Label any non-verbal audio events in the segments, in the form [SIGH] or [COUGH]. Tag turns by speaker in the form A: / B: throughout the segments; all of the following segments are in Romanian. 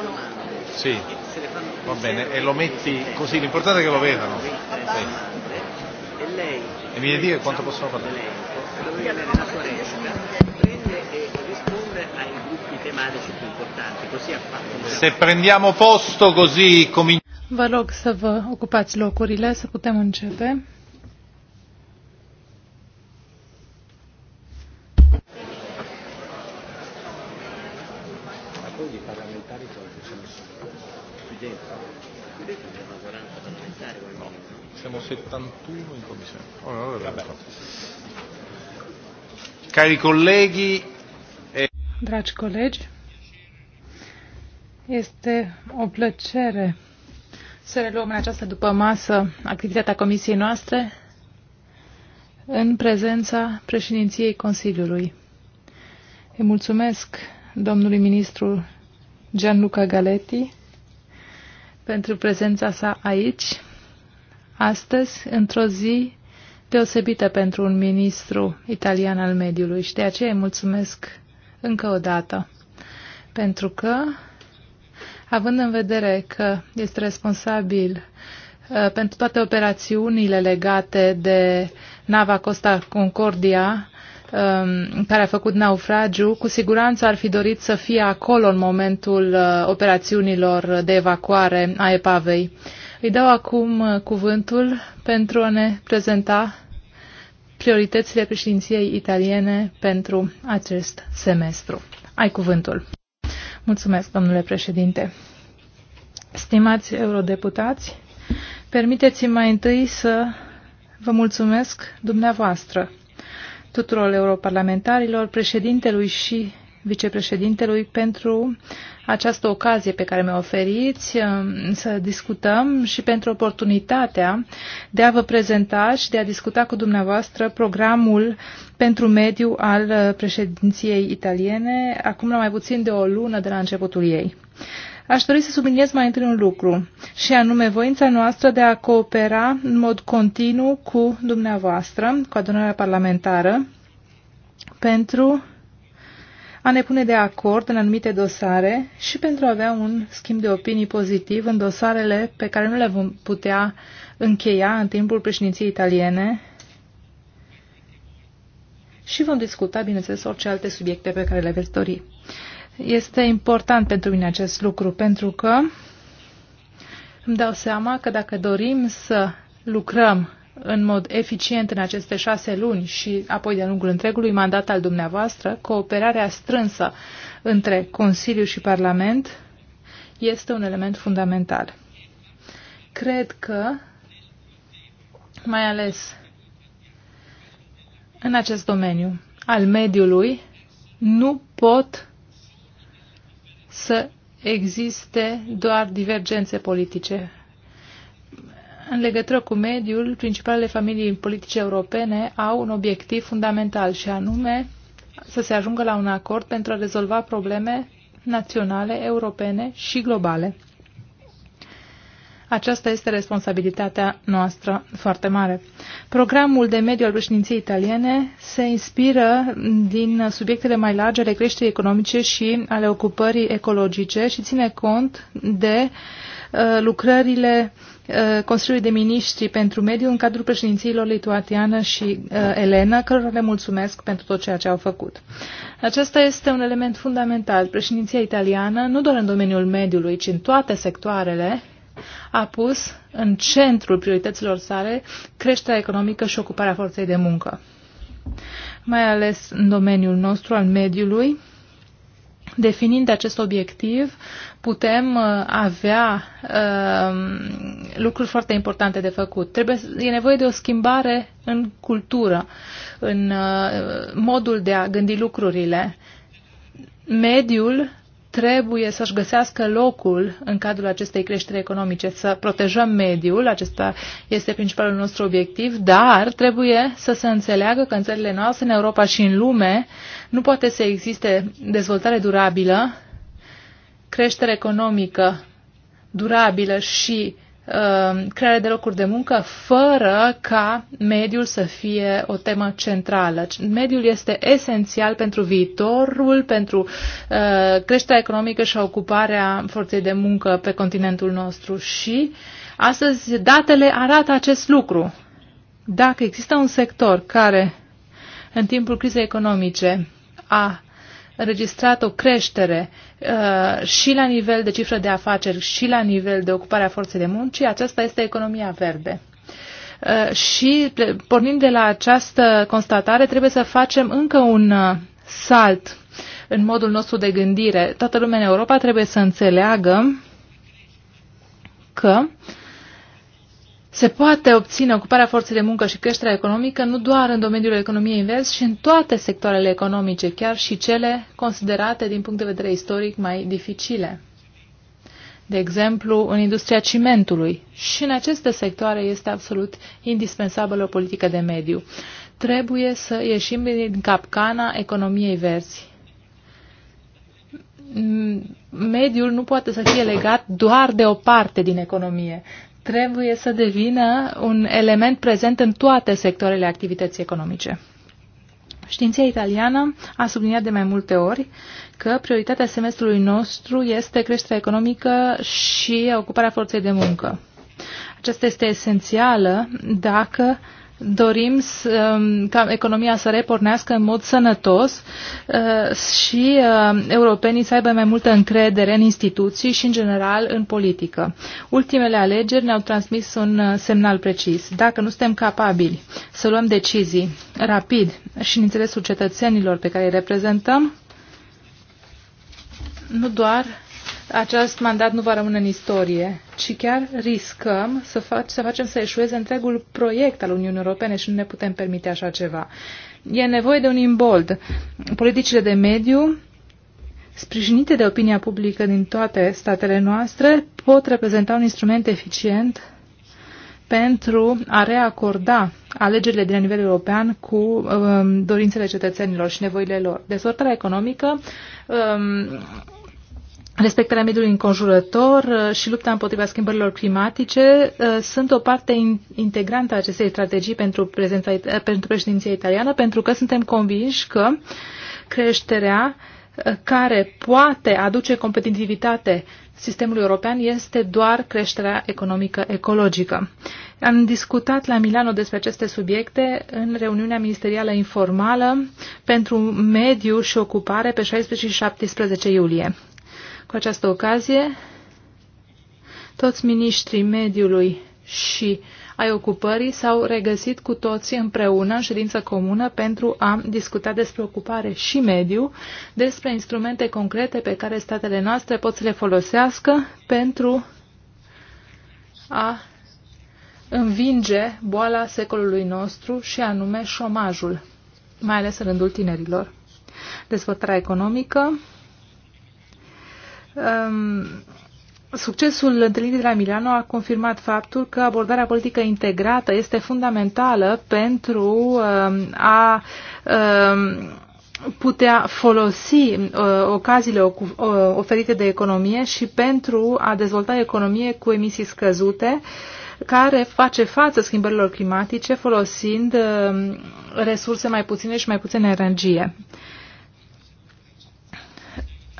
A: domande. Sì. Va bene, e lo metti così, l'importante è che lo vedano. Sì. E lei e mi viene dire quanto possono parlare. Dovrebbe avere la sua resta, prende e risponde ai gruppi tematici più importanti, così ha fatto. Se prendiamo posto così cominciamo. Vă rog să vă ocupați locurile, să putem începe. siamo 71 in commissione. Oh, no, Vabbè. Cari colleghi, e... Eh, dragi colegi, este o plăcere să reluăm în această după masă activitatea comisiei noastre în prezența președinției Consiliului. Îi mulțumesc domnului ministru Gianluca Galetti pentru prezența sa aici astăzi într-o zi deosebită pentru un ministru italian al mediului și de aceea îi mulțumesc încă o dată. Pentru că, având în vedere că este responsabil uh, pentru toate operațiunile legate de nava Costa Concordia, um, care a făcut naufragiu, cu siguranță ar fi dorit să fie acolo în momentul uh, operațiunilor de evacuare a epavei. Îi dau acum uh, cuvântul pentru a ne prezenta prioritățile președinției italiene pentru acest semestru. Ai cuvântul. Mulțumesc, domnule președinte. Stimați eurodeputați, permiteți-mi mai întâi să vă mulțumesc dumneavoastră, tuturor europarlamentarilor, președintelui și vicepreședintelui pentru această ocazie pe care mi-o oferiți uh, să discutăm și pentru oportunitatea de a vă prezenta și de a discuta cu dumneavoastră programul pentru mediu al uh, președinției italiene, acum la mai puțin de o lună de la începutul ei. Aș dori să subliniez mai întâi un lucru, și anume voința noastră de a coopera în mod continuu cu dumneavoastră, cu adunarea parlamentară, pentru a ne pune de acord în anumite dosare și pentru a avea un schimb de opinii pozitiv în dosarele pe care nu le vom putea încheia în timpul președinției italiene și vom discuta, bineînțeles, orice alte subiecte pe care le veți dori. Este important pentru mine acest lucru pentru că îmi dau seama că dacă dorim să lucrăm în mod eficient în aceste șase luni și apoi de-a lungul întregului mandat al dumneavoastră, cooperarea strânsă între Consiliu și Parlament este un element fundamental. Cred că, mai ales în acest domeniu al mediului, nu pot să existe doar divergențe politice în legătură cu mediul, principalele familii politice europene au un obiectiv fundamental și anume să se ajungă la un acord pentru a rezolva probleme naționale, europene și globale. Aceasta este responsabilitatea noastră foarte mare. Programul de mediu al președinției italiene se inspiră din subiectele mai largi ale creșterii economice și ale ocupării ecologice și ține cont de uh, lucrările Uh, Consiliului de Miniștri pentru Mediu în cadrul președințiilor Lituatiană și uh, Elena, cărora le mulțumesc pentru tot ceea ce au făcut. Acesta este un element fundamental. Președinția italiană, nu doar în domeniul mediului, ci în toate sectoarele, a pus în centrul priorităților sale creșterea economică și ocuparea forței de muncă. Mai ales în domeniul nostru al mediului, Definind acest obiectiv, putem uh, avea uh, lucruri foarte importante de făcut. Trebuie, e nevoie de o schimbare în cultură, în uh, modul de a gândi lucrurile. Mediul trebuie să-și găsească locul în cadrul acestei creșteri economice, să protejăm mediul, acesta este principalul nostru obiectiv, dar trebuie să se înțeleagă că în țările noastre, în Europa și în lume, nu poate să existe dezvoltare durabilă, creștere economică durabilă și Uh, creare de locuri de muncă fără ca mediul să fie o temă centrală. Mediul este esențial pentru viitorul, pentru uh, creșterea economică și ocuparea forței de muncă pe continentul nostru și astăzi datele arată acest lucru. Dacă există un sector care în timpul crizei economice a înregistrat o creștere uh, și la nivel de cifră de afaceri și la nivel de ocupare a forței de muncii, aceasta este economia verde. Uh, și pornind de la această constatare, trebuie să facem încă un uh, salt în modul nostru de gândire. Toată lumea în Europa trebuie să înțeleagă că uh, se poate obține ocuparea forței de muncă și creșterea economică nu doar în domeniul economiei verzi, ci în toate sectoarele economice, chiar și cele considerate din punct de vedere istoric mai dificile. De exemplu, în industria cimentului. Și în aceste sectoare este absolut indispensabilă o politică de mediu. Trebuie să ieșim din capcana economiei verzi mediul nu poate să fie legat doar de o parte din economie trebuie să devină un element prezent în toate sectoarele activității economice. Știința italiană a subliniat de mai multe ori că prioritatea semestrului nostru este creșterea economică și ocuparea forței de muncă. Aceasta este esențială dacă uh, dorim um, ca economia să repornească în mod sănătos uh, și uh, europenii să aibă mai multă încredere în instituții și, în general, în politică. Ultimele alegeri ne-au transmis un uh, semnal precis. Dacă nu suntem capabili să luăm decizii rapid și în interesul cetățenilor pe care îi reprezentăm, nu doar acest mandat nu va rămâne în istorie, ci chiar riscăm să, fac, să facem să eșueze întregul proiect al Uniunii Europene și nu ne putem permite așa ceva. E nevoie de un imbold. Politicile de mediu, sprijinite de opinia publică din toate statele noastre, pot reprezenta un instrument eficient pentru a reacorda alegerile de la nivel european cu um, dorințele cetățenilor și nevoile lor. Desortarea economică um, respectarea mediului înconjurător uh, și lupta împotriva schimbărilor climatice uh, sunt o parte integrantă a acestei strategii pentru, prezența uh, pentru președinția italiană, pentru că suntem convinși că creșterea care poate aduce competitivitate sistemului european este doar creșterea economică ecologică. Am discutat la Milano despre aceste subiecte în reuniunea ministerială informală pentru mediu și ocupare pe 16 și 17 iulie. Cu această ocazie, toți miniștrii mediului și ai ocupării s-au regăsit cu toții împreună în ședință comună pentru a discuta despre ocupare și mediu, despre instrumente concrete pe care statele noastre pot să le folosească pentru a învinge boala secolului nostru și anume șomajul, mai ales în rândul tinerilor. Dezvoltarea economică, Um, Succesul întâlnirii de la Milano a confirmat faptul că abordarea politică integrată este fundamentală pentru ehm, a ehm, putea folosi ă, ocaziile ă, oferite de economie și pentru a dezvolta economie cu emisii scăzute care face față schimbărilor climatice folosind resurse mai puține și mai puține energie.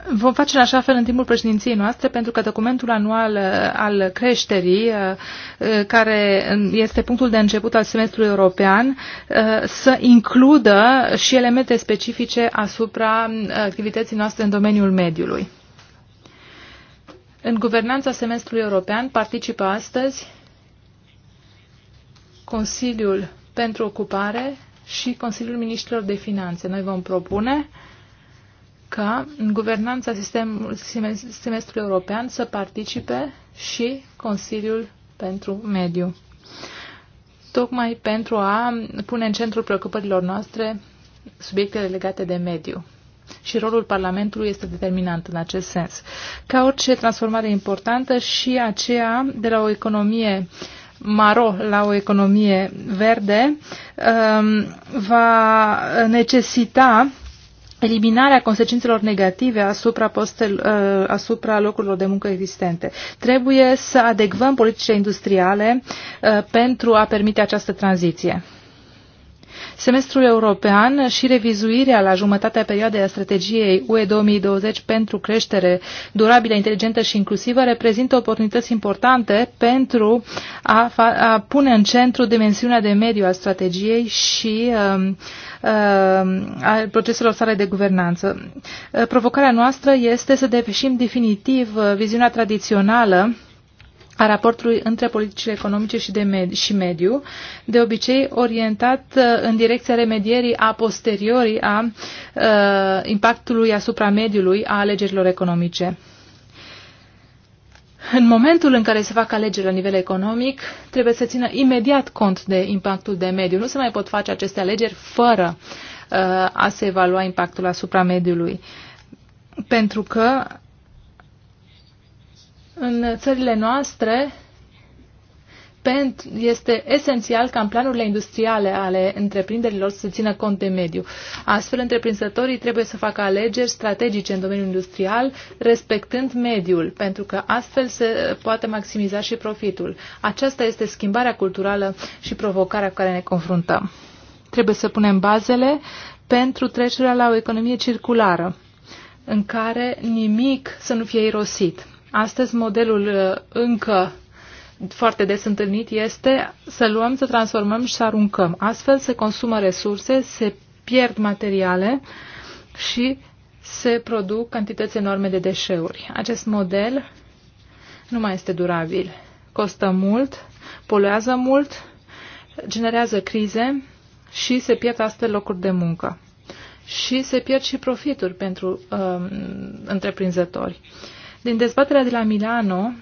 A: Vom face în așa fel în timpul președinției noastre pentru că documentul anual uh, al creșterii, uh, uh, care um, este punctul de început al semestrului european, să includă și elemente specifice asupra um, activității noastre în domeniul mediului. În guvernanța semestrului european participă astăzi Consiliul pentru Ocupare și Consiliul Ministrilor de Finanțe. Noi vom propune uh, ca în guvernanța sistemului, semestrului european să participe și Consiliul pentru Mediu. Tocmai pentru a pune în centrul preocupărilor noastre subiectele legate de mediu. Și rolul Parlamentului este determinant în acest sens. Ca orice transformare importantă și aceea de la o economie maro la o economie verde um, va necesita eliminarea consecințelor negative asupra, postel, uh, asupra locurilor de muncă existente. Trebuie să adecvăm politicile industriale uh, pentru a permite această tranziție. Semestrul european și revizuirea la jumătatea perioadei a strategiei UE 2020 pentru creștere durabilă, inteligentă și inclusivă reprezintă oportunități importante pentru a, a pune în centru dimensiunea de mediu a strategiei și um, um a proceselor sale de guvernanță. Uh, provocarea noastră este să depășim definitiv uh, viziunea tradițională a raportului între politicile economice și, de med- și mediu, de obicei orientat uh, în direcția remedierii a posteriori a uh, impactului asupra mediului a alegerilor economice. În momentul în care se fac alegeri la nivel economic, trebuie să țină imediat cont de impactul de mediu. Nu se mai pot face aceste alegeri fără uh, a se evalua impactul asupra mediului. Pentru că în țările noastre este esențial ca în planurile industriale ale întreprinderilor să se țină cont de mediu. Astfel, întreprinzătorii trebuie să facă alegeri strategice în domeniul industrial, respectând mediul, pentru că astfel se poate maximiza și profitul. Aceasta este schimbarea culturală și provocarea cu care ne confruntăm. Trebuie să punem bazele pentru trecerea la o economie circulară, în care nimic să nu fie irosit Astăzi modelul uh, încă foarte des întâlnit este să luăm, să transformăm și să aruncăm. Astfel se consumă resurse, se pierd materiale și se produc cantități enorme de deșeuri. Acest model nu mai este durabil. Costă mult, poluează mult, generează crize și se pierd astfel locuri de muncă. Și se pierd și profituri pentru uh, întreprinzători. Uh, din dezbaterea de la Milano um,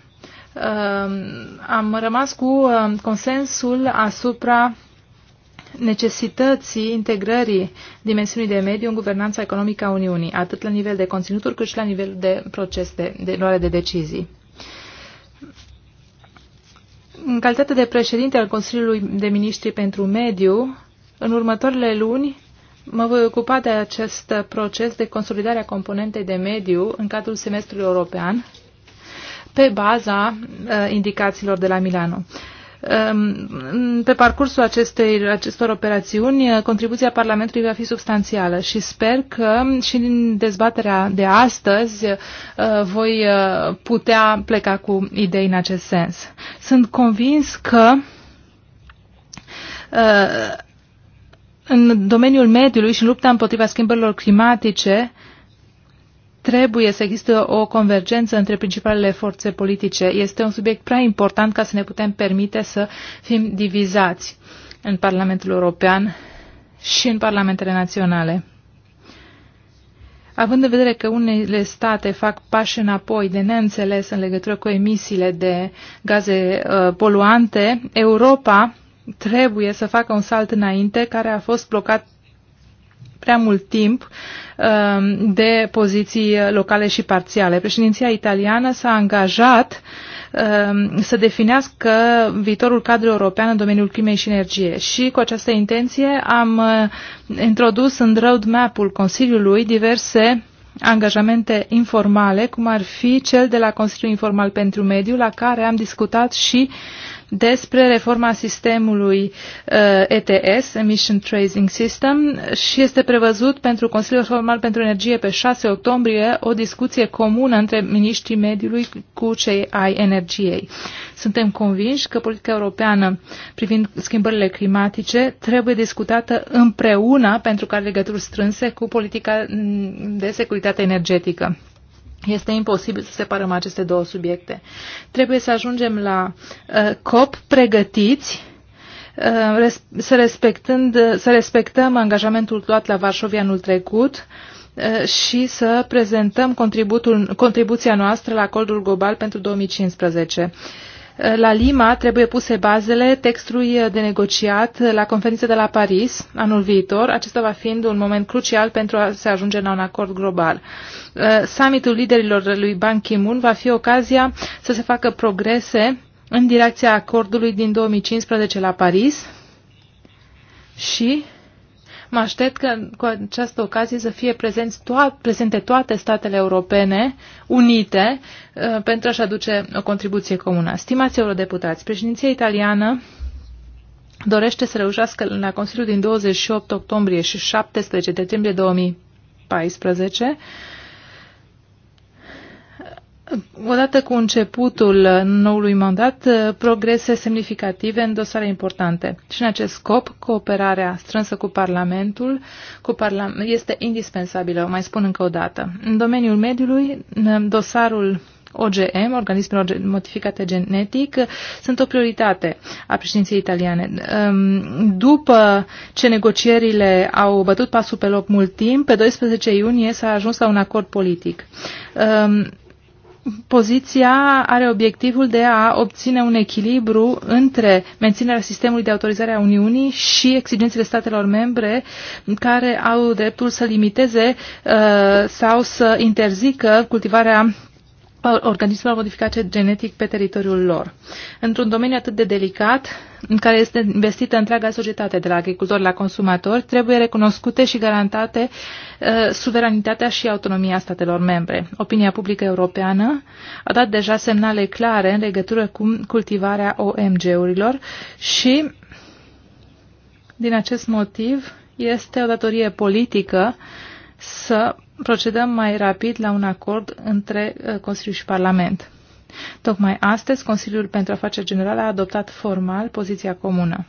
A: am rămas cu um, consensul asupra necesității integrării dimensiunii de mediu în guvernanța economică a Uniunii, atât la nivel de conținuturi cât și la nivel de proces de, de luare de decizii. În calitate de președinte al Consiliului de Ministri pentru Mediu, în următoarele luni Mă voi ocupa de acest proces de consolidare a componentei de mediu în cadrul semestrului european pe baza uh, indicațiilor de la Milano. Um, pe parcursul acestei, acestor operațiuni, uh, contribuția Parlamentului va fi substanțială și sper că și în dezbaterea de astăzi uh, voi uh, putea pleca cu idei în acest sens. Sunt convins că în domeniul mediului și în lupta împotriva schimbărilor climatice trebuie să existe o convergență între principalele forțe politice. Este un subiect prea important ca să ne putem permite să fim divizați în Parlamentul European și în Parlamentele Naționale. Având în vedere că unele state fac pași înapoi de neînțeles în legătură cu emisiile de gaze uh, poluante, Europa trebuie să facă un salt înainte care a fost blocat prea mult timp um, de poziții locale și parțiale. Președinția italiană s-a angajat um, să definească viitorul cadru european în domeniul climei și energie. Și cu această intenție am uh, introdus în roadmap-ul Consiliului diverse angajamente informale, cum ar fi cel de la Consiliul Informal pentru Mediu, la care am discutat și despre reforma sistemului uh, ETS, Emission Tracing System, și este prevăzut pentru Consiliul Formal pentru Energie pe 6 octombrie o discuție comună între miniștrii mediului cu cei ai energiei. Suntem convinși că politica europeană privind schimbările climatice trebuie discutată împreună pentru că are legături strânse cu politica mm, de securitate energetică. Este imposibil să separăm aceste două subiecte. Trebuie să ajungem la uh, COP pregătiți uh, să, respectând, uh, să respectăm angajamentul luat la Varșovia anul trecut uh, și să prezentăm contribuția noastră la Coldul global pentru 2015. La Lima trebuie puse bazele textului de negociat la conferința de la Paris anul viitor, acesta va fiind un moment crucial pentru a se ajunge la un acord global. Uh, summitul liderilor lui Ban Ki-moon va fi ocazia să se facă progrese în direcția acordului din 2015 la Paris și Mă aștept că cu această ocazie să fie prezenți to- prezente toate statele europene unite uh, pentru a-și aduce o contribuție comună. Stimați eurodeputați, președinția italiană dorește să reușească la Consiliul din 28 octombrie și 17 decembrie 2014 Odată cu începutul noului mandat, progrese semnificative în dosare importante. Și în acest scop, cooperarea strânsă cu Parlamentul cu parla este indispensabilă, o mai spun încă o dată. În domeniul mediului, dosarul OGM, organismelor modificate genetic, sunt o prioritate a președinției italiane. Ehm, după ce negocierile au bătut pasul pe loc mult timp, pe 12 iunie s-a ajuns la un acord politic ehm, poziția are obiectivul de a obține un echilibru între menținerea sistemului de autorizare a Uniunii și exigențele statelor membre care au dreptul să limiteze uh, sau să interzică cultivarea organismelor modificate genetic pe teritoriul lor. Într-un domeniu atât de delicat, în care este investită întreaga societate, de la agricultori la consumatori, trebuie recunoscute și garantate uh, suveranitatea și autonomia statelor membre. Opinia publică europeană a dat deja semnale clare în legătură cu cultivarea OMG-urilor și, din acest motiv, este o datorie politică să procedăm mai rapid la un acord între uh, Consiliu și Parlament. Tocmai astăzi, Consiliul pentru Afaceri Generale a adoptat formal poziția comună.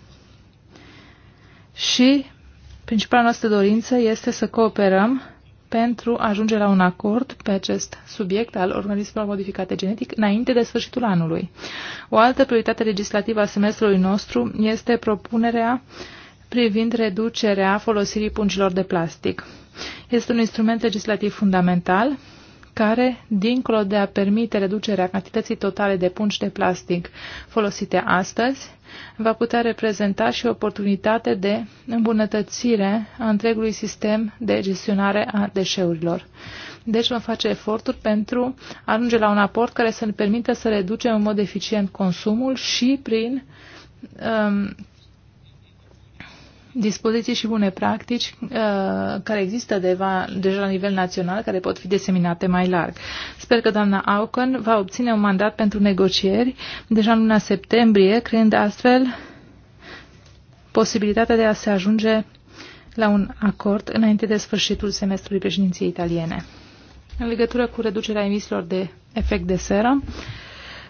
A: Și principala noastră dorință este să cooperăm pentru a ajunge la un acord pe acest subiect al organismelor modificate genetic înainte de sfârșitul anului. O altă prioritate legislativă a semestrului nostru este propunerea privind reducerea folosirii pungilor de plastic. Este un instrument legislativ fundamental care, dincolo de a permite reducerea cantității totale de pungi de plastic folosite astăzi, va putea reprezenta și o oportunitate de îmbunătățire a întregului sistem de gestionare a deșeurilor. Deci vom face eforturi pentru a ajunge la un aport care să ne permită să reducem în mod eficient consumul și prin um, dispoziții și bune practici uh, care există deva, deja la nivel național, care pot fi deseminate mai larg. Sper că doamna Auken va obține un mandat pentru negocieri deja în luna septembrie, creând astfel posibilitatea de a se ajunge la un acord înainte de sfârșitul semestrului președinției italiene. În legătură cu reducerea emisiilor de efect de seră,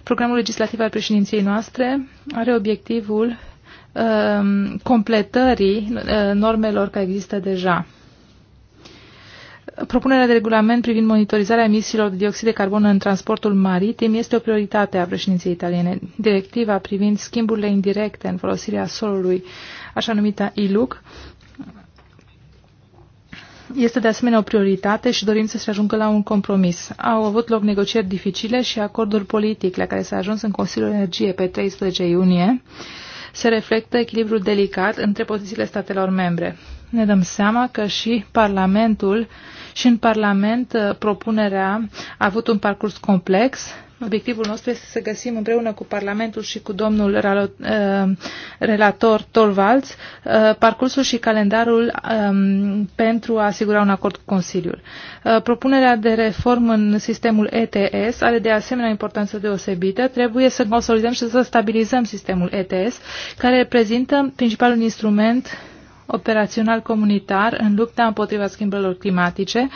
A: programul legislativ al președinției noastre are obiectivul Um, completării uh, normelor care există deja. Propunerea de regulament privind monitorizarea emisiilor de dioxid de carbon în transportul maritim este o prioritate a președinției italiene. Directiva privind schimburile indirecte în folosirea solului, așa numită ILUC, este de asemenea o prioritate și dorim să se ajungă la un compromis. Au avut loc negocieri dificile și acordul politic la care s-a ajuns în Consiliul Energie pe 13 iunie. Uh, se reflectă echilibrul delicat între pozițiile statelor membre. Ne dăm seama că și Parlamentul și în Parlament uh, propunerea a avut un parcurs complex Obiectivul nostru este să găsim împreună cu Parlamentul și cu domnul uh, relator Torvalds uh, parcursul și calendarul um, pentru a asigura un acord cu Consiliul. Uh, propunerea de reformă în sistemul ETS are de asemenea importanță deosebită. Trebuie să consolidăm și să stabilizăm sistemul ETS, care reprezintă principalul instrument operațional comunitar în lupta împotriva schimbărilor climatice,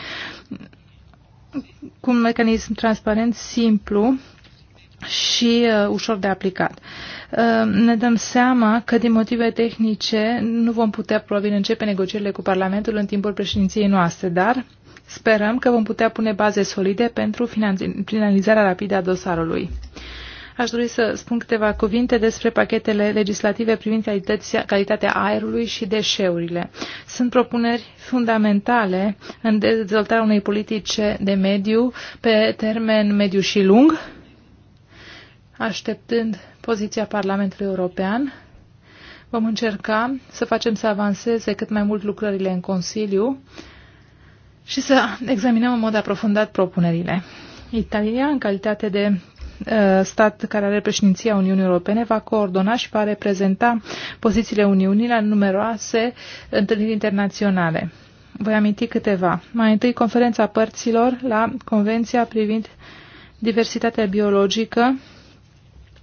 A: cu un mecanism transparent, simplu și uh, ușor de aplicat. Uh, ne dăm seama că din motive tehnice nu vom putea probabil începe negocierile cu Parlamentul în timpul președinției noastre, dar sperăm că vom putea pune baze solide pentru finalizarea rapidă a dosarului. Aș dori să spun câteva cuvinte despre pachetele legislative privind calitatea aerului și deșeurile. Sunt propuneri fundamentale în dezvoltarea unei politici de mediu pe termen mediu și lung, așteptând poziția Parlamentului European. Vom încerca să facem să avanseze cât mai mult lucrările în Consiliu și să examinăm în mod aprofundat propunerile. Italia, în calitate de Uh, stat care are președinția Uniunii Europene va coordona și va reprezenta pozițiile Uniunii la numeroase întâlniri internaționale. Voi aminti câteva. Mai întâi, conferința părților la Convenția privind diversitatea biologică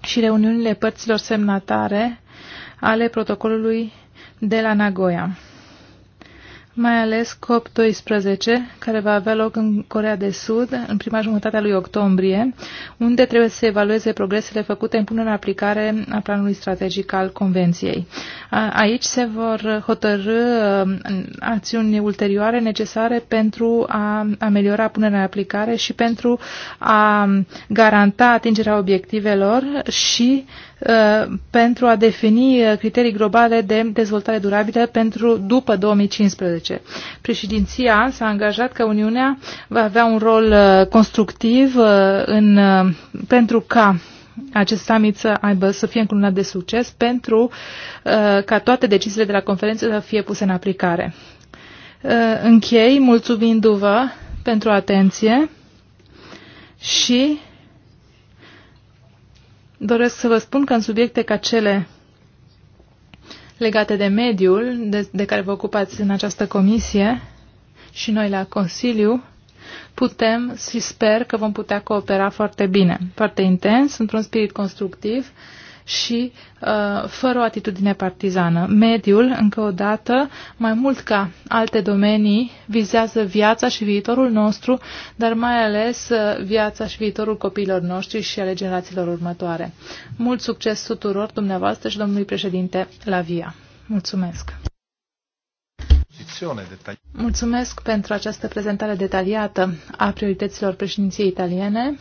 A: și reuniunile părților semnatare ale protocolului de la Nagoya mai ales COP12, care va avea loc în Corea de Sud în prima jumătate a lui octombrie, unde trebuie să se evalueze progresele făcute în punerea în aplicare a planului strategic al Convenției. Aici se vor hotărâ um, acțiuni ulterioare necesare pentru a ameliora punerea în aplicare și pentru a garanta atingerea obiectivelor și Uh, pentru a defini uh, criterii globale de dezvoltare durabilă pentru după 2015. Președinția s-a angajat că Uniunea va avea un rol uh, constructiv în, pentru ca acest summit să, aibă, să fie încununat de succes pentru ca toate deciziile de la conferință să fie puse în aplicare. Închei mulțumindu-vă pentru atenție și Doresc să vă spun că în subiecte ca cele legate de mediul de, de care vă ocupați în această comisie și noi la Consiliu, putem și sper că vom putea coopera foarte bine, foarte intens, într-un spirit constructiv și uh, fără o atitudine partizană. Mediul, încă o dată, mai mult ca alte domenii, vizează viața și viitorul nostru, dar mai ales uh, viața și viitorul copiilor noștri și ale generațiilor următoare. Mult succes tuturor dumneavoastră și domnului președinte Lavia. Mulțumesc! Mulțumesc pentru această prezentare detaliată a priorităților președinției italiene.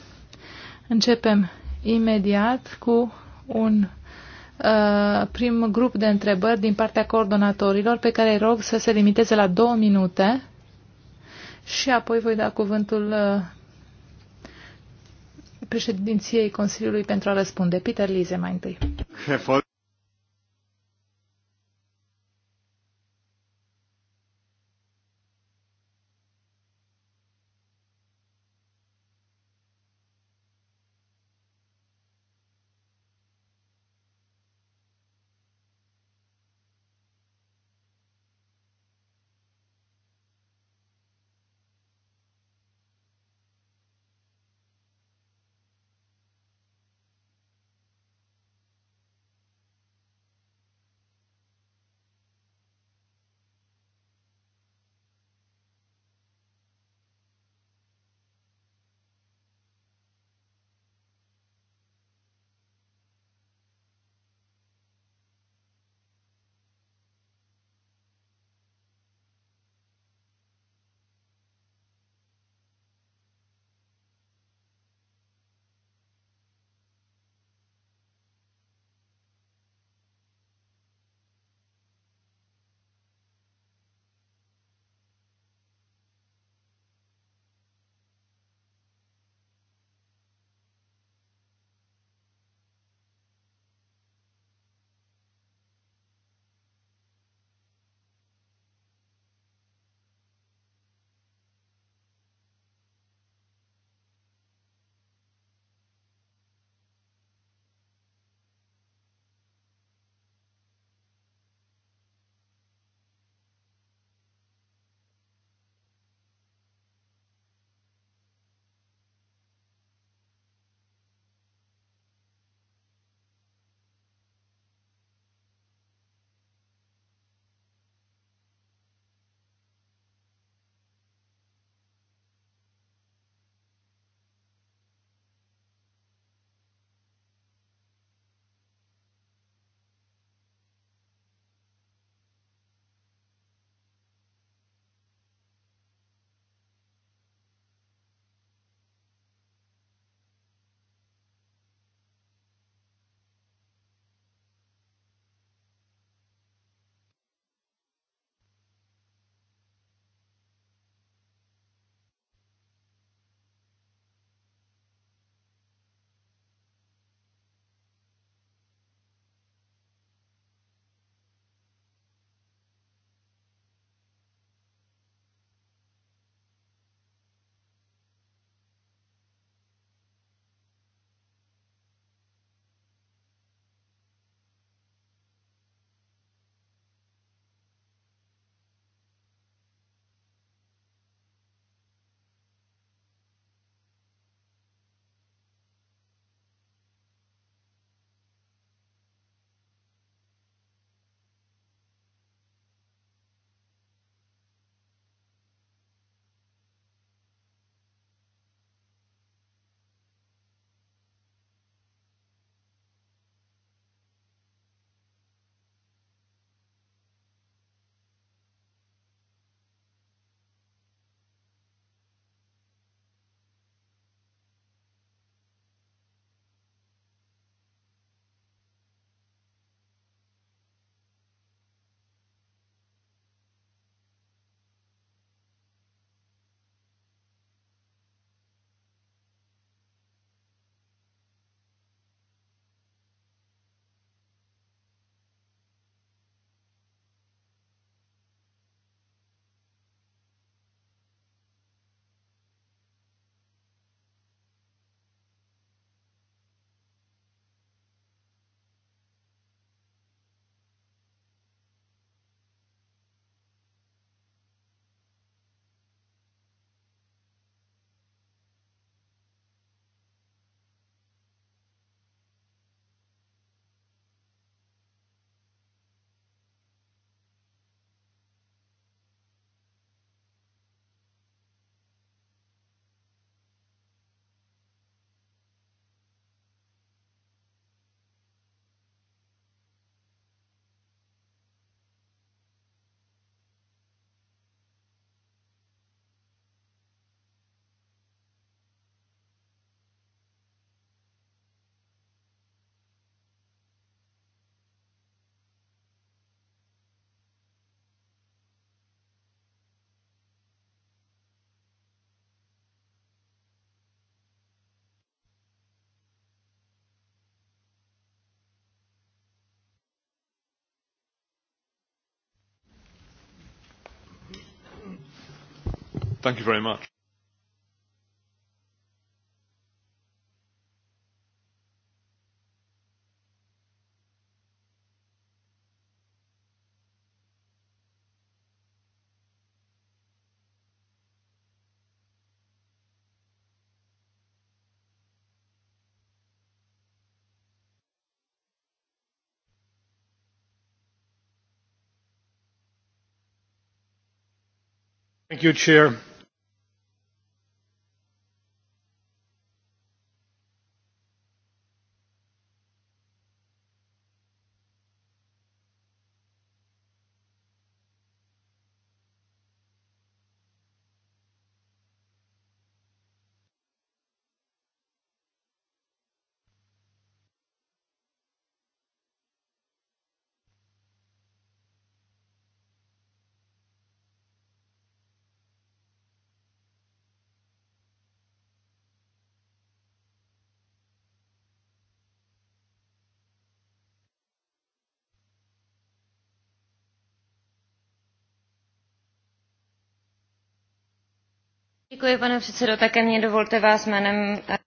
A: Începem imediat cu un uh, prim grup de întrebări din partea coordonatorilor pe care îi rog să se limiteze la două minute și apoi voi da cuvântul uh, președinției Consiliului pentru a răspunde. Peter Lize mai întâi. Thank you very much. Thank you, Chair. Děkuji, pane předsedo, také mě dovolte vás jménem eh,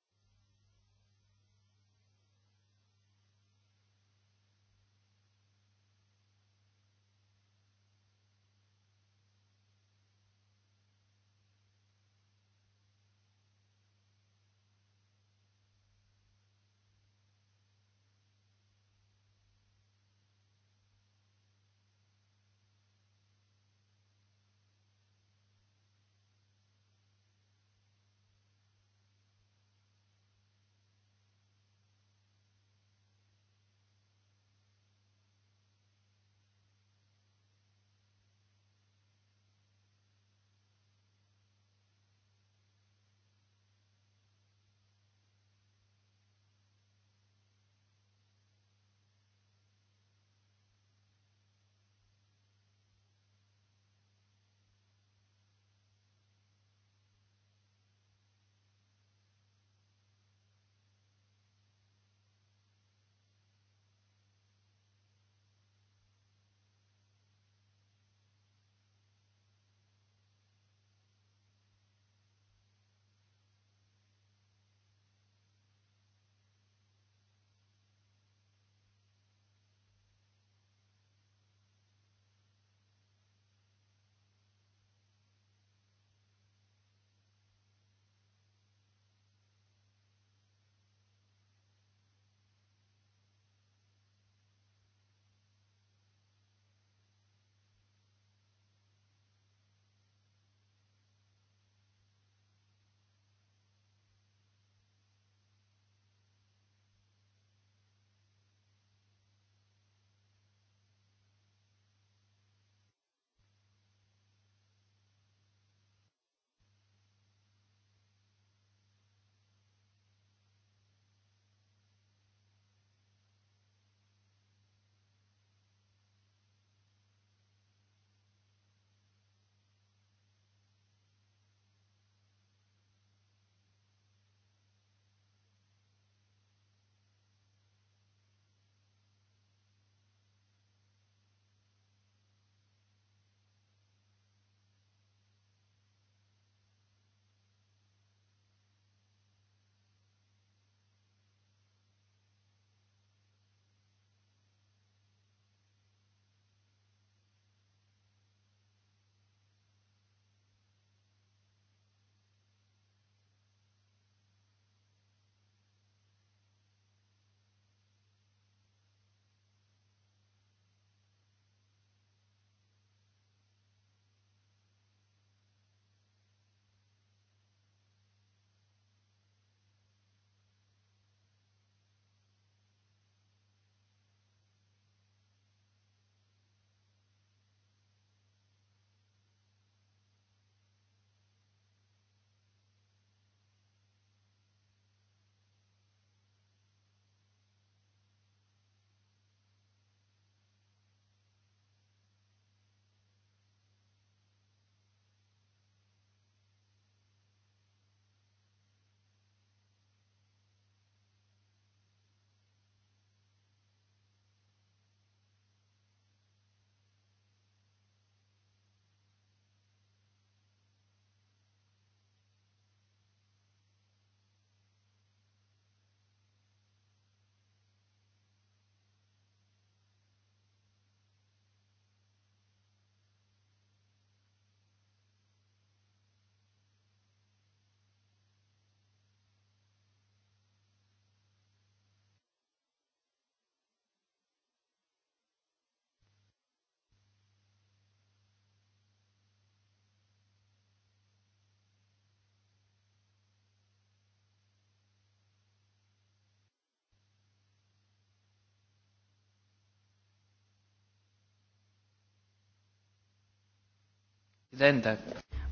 A: Presidente.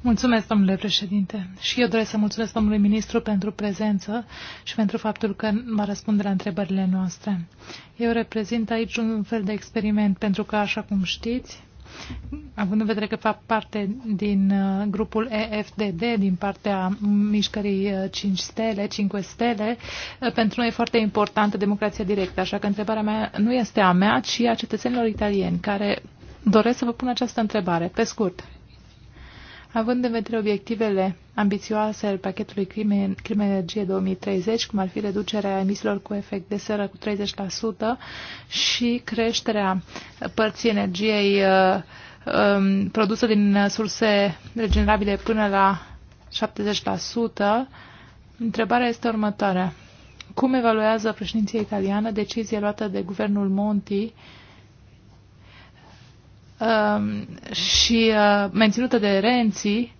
A: Mulțumesc, domnule președinte. Și eu doresc să mulțumesc domnului ministru pentru prezență și pentru faptul că va răspunde la întrebările noastre. Eu reprezint aici un fel de experiment, pentru că, așa cum știți, având în vedere că fac parte din uh, grupul EFDD, din partea mișcării 5 uh, stele, 5 stele, uh, pentru noi e foarte importantă democrația directă, așa că întrebarea mea nu este a mea, ci a cetățenilor italieni, care doresc să vă pun această întrebare, pe scurt. Având în vedere obiectivele ambițioase al pachetului Crime, Crime Energie 2030, cum ar fi reducerea emisiilor cu efect de seră cu 30% și creșterea părții energiei uh, um, produsă din surse regenerabile până la 70%, întrebarea este următoarea. Cum evaluează președinția italiană decizia luată de guvernul Monti uh, Um, și uh, menținută de renții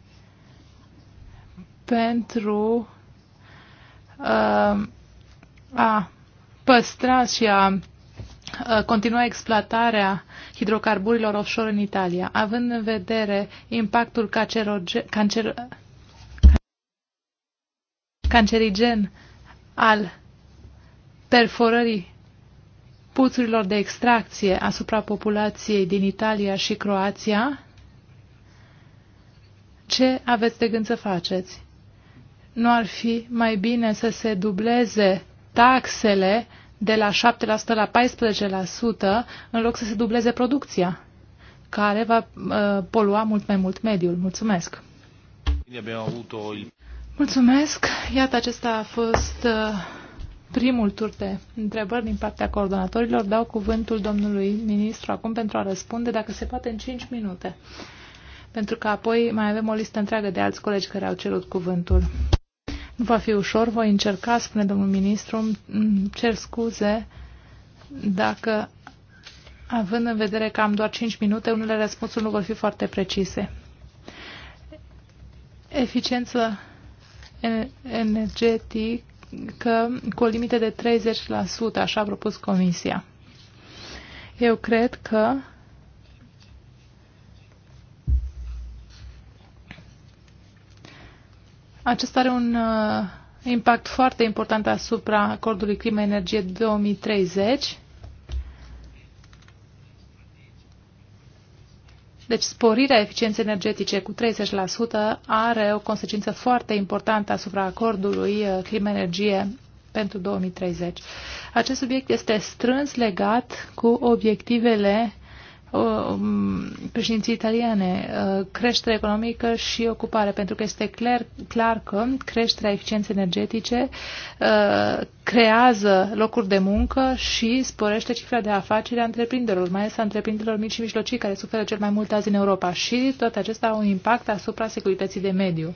A: pentru um, a păstra și a uh, continua exploatarea hidrocarburilor offshore în Italia, având în vedere impactul cancerogen, cancer, cancerigen al perforării puțurilor de extracție asupra populației din Italia și Croația, ce aveți de gând să faceți? Nu ar fi mai bine să se dubleze taxele de la 7% la 14% în loc să se dubleze producția, care va uh, polua mult mai mult mediul. Mulțumesc! Mulțumesc! Iată, acesta a fost... Uh, primul tur de întrebări din partea coordonatorilor. Dau cuvântul domnului ministru acum pentru a răspunde, dacă se poate, în 5 minute. Pentru că apoi mai avem o listă întreagă de alți colegi care au cerut cuvântul. Nu va fi ușor, voi încerca, spune domnul ministru, cer scuze dacă, având în vedere că am doar 5 minute, unele răspunsuri nu vor fi foarte precise. Eficiență energetic că cu o limită de 30%, așa a propus Comisia. Eu cred că acesta are un uh, impact foarte important asupra acordului Clima-Energie 2030 Deci sporirea eficienței energetice cu 30% are o consecință foarte importantă asupra acordului uh, climă-energie pentru 2030. Acest subiect este strâns legat cu obiectivele Um, președinții italiane, uh, creștere economică și ocupare, pentru că este clar, clar că creșterea eficienței energetice uh, creează locuri de muncă și sporește cifra de afaceri a întreprinderilor, mai ales a întreprinderilor mici și mijlocii, care suferă cel mai mult azi în Europa și toate acestea au un impact asupra securității de mediu.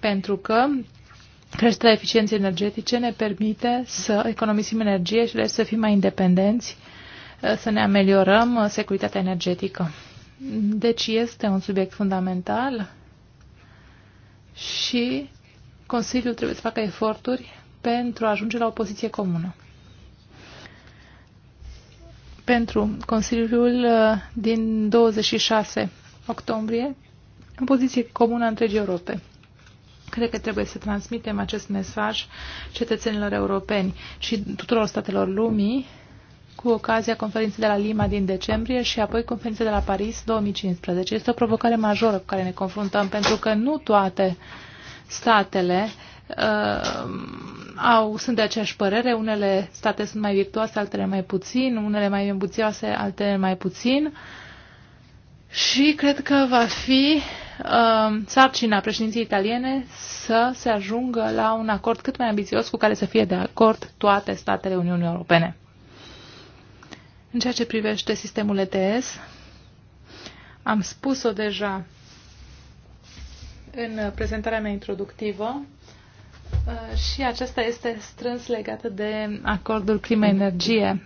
A: Pentru că creșterea eficienței energetice ne permite să economisim energie și să fim mai independenți Eh, să ne ameliorăm eh, securitatea energetică. Deci este un subiect fundamental și Consiliul trebuie să facă eforturi pentru a ajunge la o poziție comună. Pentru Consiliul eh, din 26 octombrie, în poziție comună a întregii Europe. Cred că trebuie să transmitem acest mesaj cetățenilor europeni și tuturor statelor lumii cu ocazia conferinței de la Lima din decembrie și apoi conferinței de la Paris 2015. Este o provocare majoră cu care ne confruntăm, pentru că nu toate statele uh, au, sunt de aceeași părere. Unele state sunt mai virtuoase, altele mai puțin, unele mai ambițioase, altele mai puțin. Și cred că va fi uh, sarcina președinției italiene să se ajungă la un acord cât mai ambițios cu care să fie de acord toate statele Uniunii Europene. În ceea ce privește sistemul ETS, am spus-o deja în prezentarea mea introductivă uh, și aceasta este strâns legată de acordul climă-energie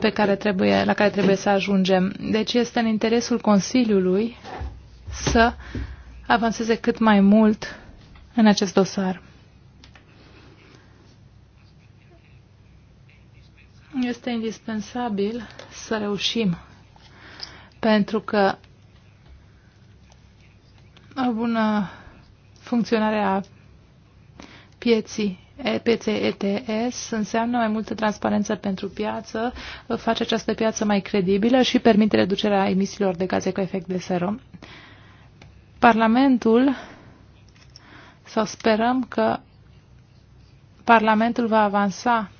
A: pe care trebuie, la care trebuie să ajungem. Deci este în interesul Consiliului să avanseze cât mai mult în acest dosar. este indispensabil să reușim, pentru că o bună funcționare a pieții pieței ETS înseamnă mai multă transparență pentru piață, face această piață mai credibilă și permite reducerea emisiilor de gaze cu efect de seră. Parlamentul, sau sperăm că Parlamentul va avansa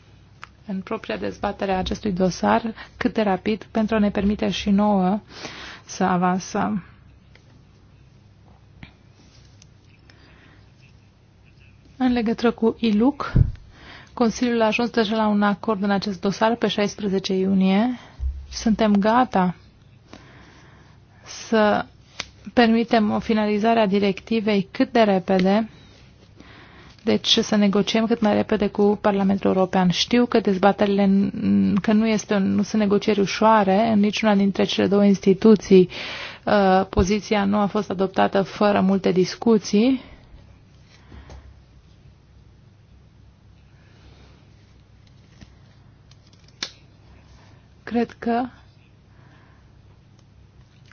A: în propria dezbatere a acestui dosar cât de rapid pentru a ne permite și nouă să avansăm. În legătură cu ILUC, Consiliul a ajuns deja la un acord în acest dosar pe 16 iunie. Suntem gata să permitem o finalizare a directivei cât de repede deci să negociem cât mai repede cu Parlamentul European. Știu că dezbaterile, că nu, este, nu sunt negocieri ușoare în niciuna dintre cele două instituții. Uh, poziția nu a fost adoptată fără multe discuții. Cred că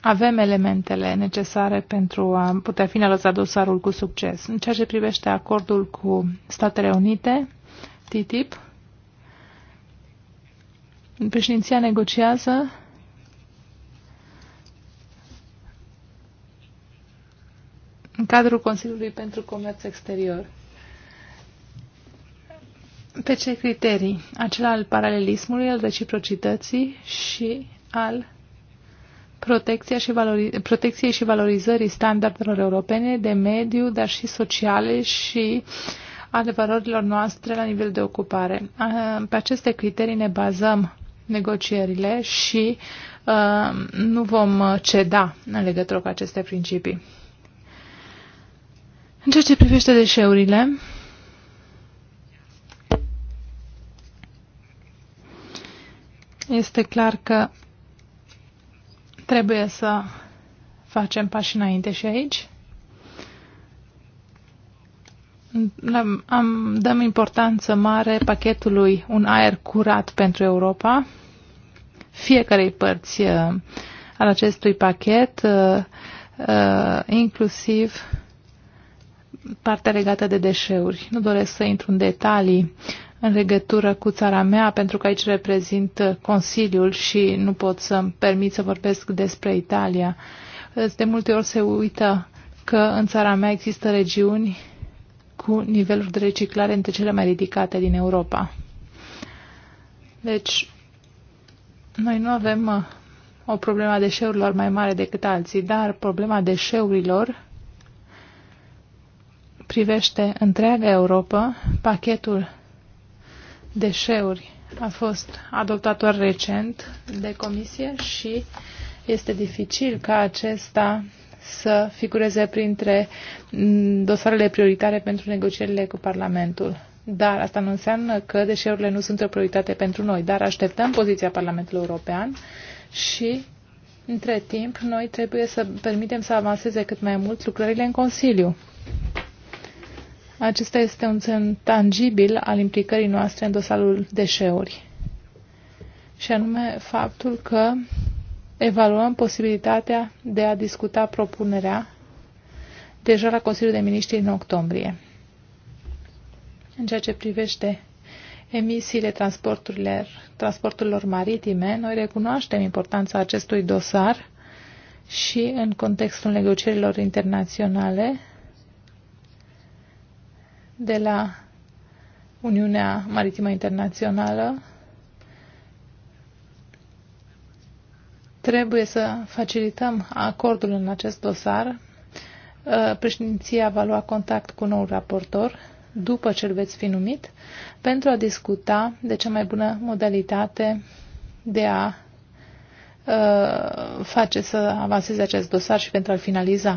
A: avem elementele necesare pentru a putea finaliza dosarul cu succes. În ceea ce privește acordul cu Statele Unite, TTIP, președinția negociază în cadrul Consiliului pentru Comerț Exterior. Pe ce criterii? Acela al paralelismului, al reciprocității și al protecția și valori, protecției și valorizării standardelor europene de mediu, dar și sociale și ale valorilor noastre la nivel de ocupare. Ah, pe aceste criterii ne bazăm negocierile și uh, nu vom ceda în legătură cu aceste principii. În ceea ce privește deșeurile, este clar că Trebuie să facem pași înainte și aici. Am, dăm importanță mare pachetului un aer curat pentru Europa. Fiecarei părți uh, al acestui pachet, uh, uh, inclusiv partea legată de deșeuri. Nu doresc să intru în detalii în legătură cu țara mea, pentru că aici reprezint Consiliul și nu pot să-mi permit să vorbesc despre Italia. De multe ori se uită că în țara mea există regiuni cu niveluri de reciclare între cele mai ridicate din Europa. Deci, noi nu avem uh, o problemă a deșeurilor mai mare decât alții, dar problema deșeurilor privește întreaga Europa, pachetul deșeuri a fost adoptat doar recent de comisie și este dificil ca acesta să figureze printre mm, dosarele prioritare pentru negocierile cu Parlamentul. Dar asta nu înseamnă că deșeurile nu sunt o prioritate pentru noi, dar așteptăm poziția Parlamentului European și, între timp, noi trebuie să permitem să avanseze cât mai mult lucrările în Consiliu. Acesta este un semn tangibil al implicării noastre în dosarul deșeuri. Și anume faptul că evaluăm posibilitatea de a discuta propunerea deja la Consiliul de Miniștri în octombrie. În ceea ce privește emisiile transporturilor, transporturilor maritime, noi recunoaștem importanța acestui dosar și în contextul negocierilor internaționale de la Uniunea Maritimă Internațională trebuie să facilităm acordul în acest dosar. Uh, președinția va lua contact cu noul raportor după ce îl veți fi numit pentru a discuta de cea mai bună modalitate de a uh, face să avanseze acest dosar și pentru a-l finaliza.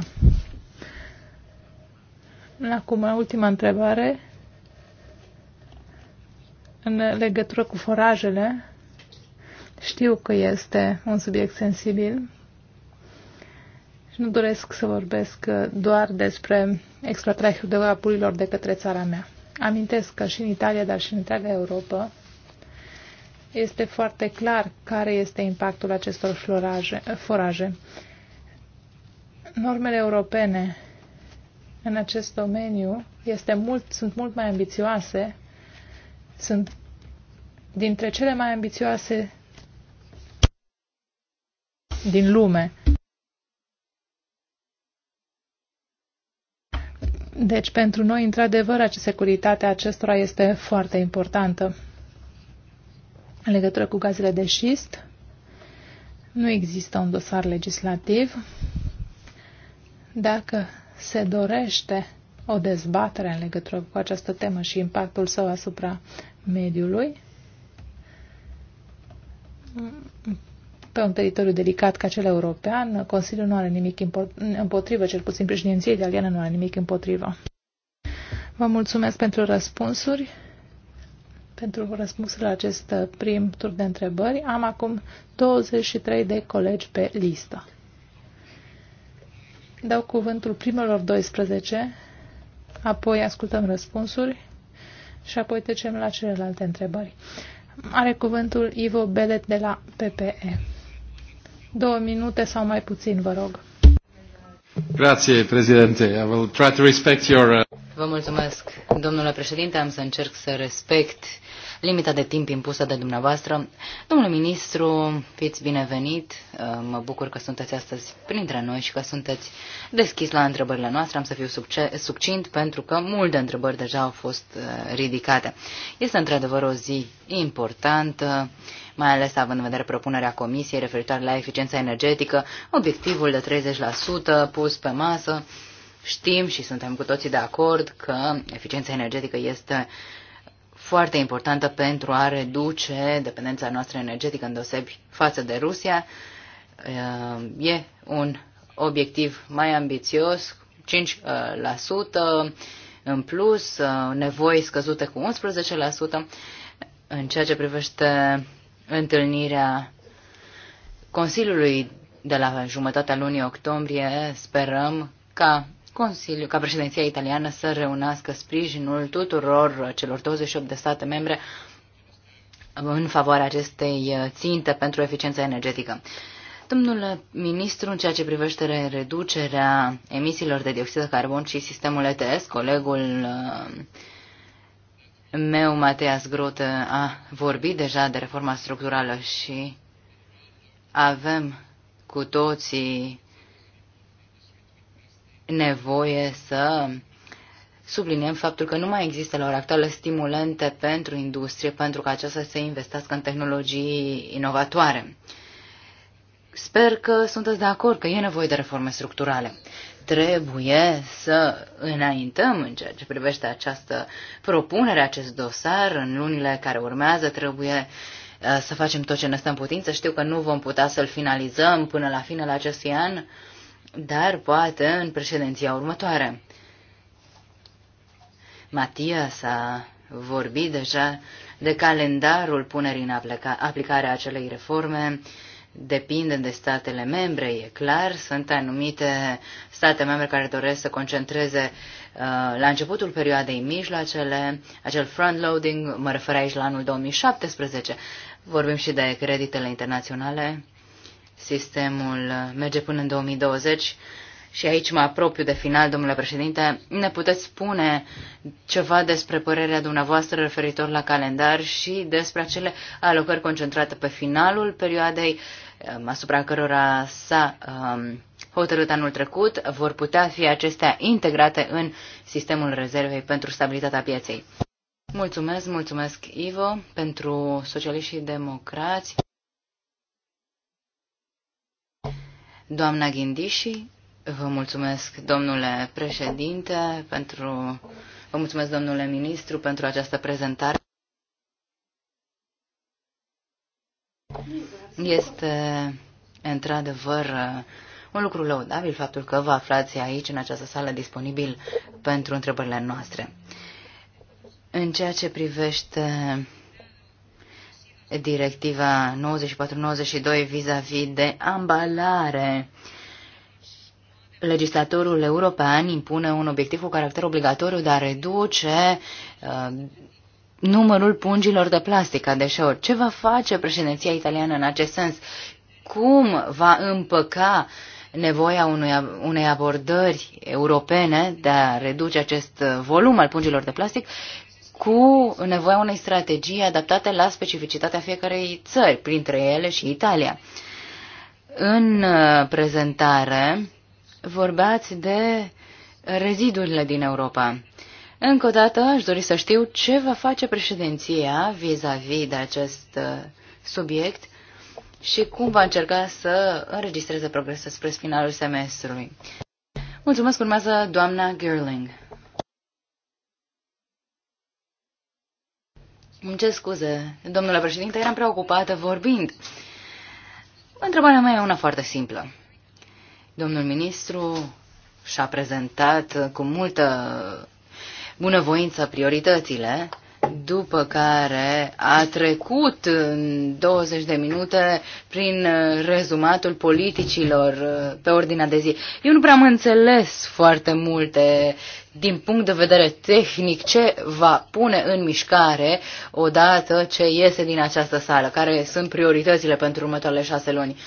A: Acum, ultima întrebare. În legătură cu forajele, știu că este un subiect sensibil și nu doresc să vorbesc doar despre exploatarea hidrocarburilor de către țara mea. Amintesc că și în Italia, dar și în întreaga Europa, este foarte clar care este impactul acestor floraje, foraje. Normele europene în acest domeniu este mult, sunt mult mai ambițioase, sunt dintre cele mai ambițioase din lume. Deci, pentru noi, într-adevăr, securitatea acestora este foarte importantă. În legătură cu gazele de șist, nu există un dosar legislativ. Dacă se dorește o dezbatere în legătură cu această temă și impactul său asupra mediului pe un teritoriu delicat ca cel european, Consiliul nu are nimic împotrivă, cel puțin președinția italiană nu are nimic împotrivă. Vă mulțumesc pentru răspunsuri, pentru răspunsul la acest prim tur de întrebări. Am acum 23 de colegi pe listă. Dau cuvântul primelor 12, apoi ascultăm răspunsuri și apoi trecem la celelalte întrebări. Are cuvântul Ivo Belet de la PPE. Două minute sau mai puțin, vă rog. Grazie, președinte. I will try to respect your... Uh,
B: vă mulțumesc, domnule președinte. Am să încerc să respect uh, limita de timp impusă de dumneavoastră. Domnule ministru, fiți binevenit. Uh, mă bucur că sunteți astăzi printre noi și că sunteți deschis la întrebările noastre. Am să fiu succint pentru că multe întrebări deja au fost uh, ridicate. Este într-adevăr o zi importantă mai ales având în vedere propunerea Comisiei referitoare la eficiența energetică, obiectivul de 30% pus pe masă. Știm și suntem cu toții de acord că eficiența energetică este foarte importantă pentru a reduce dependența noastră energetică îndeosebi față de Rusia. Uh, e un obiectiv mai ambițios, 5% uh, în plus, uh, nevoi scăzute cu 11%. În ceea ce privește întâlnirea Consiliului de la jumătatea lunii octombrie, sperăm ca Consiliu, ca președinția italiană, să reunească sprijinul tuturor celor 28 de state membre în favoarea acestei uh, ținte pentru eficiența energetică. Domnule ministru, în ceea ce privește reducerea emisiilor de dioxid de carbon și sistemul ETS, colegul uh, meu, Mateas Grote, a vorbit deja de reforma structurală și avem cu toții nevoie să subliniem faptul că nu mai există la ora actuală stimulente pentru industrie, pentru ca aceasta să investească în tehnologii inovatoare. Sper că sunteți de acord că e nevoie de reforme structurale. Trebuie să înaintăm în ceea ce privește această propunere, acest dosar. În lunile care urmează trebuie uh, să facem tot ce ne stăm putință. Știu că nu vom putea să-l finalizăm până la finele acestui an, dar poate în președinția următoare. Matias a vorbit deja de calendarul punerii în aplicare a acelei reforme, depinde de statele membre, e clar. Sunt anumite state membre care doresc să concentreze uh, la începutul perioadei mijloacele, acel front-loading, mă refer aici la anul 2017. Vorbim și de creditele internaționale Sistemul merge până în 2020 și aici mă apropiu de final, domnule președinte. Ne puteți spune ceva despre părerea dumneavoastră referitor la calendar și despre acele alocări concentrate pe finalul perioadei um, asupra cărora s-a um, hotărât anul trecut, vor putea fi acestea integrate în sistemul rezervei pentru stabilitatea pieței. Mulțumesc, mulțumesc Ivo pentru socialiști și democrați. Doamna Ghindișii, vă mulțumesc, domnule președinte, pentru... Vă mulțumesc, domnule ministru, pentru această prezentare. Este într-adevăr un lucru lăudabil faptul că vă aflați aici, în această sală, disponibil pentru întrebările noastre. În ceea ce privește directiva 94-92 vis-a-vis de ambalare. Legislatorul european impune un obiectiv cu caracter obligatoriu de a reduce uh, numărul pungilor de plastic a deșeuri. Ce va face președinția italiană în acest sens? Cum va împăca nevoia unui, unei abordări europene de a reduce acest uh, volum al pungilor de plastic cu nevoia unei strategii adaptate la specificitatea fiecarei țări, printre ele și Italia. În uh, prezentare vorbeați de rezidurile din Europa. Încă o dată aș dori să știu ce va face președinția vis-a-vis -vis de acest uh, subiect și cum va încerca să înregistreze progrese spre finalul semestrului. Mulțumesc, urmează doamna Gerling. Îmi cer scuze, domnule președinte, eram preocupată vorbind. Întrebarea mea e una foarte simplă. Domnul ministru și-a prezentat cu multă bunăvoință prioritățile după care a trecut în 20 de minute prin uh, rezumatul politicilor uh, pe ordinea de zi. Eu nu prea am înțeles foarte multe din punct de vedere tehnic ce va pune în mișcare odată ce iese din această sală, care sunt prioritățile pentru următoarele șase luni.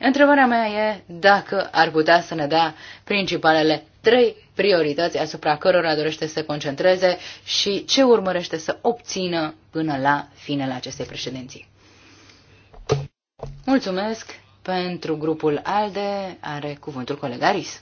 B: Întrebarea mea e dacă ar putea să ne dea principalele trei priorități asupra cărora dorește să se concentreze și ce urmărește să obțină până la finele acestei președinții. Mulțumesc pentru grupul ALDE, are cuvântul colegaris.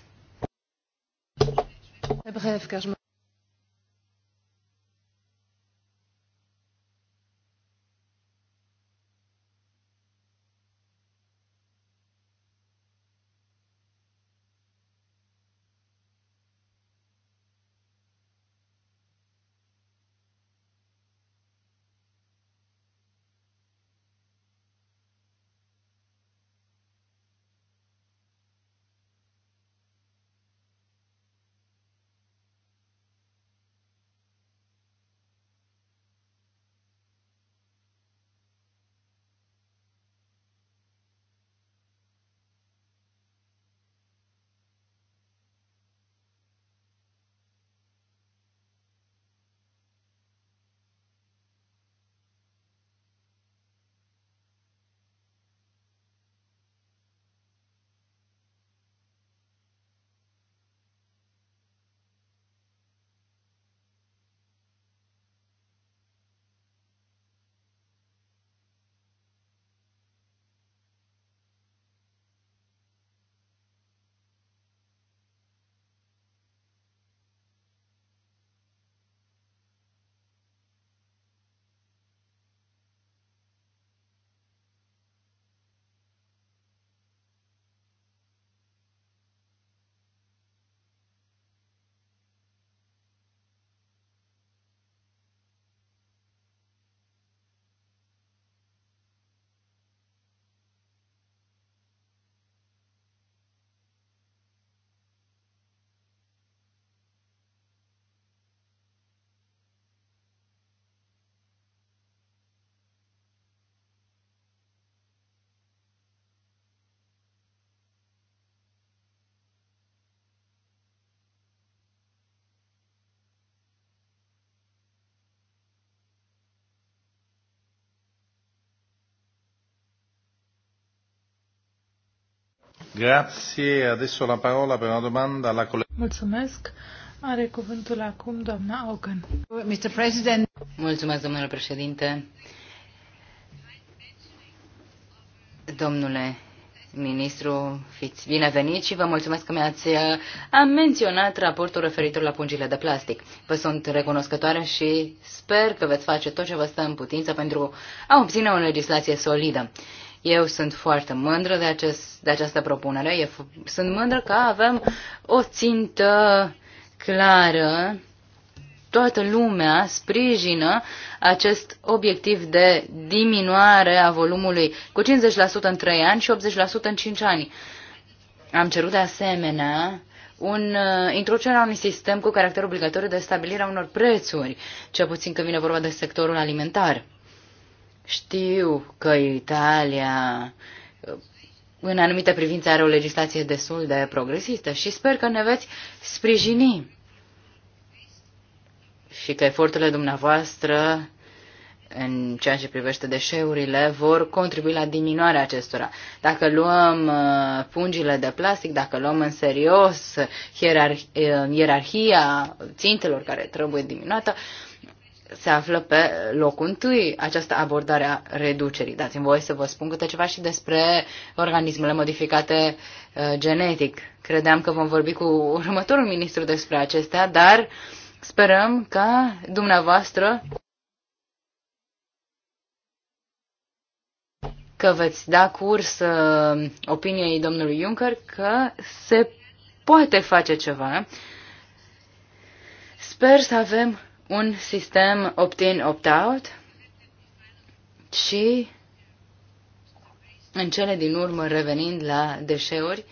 A: la Mulțumesc. Are cuvântul acum doamna Mr. President.
B: Mulțumesc, domnule președinte. Domnule ministru, fiți binevenit și vă mulțumesc că mi-ați uh, am menționat raportul referitor la pungile de plastic. Vă sunt recunoscătoare și sper că veți face tot ce vă stă în putință pentru a obține o legislație solidă. Eu sunt foarte mândră de, acest, de această propunere. Eu sunt mândră că avem o țintă clară. Toată lumea sprijină acest obiectiv de diminuare a volumului cu 50% în 3 ani și 80% în 5 ani. Am cerut de asemenea un, uh, introducerea unui sistem cu caracter obligatoriu de stabilire a unor prețuri, cel puțin când vine vorba de sectorul alimentar. Știu că Italia în anumite privințe are o legislație destul de progresistă și sper că ne veți sprijini și că eforturile dumneavoastră în ceea ce privește deșeurile vor contribui la diminuarea acestora. Dacă luăm uh, pungile de plastic, dacă luăm în serios uh, ierarhia țintelor care trebuie diminuată, se află pe locul întâi această abordare a reducerii. Dați-mi voie să vă spun câte ceva și despre organismele modificate uh, genetic. Credeam că vom vorbi cu următorul ministru despre acestea, dar sperăm ca dumneavoastră că veți da curs uh, opiniei domnului Juncker că se poate face ceva. Sper să avem un sistem opt-in, opt-out și, în cele din urmă, revenind la deșeuri,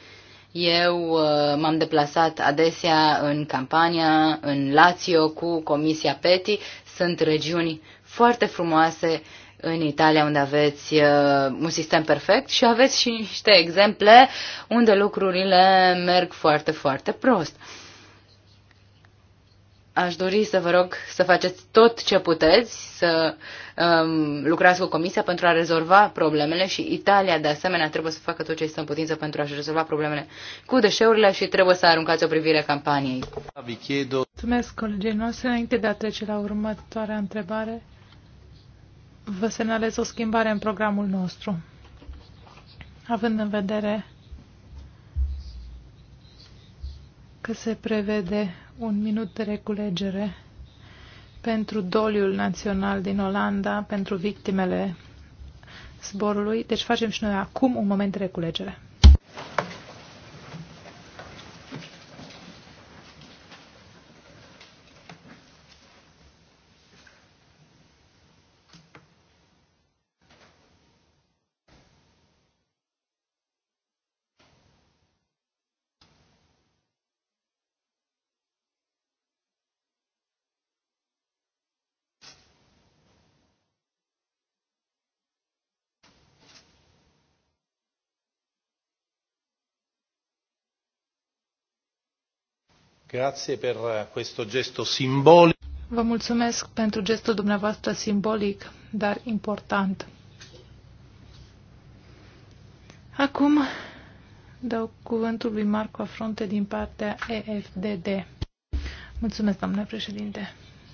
B: eu uh, m-am deplasat adesea în Campania, în Lazio, cu Comisia PETI. Sunt regiuni foarte frumoase în Italia unde aveți uh, un sistem perfect și aveți și niște exemple unde lucrurile merg foarte, foarte prost. Uh, Aș dori să vă rog să faceți tot ce puteți, să um, lucrați cu Comisia pentru a rezolva problemele și Italia, de asemenea, trebuie să facă tot ce este în putință pentru a-și rezolva problemele cu deșeurile și trebuie să aruncați o privire campaniei.
A: Mulțumesc, colegii noastre. Înainte de a trece la următoarea întrebare, vă semnalez o schimbare în programul nostru, având în vedere că se prevede un minut de reculegere pentru doliul național din Olanda, pentru victimele zborului. Deci facem și noi acum un moment de reculegere. Grazie per eh, questo gesto Vă mulțumesc pentru gestul dumneavoastră simbolic, dar important. Acum dau cuvântul lui Marco Afronte din partea EFDD. Mulțumesc, domnule președinte.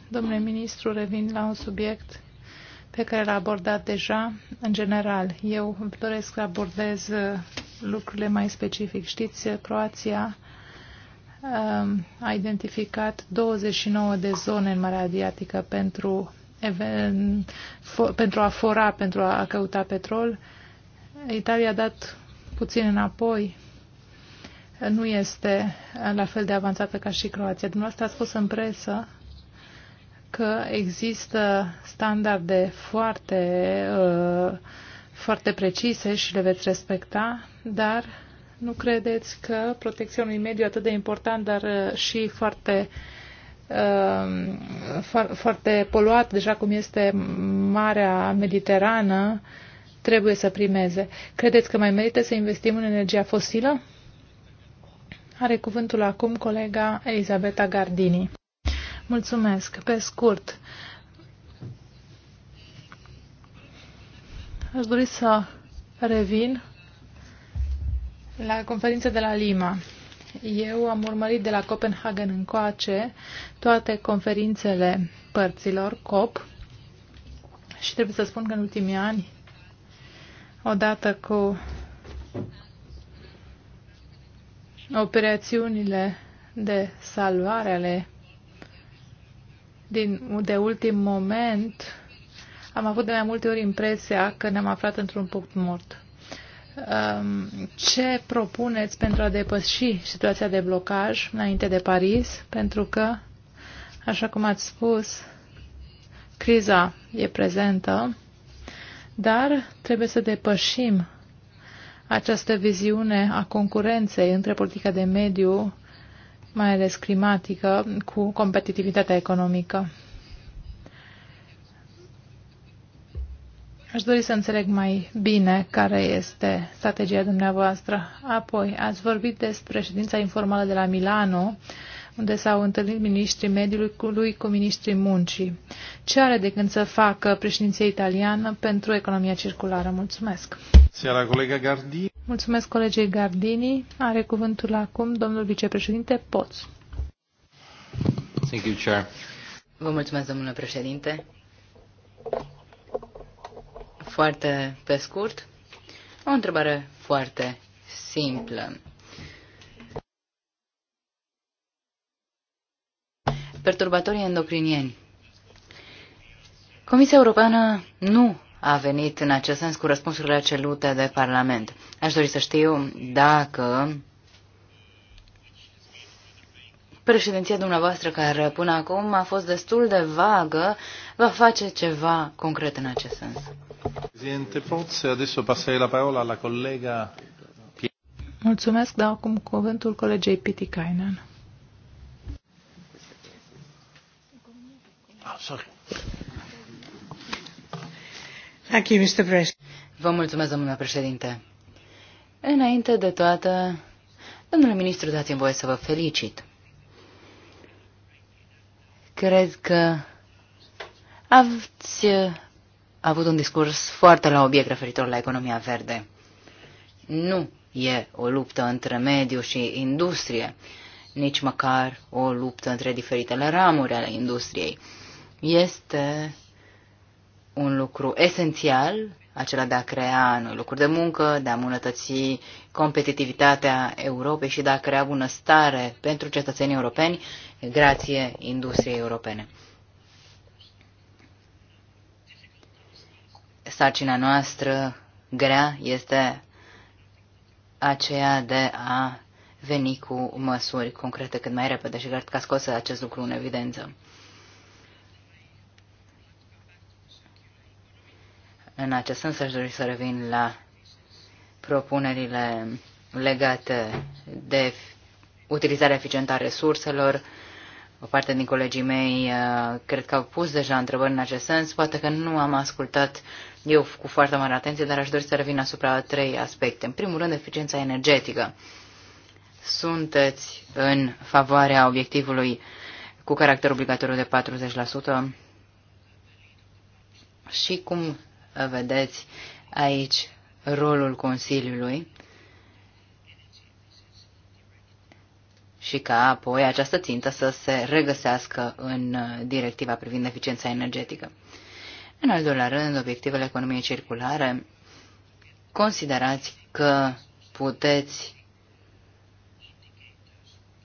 A: Domnule ministru, revin la un subiect pe care l-a abordat deja în general. Eu doresc să abordez eh, lucrurile mai specific. Știți, Croația a identificat 29 de zone în Marea Adriatică pentru, pentru a fora, pentru a căuta petrol. Italia a dat puțin înapoi. Nu este la fel de avansată ca și Croația. Dumneavoastră a spus în presă că există standarde foarte, uh, foarte precise și le veți respecta, dar nu credeți că protecția unui mediu atât de important, dar uh, și foarte um, foarte poluat, deja cum este Marea Mediterană, trebuie să primeze. Credeți că mai merită să investim în energia fosilă? Are cuvântul acum colega Elisabeta Gardini. Mulțumesc. Pe scurt, aș dori să revin la conferința de la Lima. Eu am urmărit de la Copenhagen încoace toate conferințele părților COP și trebuie să spun că în ultimii ani, odată cu operațiunile de salvare ale din, de ultim moment, am avut de mai multe ori impresia că ne-am aflat într-un punct mort. Um, ce propuneți pentru a depăși situația de blocaj înainte de Paris, pentru că, așa cum ați spus, criza e prezentă, dar trebuie să depășim această viziune a concurenței între politica de mediu, mai ales climatică, cu competitivitatea economică. Aș dori să înțeleg mai bine care este strategia dumneavoastră. Apoi, ați vorbit despre ședința informală de la Milano, unde s-au întâlnit ministrii mediului cu ministrii muncii. Ce are de când să facă președinția italiană pentru economia circulară? Mulțumesc! Seara, colega Gardini. Mulțumesc colegei Gardini. Are cuvântul acum domnul vicepreședinte Poț. Thank you, Chair. Vă mulțumesc,
B: domnule președinte. Foarte pe scurt, o întrebare foarte simplă. Perturbatorii endocrinieni. Comisia Europeană nu a venit în acest sens cu răspunsurile cerute de Parlament. Aș dori să știu dacă președinția dumneavoastră, care până acum a fost destul de vagă, va face ceva concret în acest sens.
A: Presidente adesso passerei la parola alla collega Mulțumesc, dau acum cuvântul colegei Piti Kainan. Ah, Thank you, Mr. President.
B: Vă mulțumesc, domnule președinte. Înainte de toate, domnule ministru, dați-mi voie să vă felicit. Cred că ați a avut un discurs foarte la obiect referitor la economia verde. Nu e o luptă între mediu și industrie, nici măcar o luptă între diferitele ramuri ale industriei. Este un lucru esențial, acela de a crea noi locuri de muncă, de a îmbunătăți competitivitatea Europei și de a crea bunăstare pentru cetățenii europeni, grație industriei europene. sarcina noastră grea este aceea de a veni cu măsuri concrete cât mai repede și cred că a scos acest lucru în evidență. În acest sens aș dori să revin la propunerile legate de utilizarea eficientă a resurselor, o parte din colegii mei uh, cred că au pus deja întrebări în acest sens, poate că nu am ascultat eu cu foarte mare atenție, dar aș dori să revin asupra trei aspecte. În primul rând, eficiența energetică. Sunteți în favoarea obiectivului cu caracter obligatoriu de 40% și cum vedeți aici rolul Consiliului și ca apoi această țintă să se regăsească în uh, directiva privind eficiența energetică. În al doilea rând, obiectivele economiei circulare, considerați că puteți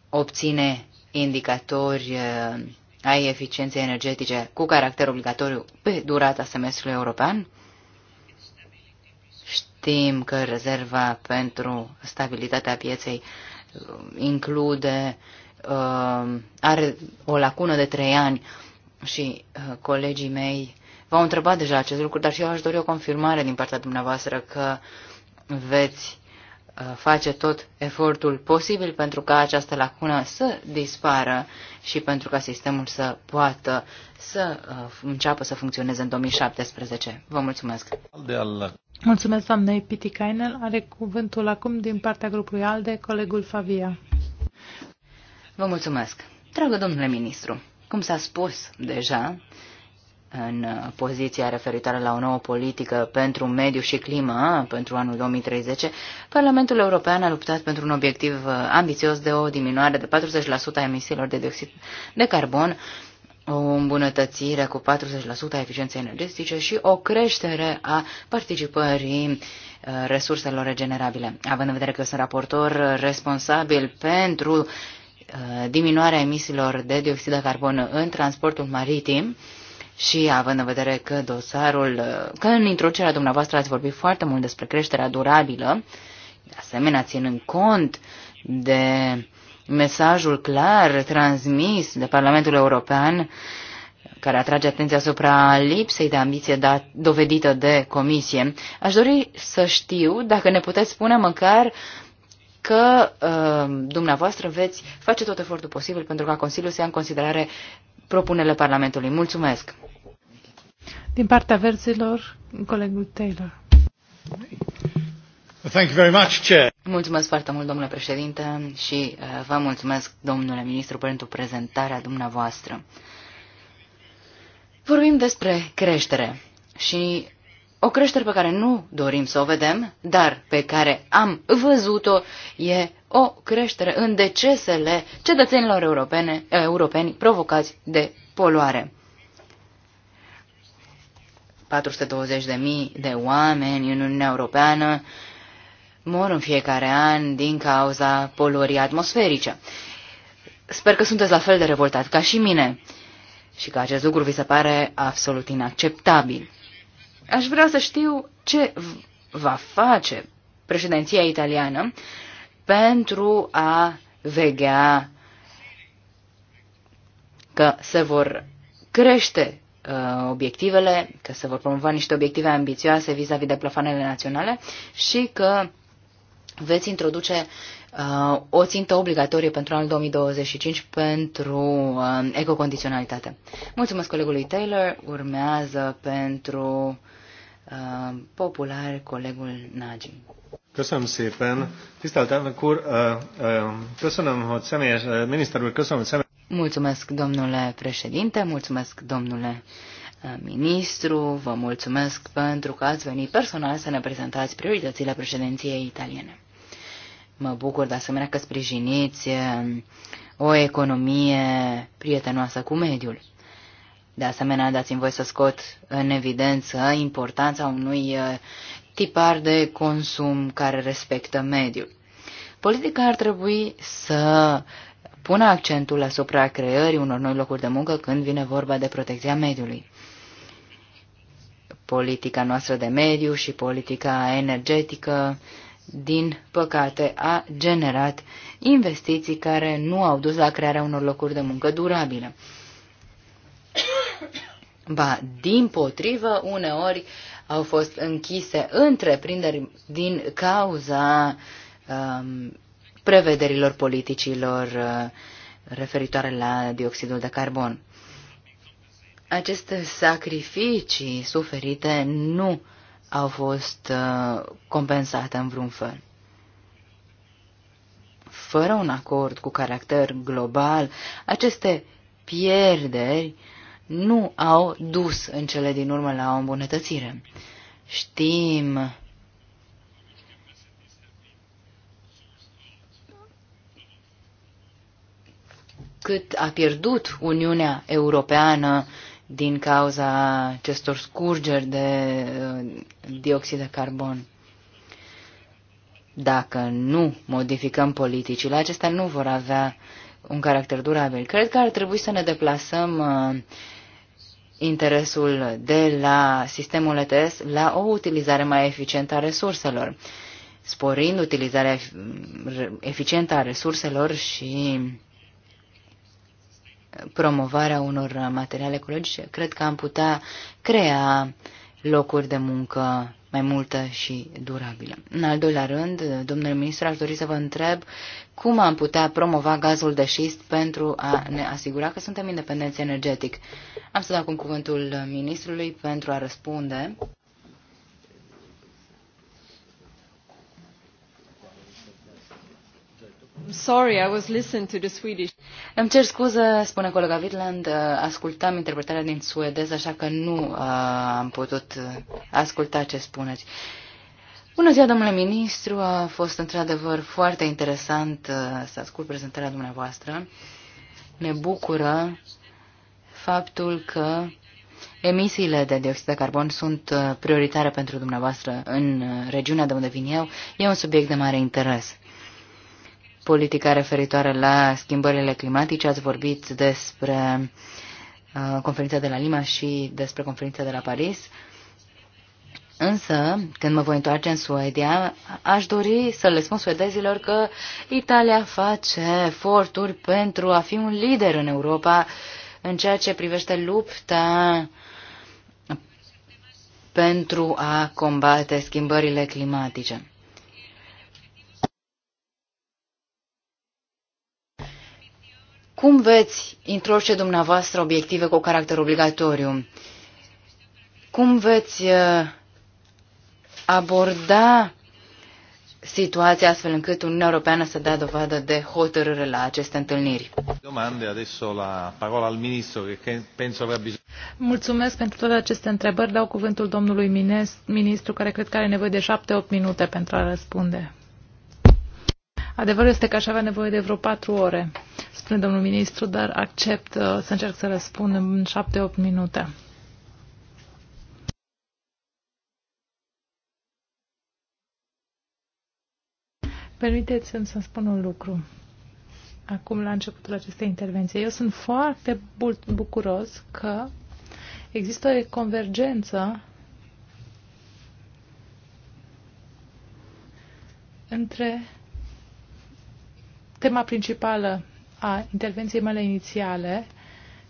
B: obține indicatori uh, ai eficienței energetice cu caracter obligatoriu pe durata semestrului european? Știm că rezerva pentru stabilitatea pieței include, uh, are o lacună de trei ani și uh, colegii mei v-au întrebat deja acest lucru, dar și eu aș dori o confirmare din partea dumneavoastră că veți Uh, face tot efortul posibil pentru ca această lacună să dispară și pentru ca sistemul să poată să uh, înceapă să funcționeze în 2017. Vă mulțumesc!
A: Mulțumesc, doamnei Kainel. Are cuvântul acum din partea grupului ALDE, colegul Favia.
B: Vă mulțumesc! Dragă domnule ministru, cum s-a spus deja, în poziția referitoare la o nouă politică pentru mediu și climă pentru anul 2030, Parlamentul European a luptat pentru un obiectiv ambițios de o diminuare de 40% a emisiilor de dioxid de carbon, o îmbunătățire cu 40% a eficienței energetice și o creștere a participării resurselor regenerabile. Având în vedere că eu sunt raportor responsabil pentru diminuarea emisiilor de dioxid de carbon în transportul maritim, și având în vedere că dosarul, că în introducerea dumneavoastră ați vorbit foarte mult despre creșterea durabilă, de asemenea ținând cont de mesajul clar transmis de Parlamentul European care atrage atenția asupra lipsei de ambiție dat, dovedită de comisie. Aș dori să știu dacă ne puteți spune măcar că uh, dumneavoastră veți face tot efortul posibil pentru ca Consiliul să ia în considerare propunerile Parlamentului. Mulțumesc!
A: Din partea verzilor, colegul Taylor.
B: Thank you very much, Chair. Mulțumesc foarte mult, domnule președinte, și uh, vă mulțumesc, domnule ministru, pentru prezentarea dumneavoastră. Vorbim despre creștere și o creștere pe care nu dorim să o vedem, dar pe care am văzut-o, e o creștere în decesele cetățenilor europene, eh, europeni provocați de poluare. 420.000 de oameni în Uniunea Europeană mor în fiecare an din cauza poluării atmosferice. Sper că sunteți la fel de revoltat ca și mine și că acest lucru vi se pare absolut inacceptabil.
A: Aș vrea să știu ce
B: va face președinția italiană pentru a vegea că se vor crește uh, obiectivele, că se vor promova niște obiective ambițioase vis-a-vis -vis de plafanele naționale și că veți introduce uh, o țintă obligatorie pentru anul 2025 pentru uh, ecocondiționalitate. Mulțumesc colegului Taylor. Urmează pentru uh, popular colegul Nagy. Köszönöm szépen. Tisztelt elnök úr,
A: köszönöm, hogy személyes, miniszter úr, köszönöm, hogy személyes...
B: Mulțumesc, domnule președinte, mulțumesc, domnule ministru, vă mulțumesc pentru că ați venit personal să ne prezentați prioritățile președinției italiene. Mă bucur de asemenea că sprijiniți o economie prietenoasă cu mediul. De asemenea, dați-mi voi să scot în evidență importanța unui tipar de consum care respectă mediul. Politica ar trebui să pună accentul asupra creării unor noi locuri de muncă când vine vorba de protecția mediului. Politica noastră de mediu și politica energetică, din păcate, a generat investiții care nu au dus la crearea unor locuri de muncă durabile. Ba, din potrivă, uneori au fost închise întreprinderi din cauza um, prevederilor politicilor uh, referitoare la dioxidul de carbon. Aceste sacrificii suferite nu au fost uh, compensate în vreun fel fără un acord cu caracter global, aceste pierderi nu au dus în cele din urmă la o îmbunătățire. Știm cât a pierdut Uniunea Europeană din cauza acestor scurgeri de uh, dioxid de carbon. Dacă nu modificăm politicile, acestea nu vor avea un caracter durabil. Cred că ar trebui să ne deplasăm uh, interesul de la sistemul ETS la o utilizare mai eficientă a resurselor, sporind utilizarea eficientă a resurselor și promovarea unor materiale ecologice, cred că am putea crea locuri de muncă mai multă și durabilă. În al doilea rând, domnule ministru, aș dori să vă întreb cum am putea promova gazul de șist pentru a ne asigura că suntem independenți energetic. Am să dau acum cuvântul ministrului pentru a răspunde. sorry, I was listening to the Swedish. Îmi cer scuze, spune colega Vitland, ascultam interpretarea din suedez, așa că nu uh, am putut uh, asculta ce spuneți. Bună ziua, domnule ministru, a fost într-adevăr foarte interesant uh, să ascult prezentarea dumneavoastră. Ne bucură faptul că Emisiile de dioxid de carbon sunt uh, prioritare pentru dumneavoastră în uh, regiunea de unde vin eu. E un subiect de mare interes politica referitoare la schimbările climatice. Ați vorbit despre uh, conferința de la Lima și despre conferința de la Paris. Însă, când mă voi întoarce în Suedia, aș dori să le spun suedezilor că Italia face eforturi pentru a fi un lider în Europa în ceea ce privește lupta pentru a combate schimbările climatice. Cum veți introduce dumneavoastră obiective cu caracter obligatoriu? Cum veți uh, aborda situația astfel încât Uniunea Europeană să dea dovadă de hotărâre la aceste întâlniri.
A: adesso la al Mulțumesc pentru toate aceste întrebări. Dau cuvântul domnului ministru, care cred că are nevoie de 7-8 minute pentru a răspunde. Adevărul este că aș avea nevoie de vreo 4 ore spune domnul ministru, dar accept uh, să încerc să răspund în 7-8 minute. Permiteți-mi să spun un lucru. Acum, la începutul acestei intervenții, eu sunt foarte bucuros că există o convergență între tema principală a intervenției mele inițiale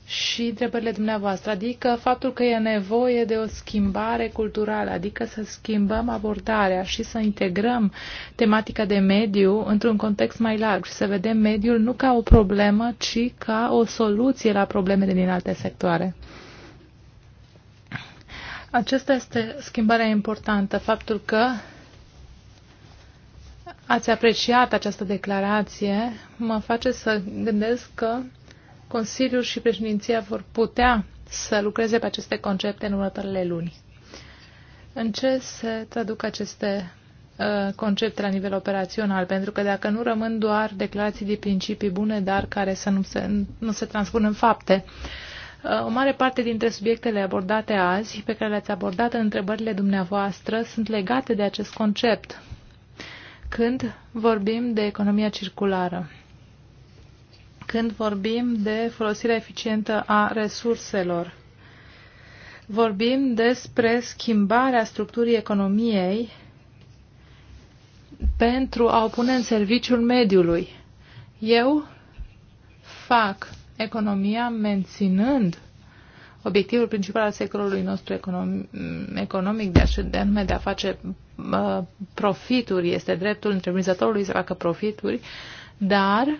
A: și întrebările dumneavoastră, adică faptul că e nevoie de o schimbare culturală, adică să schimbăm abordarea și să integrăm tematica de mediu într-un context mai larg și să vedem mediul nu ca o problemă, ci ca o soluție la problemele din alte sectoare. Aceasta este schimbarea importantă, faptul că ați apreciat această declarație, mă face să gândesc că Consiliul și președinția vor putea să lucreze pe aceste concepte în următoarele luni. În ce se traduc aceste uh, concepte la nivel operațional? Pentru că dacă nu rămân doar declarații de principii bune, dar care să nu se, nu se transpun în fapte, uh, o mare parte dintre subiectele abordate azi, pe care le-ați abordat în întrebările dumneavoastră, sunt legate de acest concept când vorbim de economia circulară, când vorbim de folosirea eficientă a resurselor, vorbim despre schimbarea structurii economiei pentru a o pune în serviciul mediului. Eu fac economia menținând obiectivul principal al sectorului nostru economic, economic de, a, de anume de a face uh, profituri, este dreptul întreprinzătorului să facă profituri, dar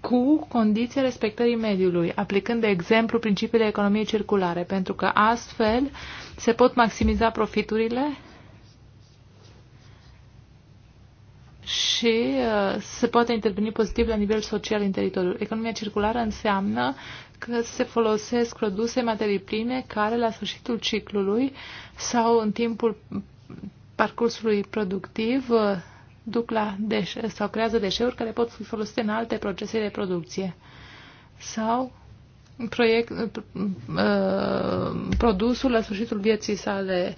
A: cu condiția respectării mediului, aplicând, de exemplu, principiile economiei circulare, pentru că astfel se pot maximiza profiturile și uh, se poate interveni pozitiv la nivel social în teritoriu. Economia circulară înseamnă că se folosesc produse, materii prime, care la sfârșitul ciclului sau în timpul parcursului productiv duc la deșe- sau creează deșeuri care pot fi folosite în alte procese de producție. Sau proiect, uh, produsul la sfârșitul vieții sale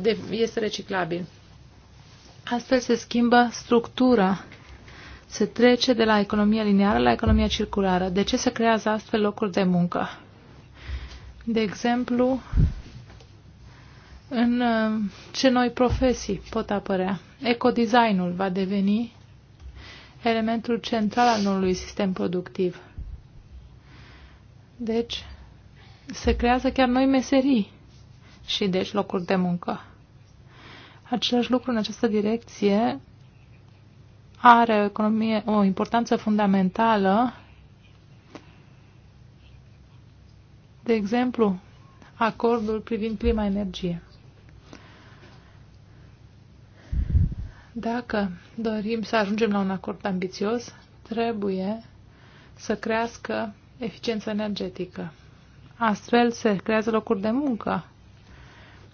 A: de, este reciclabil. Astfel se schimbă structura se trece de la economia lineară la economia circulară. De ce se creează astfel locuri de muncă? De exemplu, în uh, ce noi profesii pot apărea? Ecodesignul va deveni elementul central al noului sistem productiv. Deci, se creează chiar noi meserii și deci locuri de muncă. Același lucru în această direcție are o, economie, o importanță fundamentală. De exemplu, acordul privind prima energie Dacă dorim să ajungem la un acord ambițios, trebuie să crească eficiența energetică. Astfel se creează locuri de muncă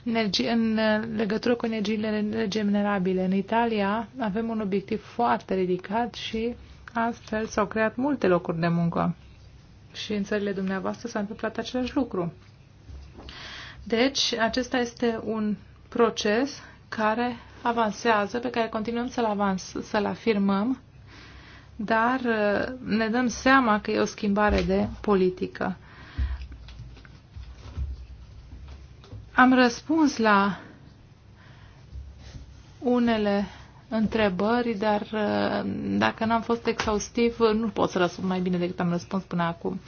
A: energie, în uh, legătură cu energiile regenerabile. În Italia avem un obiectiv foarte ridicat și astfel s-au creat multe locuri de muncă. Și în țările dumneavoastră s-a întâmplat același lucru. Deci, acesta este un proces care avansează, pe care continuăm să-l, avans, să-l afirmăm, dar uh, ne dăm seama că e o schimbare de politică. Am răspuns la unele întrebări, dar uh, dacă n-am fost exhaustiv, nu pot să răspund mai bine decât am răspuns până acum.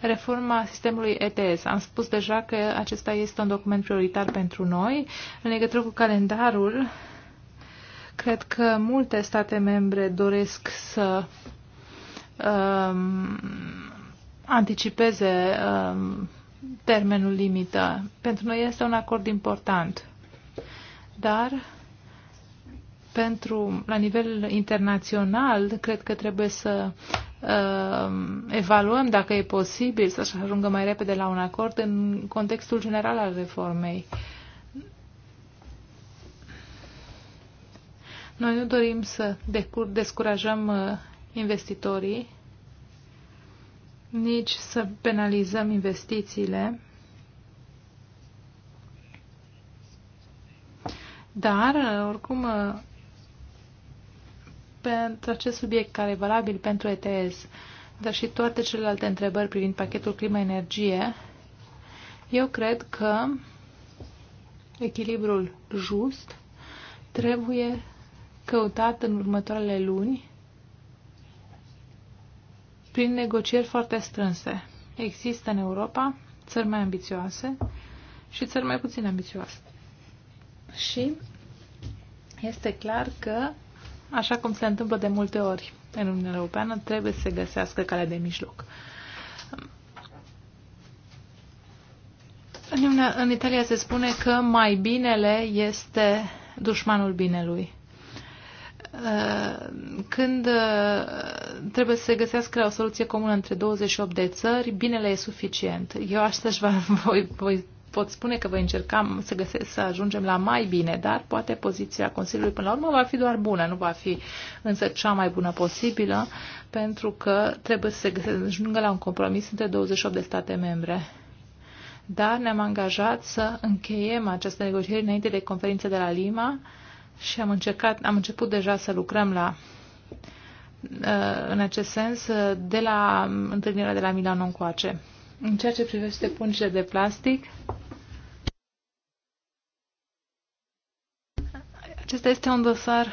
A: Reforma sistemului ETS. Am spus deja că acesta este un document prioritar pentru noi. În legătură cu calendarul, cred că multe state membre doresc să um, anticipeze um, termenul limită. Pentru noi este un acord important, dar pentru, la nivel internațional, cred că trebuie să uh, evaluăm dacă e posibil să-și ajungă mai repede la un acord în contextul general al reformei. Noi nu dorim să descurajăm uh, investitorii nici să penalizăm investițiile, dar, oricum, pentru acest subiect care e valabil pentru ETS, dar și toate celelalte întrebări privind pachetul climă-energie, eu cred că echilibrul just trebuie căutat în următoarele luni prin negocieri foarte strânse. Există în Europa țări mai ambițioase și țări mai puțin ambițioase. Și este clar că, așa cum se întâmplă de multe ori în Uniunea Europeană, trebuie să se găsească calea de mijloc. În, în Italia se spune că mai binele este dușmanul binelui. Uh, când uh, trebuie să se găsească o soluție comună între 28 de țări, binele e suficient. Eu astăzi vă, [LAUGHS] voi, voi pot spune că voi încerca să, găsesc, să ajungem la mai bine, dar poate poziția Consiliului până la urmă va fi doar bună, nu va fi însă cea mai bună posibilă, pentru că trebuie să se ajungă la un compromis între 28 de state membre. Dar ne-am angajat să încheiem aceste negocieri înainte de conferința de la Lima, și am, încercat, am început deja să lucrăm la uh, în acest sens uh, de la întâlnirea de la Milano încoace. În ceea ce privește pungile de plastic, acesta este un dosar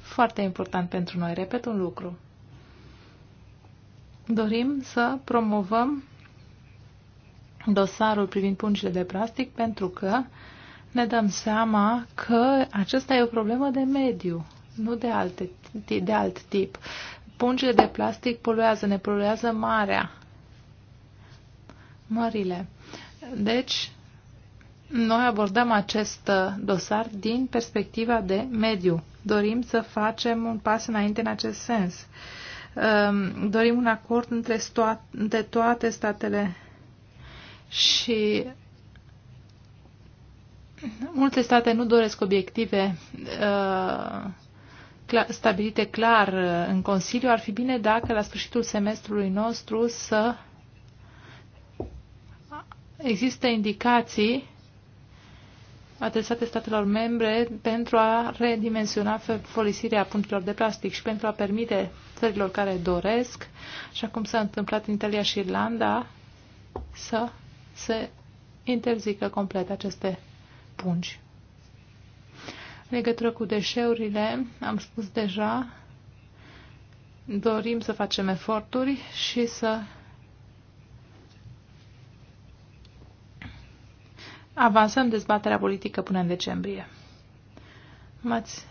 A: foarte important pentru noi. Repet un lucru. Dorim să promovăm dosarul privind pungile de plastic pentru că uh, ne dăm seama că acesta e o problemă de mediu, nu de, alte, de alt tip. Pungile de plastic poluează, ne poluează marea, mările. Deci, noi abordăm acest uh, dosar din perspectiva de mediu. Dorim să facem un pas înainte în acest sens. Um, dorim un acord între, între toate statele și Multe state nu doresc obiective uh, stabilite clar uh, în Consiliu. Ar fi bine dacă la sfârșitul semestrului nostru să există indicații adresate statelor membre pentru a redimensiona folosirea punctelor de plastic și pentru a permite țărilor care doresc, așa cum s-a întâmplat în Italia și Irlanda, să se interzică complet aceste pungi. legătură cu deșeurile, am spus deja, dorim să facem eforturi și să avansăm dezbaterea politică până în decembrie. M-ați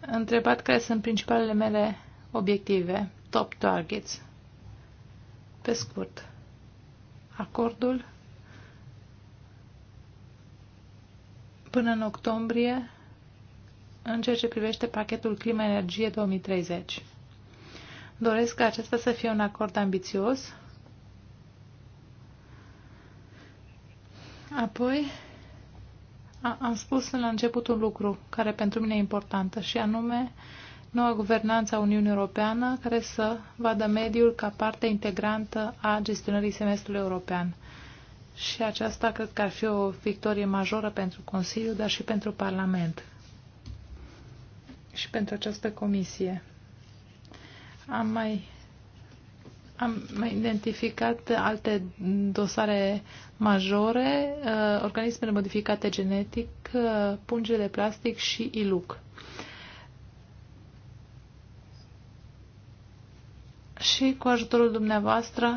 A: întrebat care sunt principalele mele obiective, top targets. Pe scurt, acordul până în octombrie în ceea ce privește pachetul Clima-Energie 2030. Doresc ca acesta să fie un acord ambițios. Apoi, am spus la început un lucru care pentru mine e important și anume noua guvernanță a Uniunii Europeană care să vadă mediul ca parte integrantă a gestionării semestrului european și aceasta cred că ar fi o victorie majoră pentru Consiliu, dar și pentru Parlament și pentru această comisie. Am mai, am mai identificat alte dosare majore, uh, organismele modificate genetic, uh, pungele de plastic și iluc. Și cu ajutorul dumneavoastră,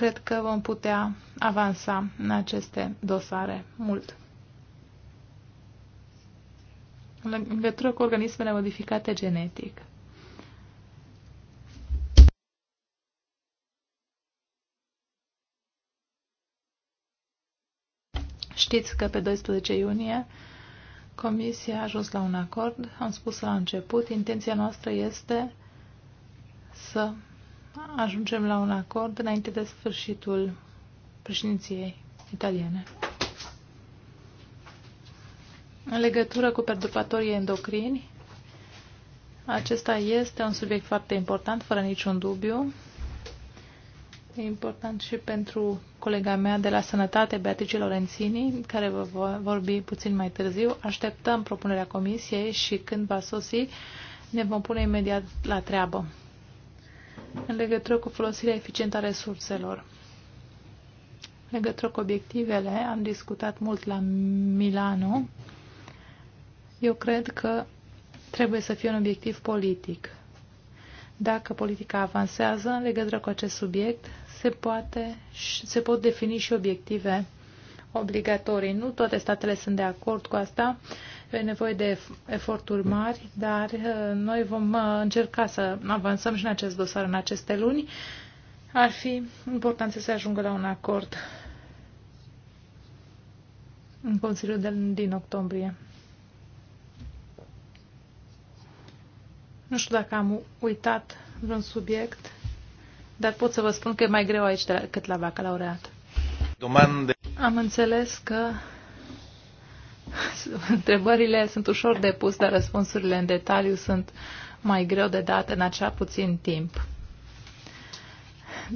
A: cred că vom putea avansa în aceste dosare mult. În legătură cu organismele modificate genetic. Știți că pe 12 iunie Comisia a ajuns la un acord. Am spus la început, intenția noastră este să ajungem la un acord înainte de sfârșitul președinției italiene. În legătură cu perturbatorii endocrini, acesta este un subiect foarte important, fără niciun dubiu. E important și pentru colega mea de la Sănătate, Beatrice Lorenzini, care vă vorbi puțin mai târziu. Așteptăm propunerea comisiei și când va sosi, ne vom pune imediat la treabă în legătură cu folosirea eficientă a resurselor. În legătură cu obiectivele, am discutat mult la Milano. Eu cred că trebuie să fie un obiectiv politic. Dacă politica avansează în legătură cu acest subiect, se, poate, se pot defini și obiective obligatorii. Nu toate statele sunt de acord cu asta e nevoie de eforturi mari, dar uh, noi vom uh, încerca să avansăm și în acest dosar în aceste luni. Ar fi important să se ajungă la un acord în Consiliul din octombrie. Nu știu dacă am uitat vreun subiect, dar pot să vă spun că e mai greu aici decât la bacalaureat. Domande. Am înțeles că [LAUGHS] Întrebările sunt ușor de pus, dar răspunsurile în detaliu sunt mai greu de dat în acea puțin timp.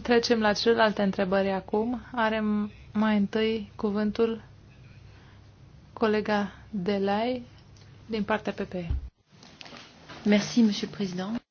A: Trecem la celelalte întrebări acum. Are mai întâi cuvântul colega Delay din partea PPE. Merci, Monsieur Président.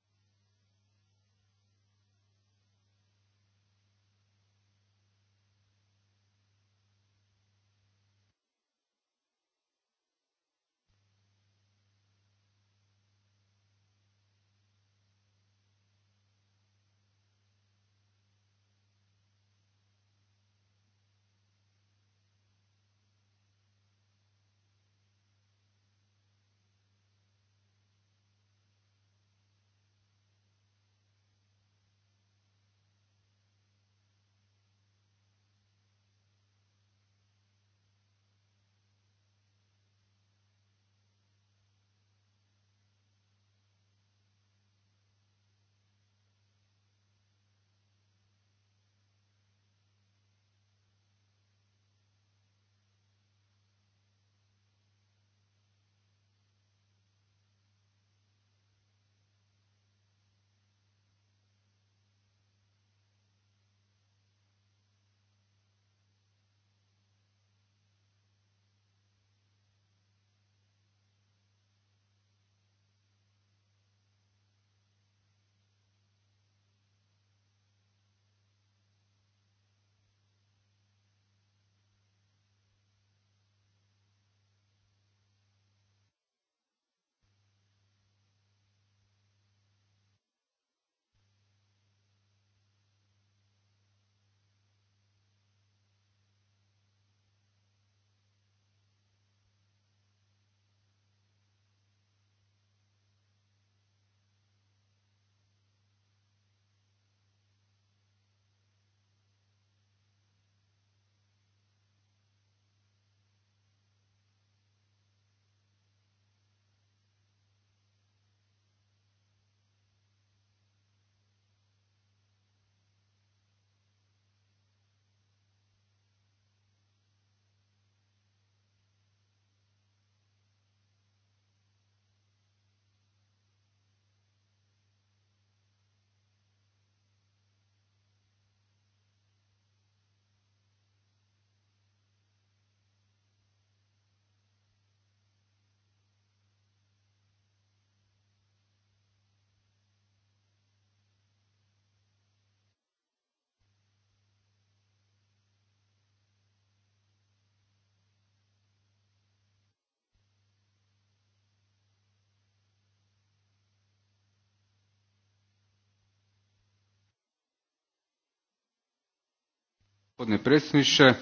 B: Gospodine predsjedniče,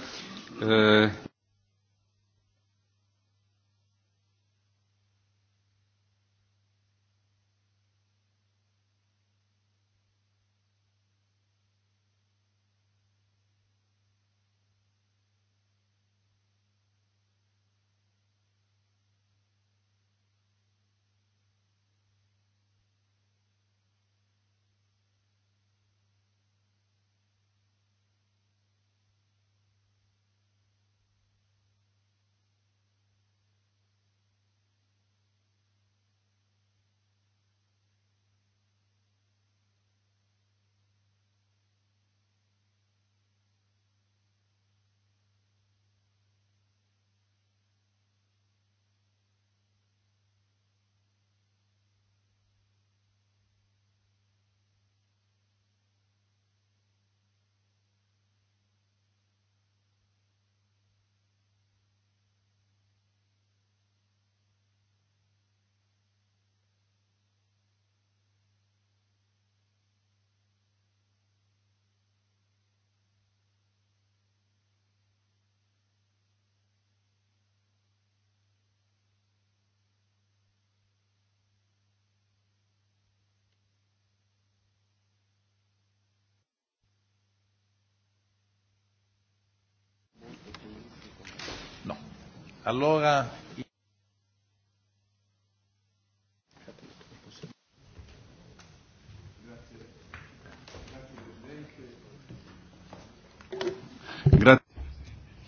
A: Allora...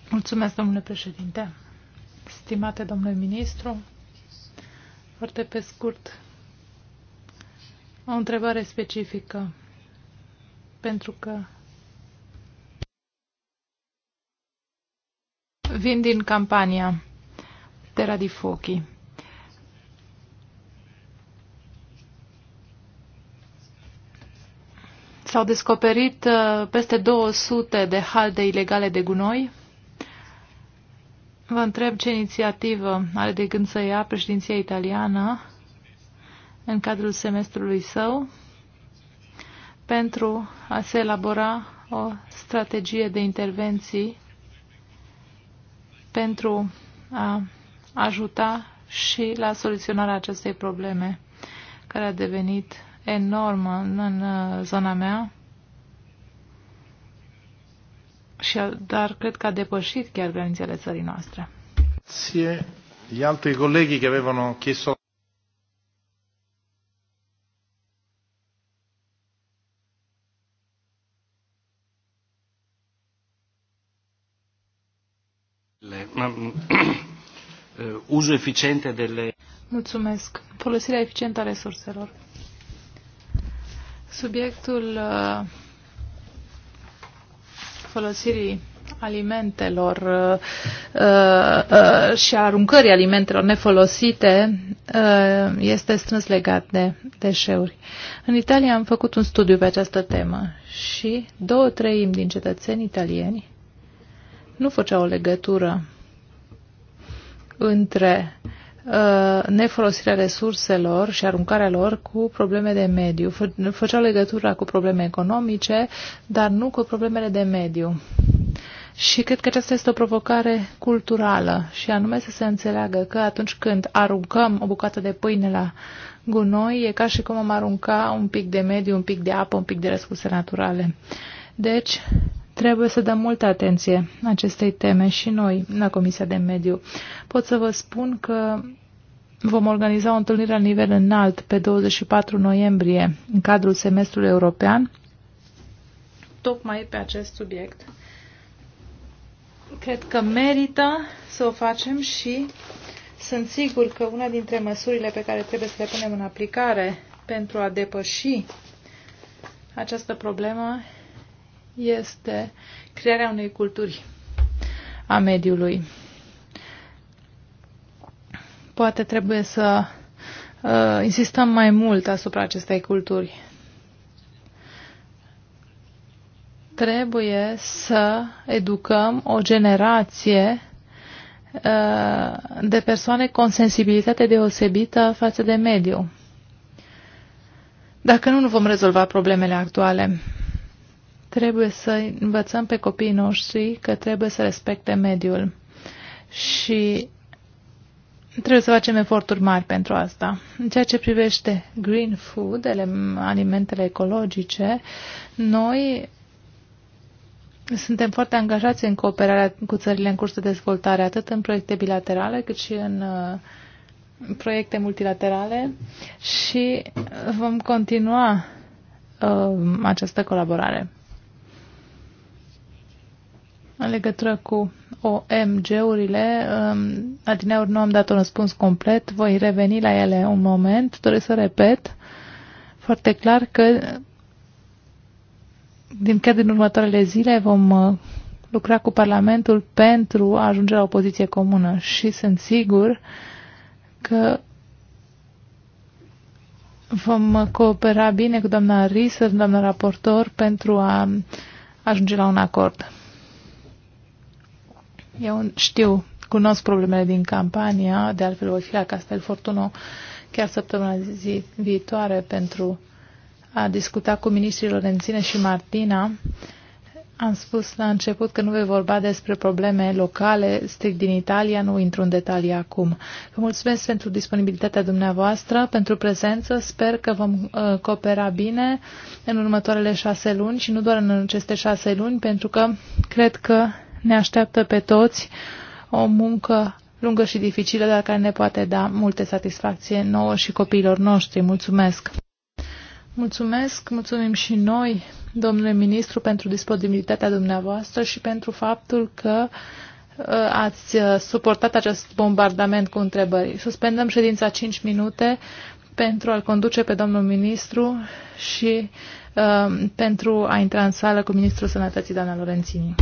A: Mulțumesc, domnule președinte. Stimate domnule ministru, foarte pe scurt, o întrebare specifică, pentru că vin din campania fuochi. S-au descoperit uh, peste 200 de halde ilegale de gunoi. Vă întreb ce inițiativă are de gând să ia președinția italiană în cadrul semestrului său pentru a se elabora o strategie de intervenții pentru a ajuta și la soluționarea acestei probleme care a devenit enormă în uh, zona mea, și, dar cred că a depășit chiar granițele țării noastre. Grazie. Gli altri colleghi che avevano chiesto [CLEARS THROAT] uh,
B: uzul eficiente le...
A: Mulțumesc. Folosirea eficientă a resurselor. Subiectul uh, folosirii alimentelor uh, uh, uh și aruncării alimentelor nefolosite uh, este strâns legat de deșeuri. În Italia am făcut un studiu pe această temă și două treimi din cetățeni italieni nu făceau o legătură între uh, nefolosirea resurselor și aruncarea lor cu probleme de mediu. Fă, făceau legătura cu probleme economice, dar nu cu problemele de mediu. Și cred că aceasta este o provocare culturală și anume să se înțeleagă că atunci când aruncăm o bucată de pâine la gunoi, e ca și cum am arunca un pic de mediu, un pic de apă, un pic de resurse naturale. Deci, Trebuie să dăm multă atenție acestei teme și noi la Comisia de Mediu. Pot să vă spun că vom organiza o întâlnire la nivel înalt pe 24 noiembrie în cadrul semestrului european, tocmai pe acest subiect. Cred că merită să o facem și sunt sigur că una dintre măsurile pe care trebuie să le punem în aplicare pentru a depăși această problemă este crearea unei culturi a mediului. Poate trebuie să uh, insistăm mai mult asupra acestei culturi. Trebuie să educăm o generație uh, de persoane cu sensibilitate deosebită față de mediu. Dacă nu, nu vom rezolva problemele actuale. Trebuie să învățăm pe copiii noștri că trebuie să respecte mediul și trebuie să facem eforturi mari pentru asta. În ceea ce privește green food, alimentele ecologice, noi suntem foarte angajați în cooperarea cu țările în curs de dezvoltare, atât în proiecte bilaterale, cât și în uh, proiecte multilaterale și uh, vom continua uh, această colaborare. În legătură cu OMG-urile, um, adineauri nu am dat un răspuns complet, voi reveni la ele un moment. Doresc să repet foarte clar că din chiar din următoarele zile vom uh, lucra cu Parlamentul pentru a ajunge la o poziție comună și sunt sigur că vom coopera bine cu doamna Riser, doamna raportor, pentru a ajunge la un acord. Eu știu, cunosc problemele din campania, de altfel voi fi la Castel Fortuno chiar săptămâna zi viitoare pentru a discuta cu ministrii Lorenzine și Martina. Am spus la început că nu voi vorba despre probleme locale strict din Italia, nu intru în detalii acum. Vă mulțumesc pentru disponibilitatea dumneavoastră, pentru prezență. Sper că vom uh, coopera bine în următoarele șase luni și nu doar în aceste șase luni, pentru că cred că ne așteaptă pe toți o muncă lungă și dificilă, dar care ne poate da multe satisfacție nouă și copiilor noștri. Mulțumesc! Mulțumesc, mulțumim și noi, domnule ministru, pentru disponibilitatea dumneavoastră și pentru faptul că uh, ați uh, suportat acest bombardament cu întrebări. Suspendăm ședința 5 minute pentru a-l conduce pe domnul ministru și uh, pentru a intra în sală cu ministrul sănătății, doamna Lorenzini.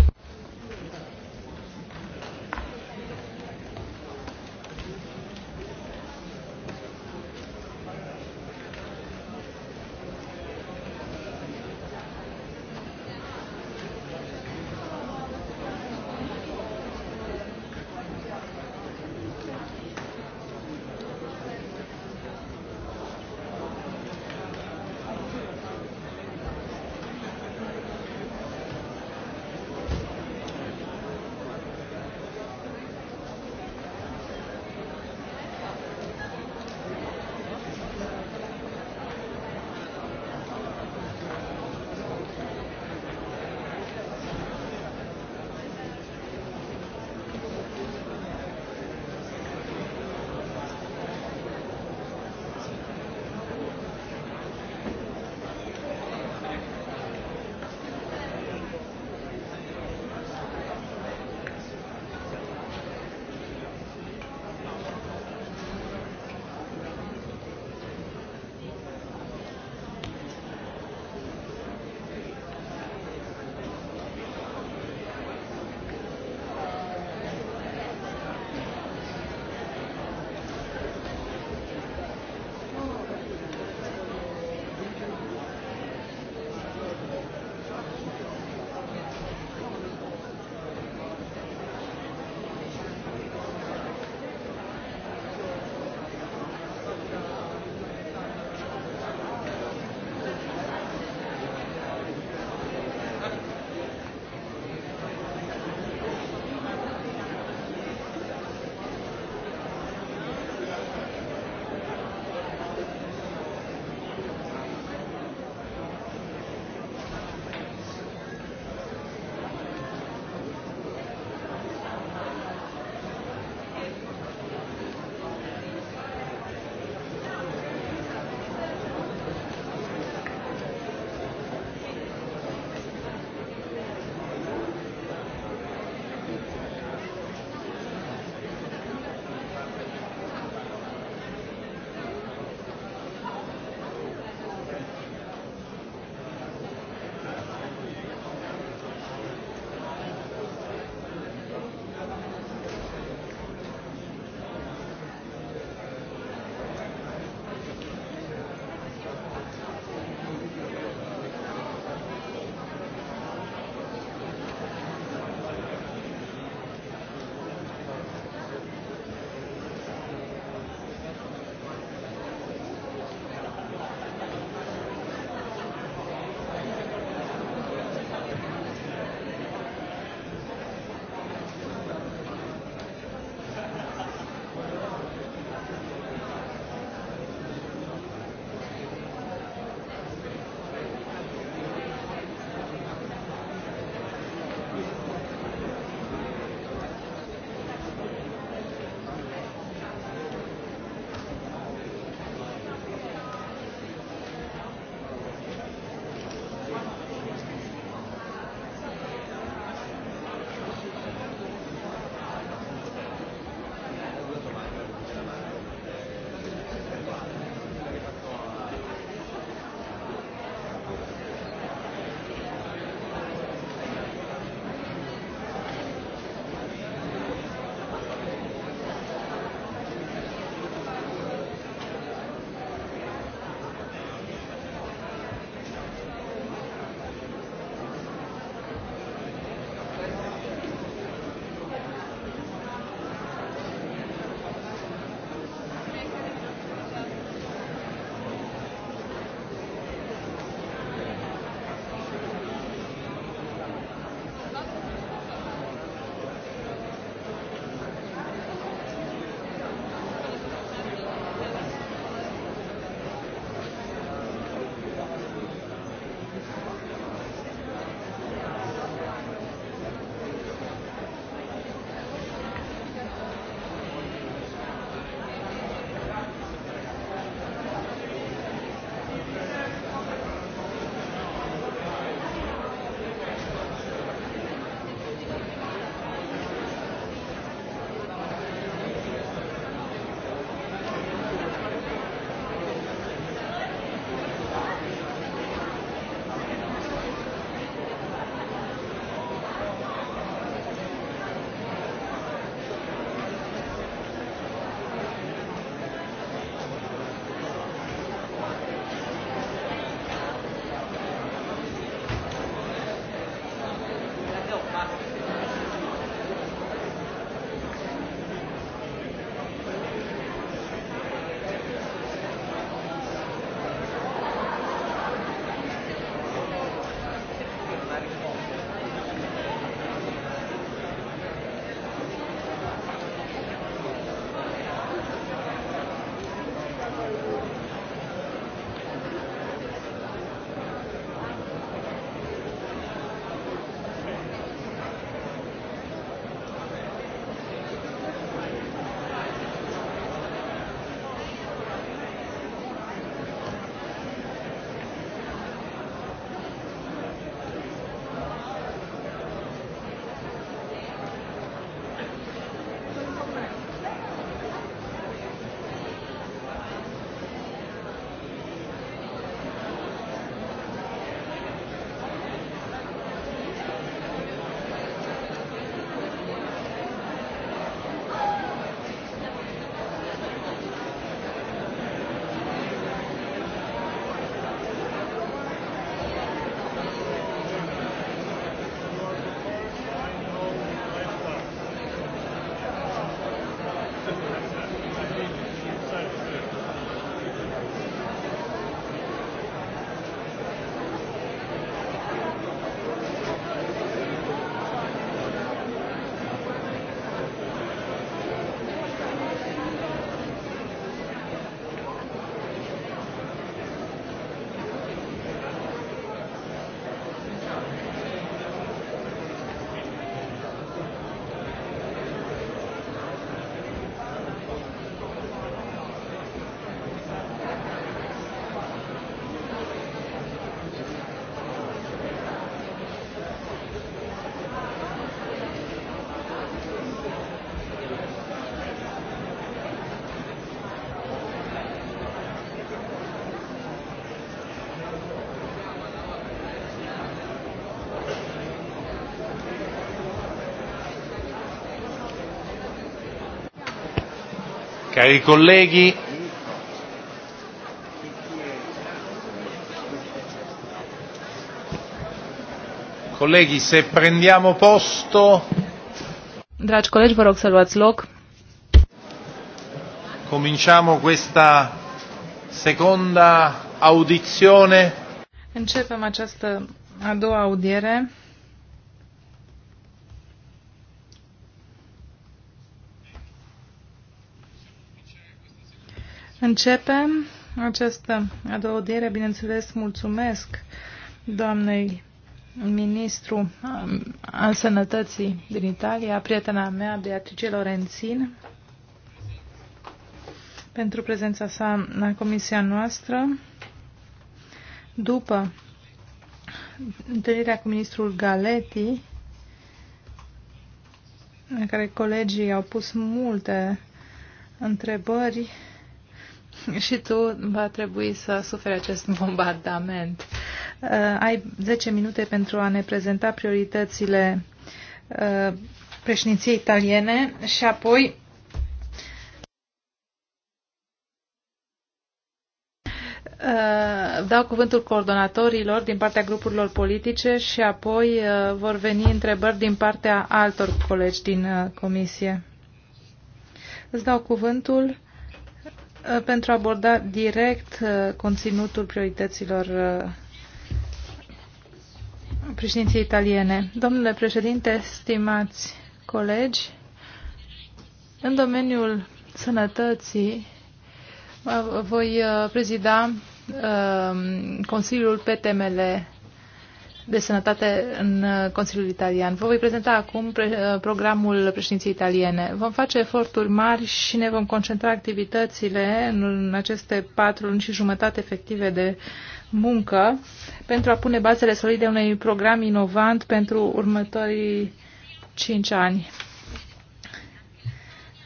A: Cari colleghi, colleghi, se prendiamo posto. Dragi colegi, vă rog să luați loc. Cominciamo questa seconda audizione. Începem această a doua audiere Începem această a doua audiere. Bineînțeles, mulțumesc doamnei ministru um, al sănătății din Italia, prietena mea, Beatrice Lorenzin, pentru prezența sa la comisia noastră. După întâlnirea cu ministrul Galeti, în care colegii au pus multe întrebări [LAUGHS] și tu va trebui să suferi acest bombardament. Uh, ai 10 minute pentru a ne prezenta prioritățile uh, președinției italiene și apoi uh, dau cuvântul coordonatorilor din partea grupurilor politice și apoi vor veni întrebări din partea altor colegi din comisie. Îți dau cuvântul Uh, pentru a aborda direct uh, conținutul priorităților uh, președinției italiene. Domnule președinte, stimați colegi, în domeniul sănătății voi prezida Consiliul pe temele de Sănătate în uh, Consiliul Italian. Vă voi prezenta acum pre uh, programul președinției italiene. Vom face eforturi mari și ne vom concentra activitățile în aceste patru luni și jumătate efective de muncă pentru a pune bazele solide unui program inovant pentru următorii cinci ani.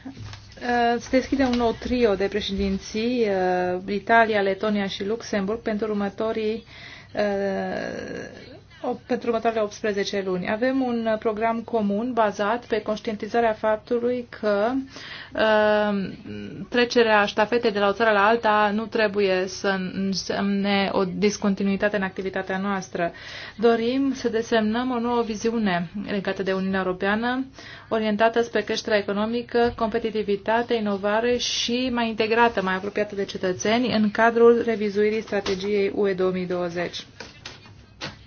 A: Uh, se deschide un nou trio de președinții, Italia, Letonia și Luxemburg, pentru următorii pentru următoarele 18 luni. Avem un uh, program comun bazat pe conștientizarea faptului că uh, trecerea ștafetei de la o țară la alta nu trebuie să însemne o discontinuitate în activitatea noastră. Dorim să desemnăm o nouă viziune legată de Uniunea Europeană, orientată spre creșterea economică, competitivitate, inovare și mai integrată, mai apropiată de cetățeni în cadrul revizuirii strategiei UE 2020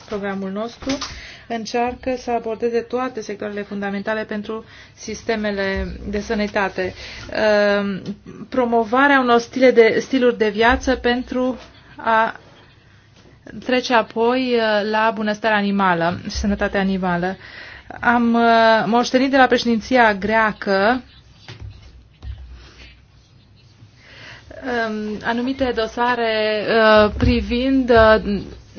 A: programul nostru încearcă să abordeze toate sectoarele fundamentale pentru sistemele de sănătate. Ehm, promovarea unor stile de, stiluri de viață pentru a trece apoi eh, la bunăstarea animală și sănătatea animală. Am eh, moștenit de la președinția greacă ehm, anumite dosare eh, privind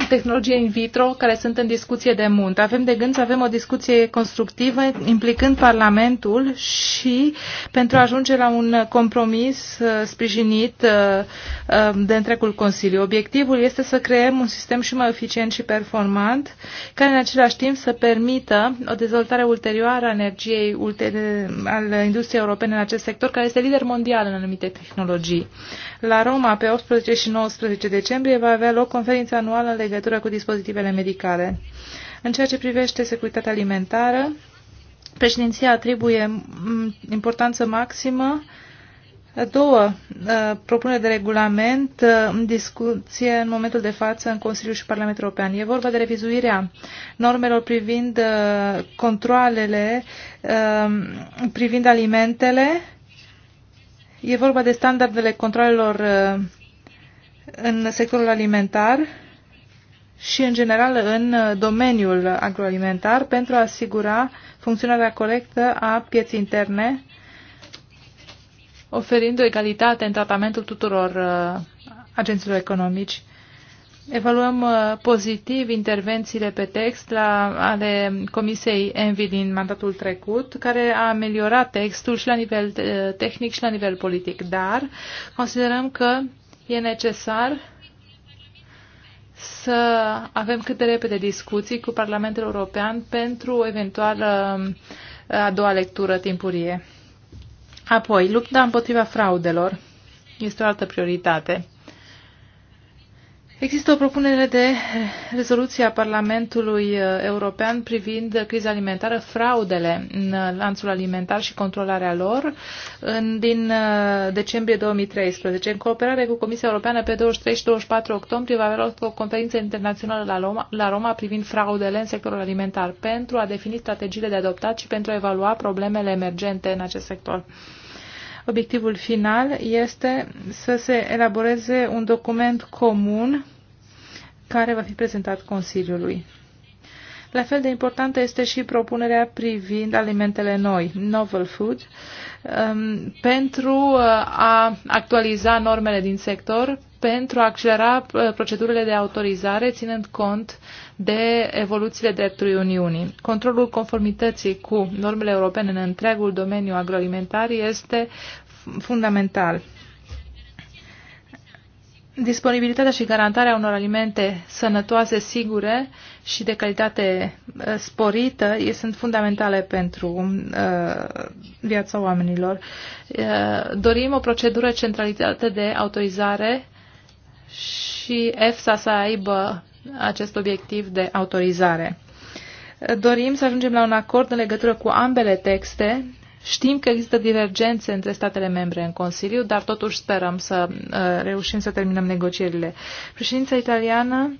A: tehnologie in vitro care sunt în discuție de mult. Avem de gând să avem o discuție constructivă implicând Parlamentul și pentru a ajunge la un compromis uh, sprijinit uh, uh, de întregul Consiliu. Obiectivul este să creăm un sistem și mai eficient și performant care în același timp să permită o dezvoltare ulterioară a energiei al industriei europene în acest sector care este lider mondial în anumite tehnologii. La Roma, pe 18 și 19 decembrie, va avea loc conferința anuală legătură legătură cu dispozitivele medicale. În ceea ce privește securitatea alimentară, președinția atribuie importanță maximă două uh, propuneri de regulament uh, în discuție în momentul de față în Consiliul și Parlamentul European. E vorba de revizuirea normelor privind uh, controlele, privind alimentele. E vorba de standardele controlelor în sectorul alimentar și, în general, în uh, domeniul agroalimentar pentru a asigura funcționarea corectă a pieții interne, oferind o egalitate în tratamentul tuturor uh, agenților economici. Evaluăm uh, pozitiv intervențiile pe text la, ale Comisiei Envi din mandatul trecut, care a ameliorat textul și la nivel tehnic și la nivel politic, dar considerăm că e necesar să avem cât de repede discuții cu Parlamentul European pentru o eventuală a doua lectură timpurie. Apoi, lupta împotriva fraudelor este o altă prioritate. Există o propunere de rezoluție a Parlamentului uh, European privind criza alimentară, fraudele în lanțul alimentar și controlarea lor în, din uh, decembrie 2013. În cooperare cu Comisia Europeană pe 23 și 24 octombrie va avea o conferință internațională la Roma, la Roma privind fraudele în sectorul alimentar pentru a defini strategiile de adoptat și pentru a evalua problemele emergente în acest sector. Obiectivul final este să se elaboreze un document comun care va fi prezentat Consiliului. La fel de importantă este și propunerea privind alimentele noi, novel food, um, pentru uh, a actualiza normele din sector, pentru a accelera uh, procedurile de autorizare, ținând cont de evoluțiile dreptului Uniunii. Controlul conformității cu normele europene în întregul domeniu agroalimentar este fundamental. Disponibilitatea și garantarea unor alimente sănătoase, sigure și de calitate uh, sporită sunt fundamentale pentru uh, viața oamenilor. dorim o procedură centralizată de autorizare și EFSA să aibă acest obiectiv de autorizare. Dorim să ajungem la un acord în legătură cu ambele texte. Știm că există divergențe între statele membre în Consiliu, dar totuși sperăm să uh, reușim să terminăm negocierile. Președința italiană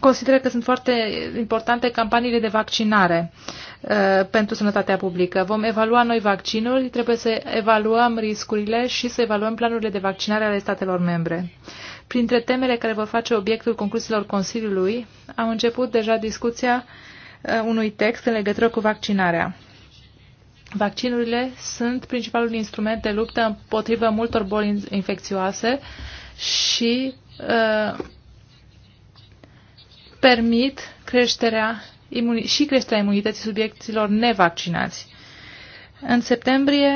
A: consideră că sunt foarte importante campaniile de vaccinare uh, pentru sănătatea publică. Vom evalua noi vaccinul, trebuie să evaluăm riscurile și să evaluăm planurile de vaccinare ale statelor membre. Printre temele care vor face obiectul concluziilor Consiliului, am început deja discuția uh, unui text în legătură cu vaccinarea. Vaccinurile sunt principalul instrument de luptă împotriva multor boli infecțioase și uh, permit creșterea și creșterea imunității subiecților nevaccinați. În septembrie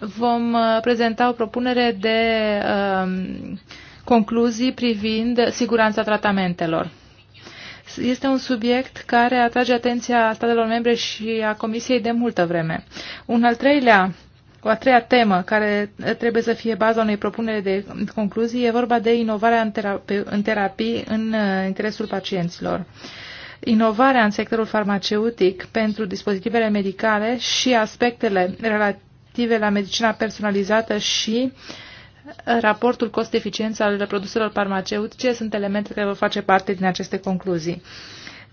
A: vom uh, prezenta o propunere de um, concluzii privind siguranța tratamentelor. Este un subiect care atrage atenția statelor membre și a Comisiei de multă vreme. Un al treilea o a treia temă care trebuie să fie baza unei propunere de concluzii e vorba de inovarea în terapii în, terapii, în uh, interesul pacienților. Inovarea în sectorul farmaceutic pentru dispozitivele medicale și aspectele relative la medicina personalizată și uh, raportul cost-eficiență al produselor farmaceutice sunt elemente care vor face parte din aceste concluzii.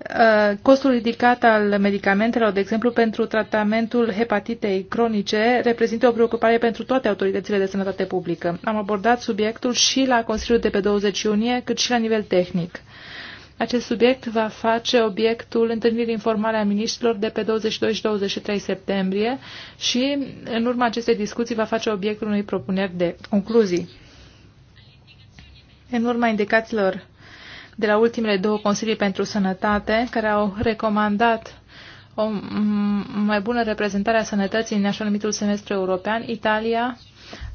A: Uh, costul ridicat al medicamentelor, de exemplu, pentru tratamentul hepatitei cronice, reprezintă o preocupare pentru toate autoritățile de sănătate publică. Am abordat subiectul și la Consiliul de pe 20 iunie, cât și la nivel tehnic. Acest subiect va face obiectul întâlnirii informale a ministrilor de pe 22 și 23 septembrie și, în urma acestei discuții, va face obiectul unei propuneri de concluzii. În urma indicațiilor de la ultimele două Consilii pentru Sănătate, care au recomandat o mai bună reprezentare a sănătății în așa numitul semestru european, Italia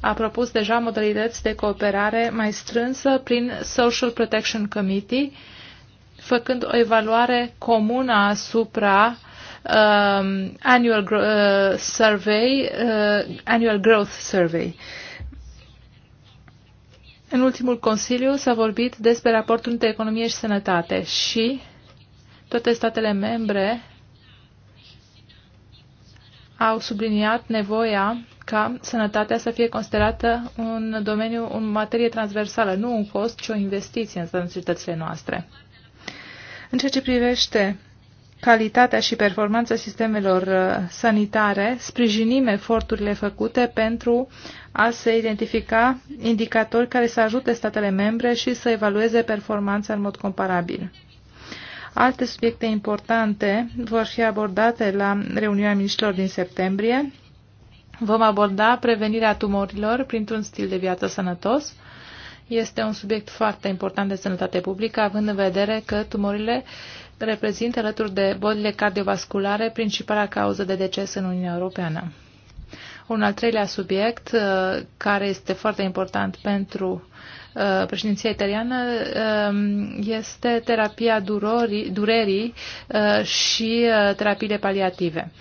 A: a propus deja modalități de cooperare mai strânsă prin Social Protection Committee, făcând o evaluare comună asupra um, annual, uh, survey, uh, annual Growth Survey. În ultimul Consiliu s-a vorbit despre raportul între economie și sănătate și toate statele membre au subliniat nevoia ca sănătatea să fie considerată un domeniu, o materie transversală, nu un cost, ci o investiție în sănătatea noastre. În ceea ce privește calitatea și performanța sistemelor uh, sanitare, sprijinim eforturile făcute pentru a se identifica indicatori care să ajute statele membre și să evalueze performanța în mod comparabil. Alte subiecte importante vor fi abordate la reuniunea ministrilor din septembrie. Vom aborda prevenirea tumorilor printr-un stil de viață sănătos. Este un subiect foarte important de sănătate publică, având în vedere că tumorile uh, reprezintă alături de bolile cardiovasculare principala cauză de deces în Uniunea Europeană. Un al treilea subiect uh, care este foarte important pentru uh, președinția italiană um, este terapia durorii, durerii uh, și terapiile paliative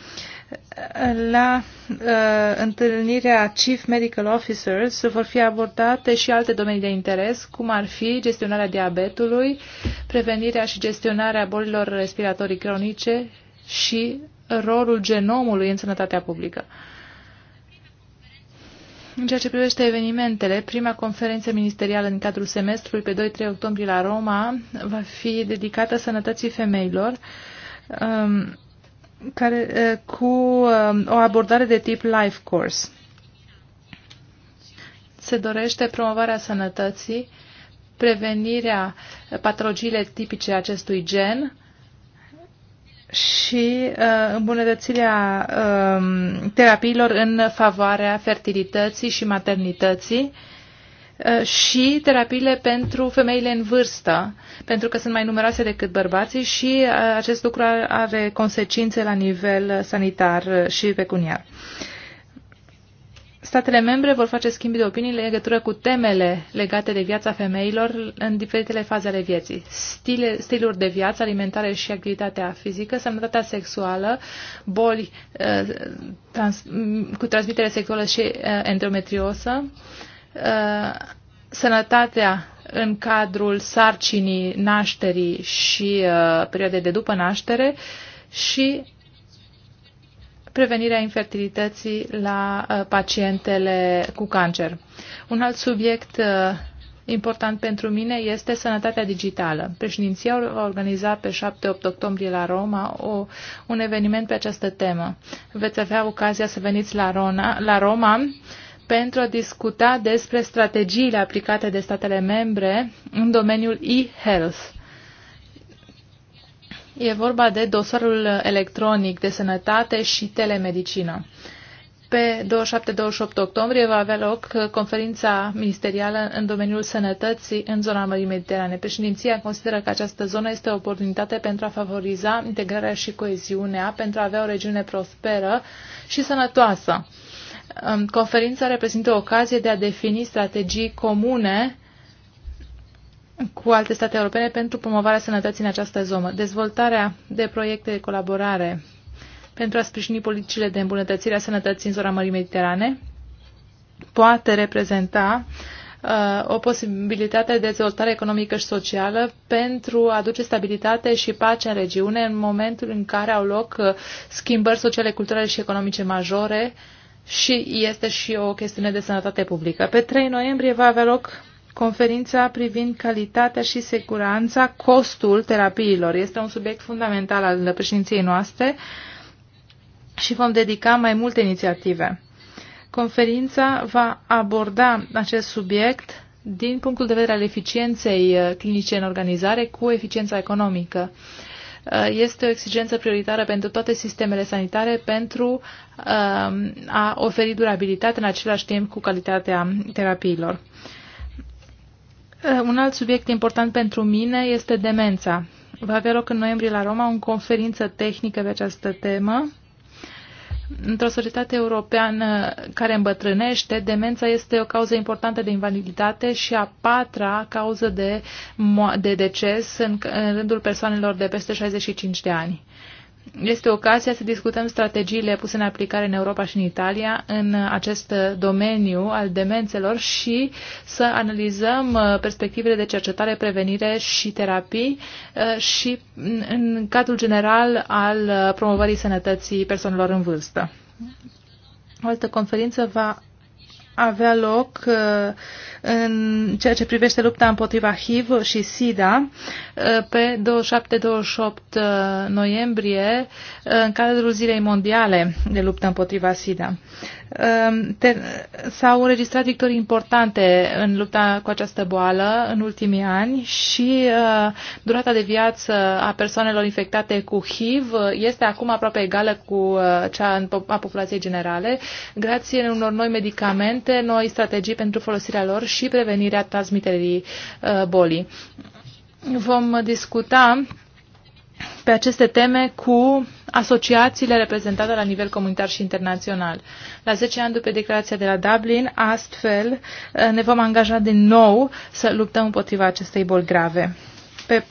A: la uh, întâlnirea Chief Medical Officers vor fi abordate și alte domenii de interes, cum ar fi gestionarea diabetului, prevenirea și gestionarea bolilor respiratorii cronice și rolul genomului în sănătatea publică. În ceea ce privește evenimentele, prima conferință ministerială în cadrul semestrului pe 2-3 octombrie la Roma va fi dedicată sănătății femeilor. Um, care, cu o abordare de tip life course. Se dorește promovarea sănătății, prevenirea patologiile tipice acestui gen și îmbunătățirea terapiilor în favoarea fertilității și maternității Uh, și terapiile pentru femeile în vârstă, pentru că sunt mai numeroase decât bărbații și uh, acest lucru are consecințe la nivel sanitar uh, și pecuniar. Statele membre vor face schimb de opinii în legătură cu temele legate de viața femeilor în diferitele faze ale vieții. Stile, stiluri de viață, alimentare și activitatea fizică, sănătatea sexuală, boli trans, cu transmitere sexuală și endometriosă, Uh, sănătatea în cadrul sarcinii nașterii și uh, perioadei de după naștere și prevenirea infertilității la uh, pacientele cu cancer. Un alt subiect important pentru mine este sănătatea digitală. Președinția va organiza pe 7-8 octombrie la Roma o, un eveniment pe această temă. Veți avea ocazia să veniți la, Rona, la Roma pentru a discuta despre strategiile aplicate de statele membre în domeniul e-health. E vorba de dosarul electronic de sănătate și telemedicină. Pe 27-28 octombrie va avea loc conferința ministerială în domeniul sănătății în zona Mării Mediterane. Președinția consideră că această zonă este o oportunitate pentru a favoriza integrarea și coeziunea, pentru a avea o regiune prosperă și sănătoasă. Conferința reprezintă o ocazie de a defini strategii comune cu alte state europene pentru promovarea sănătății în această zonă. Dezvoltarea de proiecte de colaborare pentru a sprijini politicile de îmbunătățire a sănătății în zona Mării Mediterane poate reprezenta uh, o posibilitate de dezvoltare economică și socială pentru a aduce stabilitate și pace în regiune în momentul în care au loc uh, schimbări sociale, culturale și economice majore uh, și este și o chestiune de sănătate publică. Pe 3 noiembrie va avea loc conferința privind calitatea și siguranța, costul terapiilor. Este un subiect fundamental al președinției noastre și vom dedica mai multe inițiative. Conferința va aborda acest subiect din punctul de vedere al eficienței uh, clinice în organizare cu eficiența economică. Uh, este o exigență prioritară pentru toate sistemele sanitare pentru um, a oferi durabilitate în același timp cu calitatea terapiilor. Uh, un alt subiect important pentru mine este demența. Va avea loc în noiembrie la Roma o conferință tehnică pe această temă Într-o societate europeană care îmbătrânește, demența este o cauză importantă de invaliditate și a patra cauză de, de deces în, în rândul persoanelor de peste 65 de ani este ocazia să discutăm strategiile puse în aplicare în Europa și în Italia în acest domeniu al demențelor și să analizăm uh, perspectivele de cercetare, prevenire și terapii uh, și în cadrul general al uh, promovării sănătății persoanelor în vârstă. O altă conferință va avea loc uh, în ceea ce privește lupta împotriva HIV și SIDA uh, pe 27-28 uh, noiembrie uh, în cadrul Zilei Mondiale de luptă împotriva SIDA. Um, s-au înregistrat victorii importante în lupta cu această boală în ultimii ani și durata de viață a persoanelor infectate cu HIV este acum aproape egală cu cea a populației generale, grație unor noi medicamente, noi strategii pentru folosirea lor și prevenirea transmiterii uh, bolii. Vom discuta pe aceste teme cu asociațiile reprezentate la nivel comunitar și internațional. La 10 ani după declarația de la Dublin, astfel uh, ne vom angaja din nou să luptăm împotriva acestei boli grave. Pe 4-5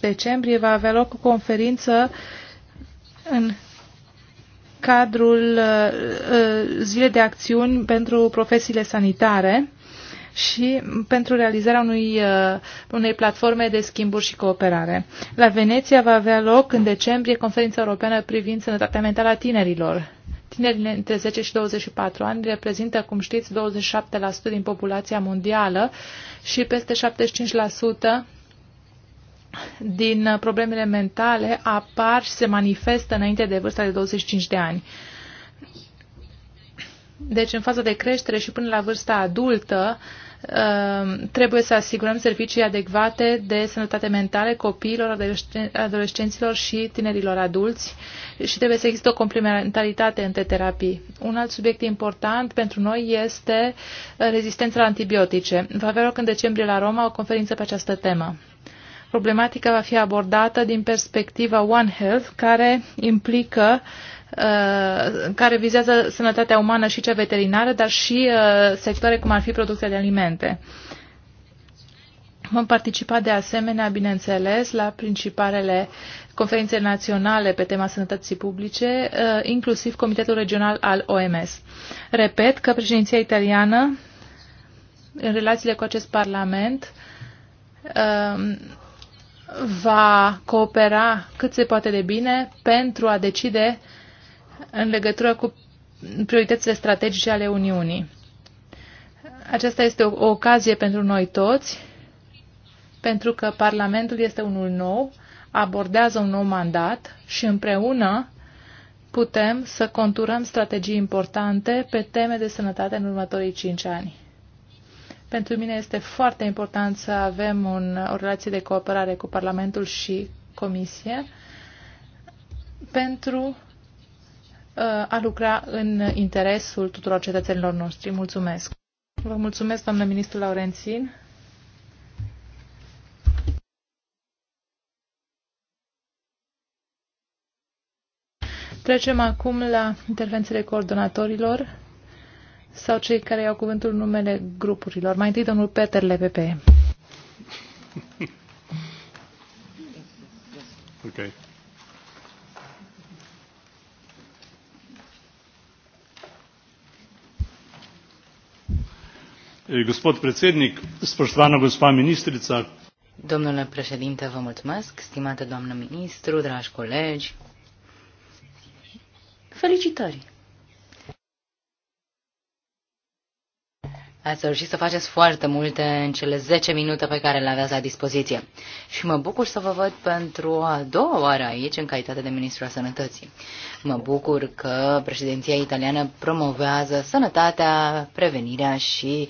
A: decembrie va avea loc o conferință în cadrul uh, zilei de acțiuni pentru profesiile sanitare și pentru realizarea unui, uh, unei platforme de schimburi și cooperare. La Veneția va avea loc în decembrie conferința europeană privind sănătatea mentală a tinerilor. Tinerii între 10 și 24 ani reprezintă, cum știți, 27% din populația mondială și peste 75% din uh, problemele mentale apar și se manifestă înainte de vârsta de 25 de ani. Deci, în faza de creștere și până la vârsta adultă, uh, Um, trebuie să asigurăm servicii adecvate de sănătate mentală copiilor, adolescenților și tinerilor adulți și trebuie să există o complementaritate între terapii. Un alt subiect important pentru noi este uh, rezistența la antibiotice. Va avea loc în decembrie la Roma o conferință pe această temă. Problematica va fi abordată din perspectiva One Health, care implică uh, Uh, care vizează sănătatea umană și cea veterinară, dar și uh, sectoare cum ar fi producția de alimente. Vom participa de asemenea, bineînțeles, la principalele conferințe naționale pe tema sănătății publice, uh, inclusiv Comitetul Regional al OMS. Repet că președinția italiană, în relațiile cu acest Parlament, um, va coopera cât se poate de bine pentru a decide în legătură cu prioritățile strategice ale Uniunii. Aceasta este o, o ocazie pentru noi toți, pentru că Parlamentul este unul nou, abordează un nou mandat și împreună putem să conturăm strategii importante pe teme de sănătate în următorii cinci ani. Pentru mine este foarte important să avem un, o relație de cooperare cu Parlamentul și Comisie pentru Uh, a lucra în interesul tuturor cetățenilor noștri. Mulțumesc! Vă mulțumesc, doamnă ministru Laurențin. Trecem acum la intervențiile coordonatorilor sau cei care iau cuvântul numele grupurilor. Mai întâi domnul Peter Lepepe. okay. Eh, gospod predsednik, spoštovana gospa ministrica.
B: Domnule președinte, vă mulțumesc, stimate doamnă ministru, dragi colegi. Felicitări! Ați reușit să faceți foarte multe în cele 10 minute pe care le aveați la dispoziție. Și mă bucur să vă văd pentru a doua oară aici, în calitate de Ministru al Sănătății. Mă bucur că președinția italiană promovează sănătatea, prevenirea și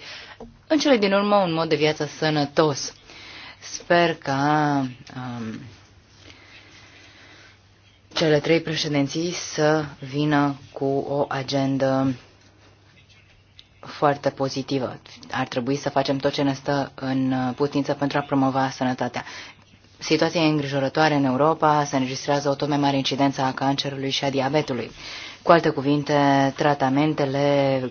B: în cele din urmă un mod de viață sănătos. Sper ca um, cele trei președinții să vină cu o agendă foarte pozitivă. Ar trebui să facem tot ce ne stă în putință pentru a promova sănătatea. Situația e îngrijorătoare în Europa, se înregistrează o tot mai mare incidență a cancerului și a diabetului. Cu alte cuvinte, tratamentele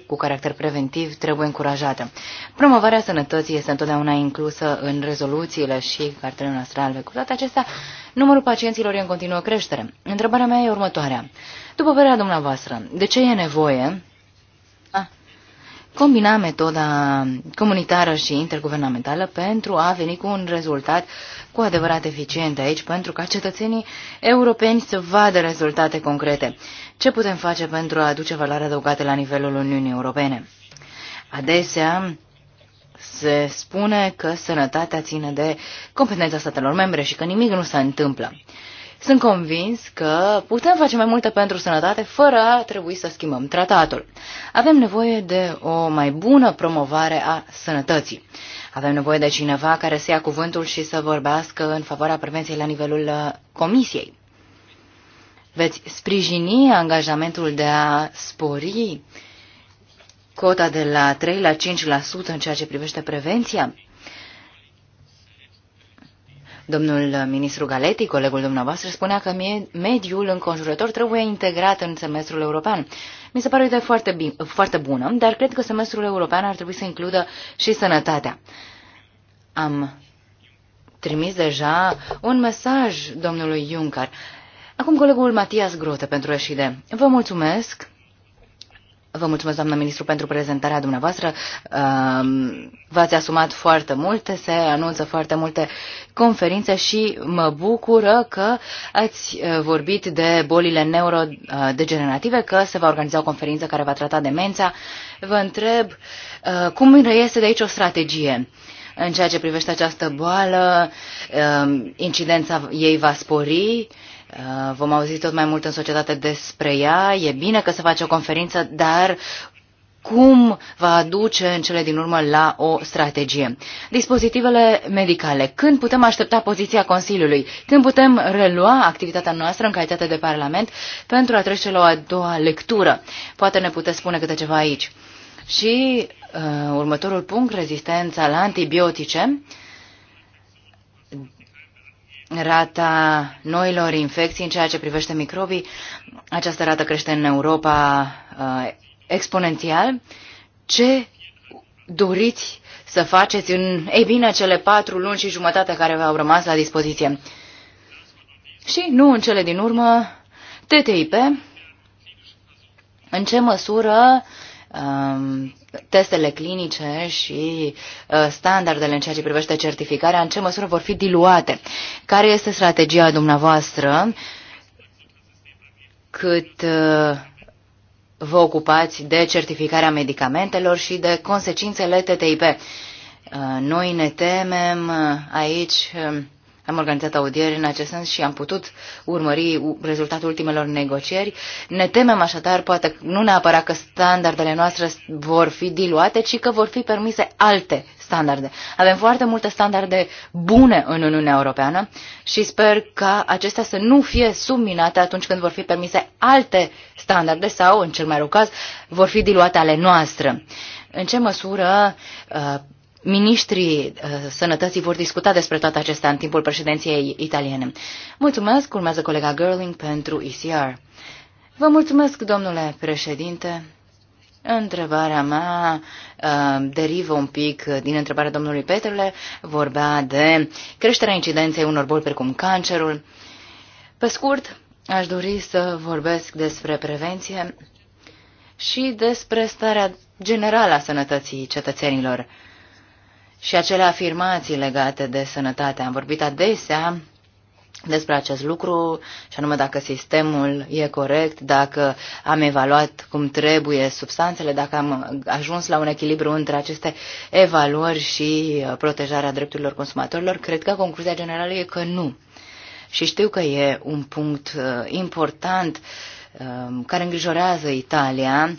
B: cu caracter preventiv trebuie încurajate. Promovarea sănătății este întotdeauna inclusă în rezoluțiile și cartele noastre albe. Cu toate acestea, numărul pacienților e în continuă creștere. Întrebarea mea e următoarea. După părerea dumneavoastră, de ce e nevoie a combina metoda comunitară și interguvernamentală pentru a veni cu un rezultat cu adevărat eficient aici, pentru ca cetățenii europeni să vadă rezultate concrete? Ce putem face pentru a aduce valoare adăugată la nivelul Uniunii Europene? Adesea se spune că sănătatea ține de competența statelor membre și că nimic nu se întâmplă. Sunt convins că putem face mai multe pentru sănătate fără a trebui să schimbăm tratatul. Avem nevoie de o mai bună promovare a sănătății. Avem nevoie de cineva care să ia cuvântul și să vorbească în favoarea prevenției la nivelul uh, comisiei veți sprijini angajamentul de a spori cota de la 3 la 5% în ceea ce privește prevenția? Domnul ministru Galeti, colegul dumneavoastră, spunea că mediul înconjurător trebuie integrat în semestrul european. Mi se pare o idee foarte, bine, foarte bună, dar cred că semestrul european ar trebui să includă și sănătatea. Am trimis deja un mesaj domnului Juncker. Acum colegul Matias Grote pentru reșide. Vă mulțumesc. Vă mulțumesc, doamnă ministru, pentru prezentarea dumneavoastră. V-ați asumat foarte multe, se anunță foarte multe conferințe și mă bucură că ați uh, vorbit de bolile neurodegenerative, că se va organiza o conferință care va trata demența. Vă întreb uh, cum reiese de aici o strategie în ceea ce privește această boală, uh, incidența ei va spori Uh, vom auzi tot mai mult în societate despre ea. E bine că se face o conferință, dar cum va aduce în cele din urmă la o strategie. Dispozitivele medicale. Când putem aștepta poziția Consiliului? Când putem relua activitatea noastră în calitate de Parlament pentru a trece la o a doua lectură? Poate ne puteți spune câte ceva aici. Și uh, următorul punct, rezistența la antibiotice. Uh, rata noilor infecții în ceea ce privește microbii. Această rată crește în Europa uh, exponențial. Ce doriți să faceți în, ei bine, cele patru luni și jumătate care v-au rămas la dispoziție? Și nu în cele din urmă, TTIP, în ce măsură Um, testele clinice și uh, standardele în ceea ce privește certificarea, în ce măsură vor fi diluate. Care este strategia dumneavoastră cât uh, vă ocupați de certificarea medicamentelor și de consecințele TTIP? Uh, noi ne temem aici um, am organizat audieri în acest sens și am putut urmări rezultatul ultimelor negocieri. Ne temem așadar, poate nu neapărat că standardele noastre vor fi diluate, ci că vor fi permise alte standarde. Avem foarte multe standarde bune în Uniunea Europeană și sper ca acestea să nu fie subminate atunci când vor fi permise alte standarde sau, în cel mai rău caz, vor fi diluate ale noastre. În ce măsură uh, Ministrii uh, sănătății vor discuta despre toate acestea în timpul președinției italiene. Mulțumesc, urmează colega Girling pentru ECR. Vă mulțumesc, domnule președinte. Întrebarea mea uh, derivă un pic din întrebarea domnului Petrele. Vorbea de creșterea incidenței unor boli precum cancerul. Pe scurt, aș dori să vorbesc despre prevenție și despre starea generală a sănătății cetățenilor și acele afirmații legate de sănătate. Am vorbit adesea despre acest lucru, și anume dacă sistemul e corect, dacă am evaluat cum trebuie substanțele, dacă am ajuns la un echilibru între aceste evaluări și uh, protejarea drepturilor consumatorilor, cred că concluzia generală e că nu. Și știu că e un punct uh, important um, care îngrijorează Italia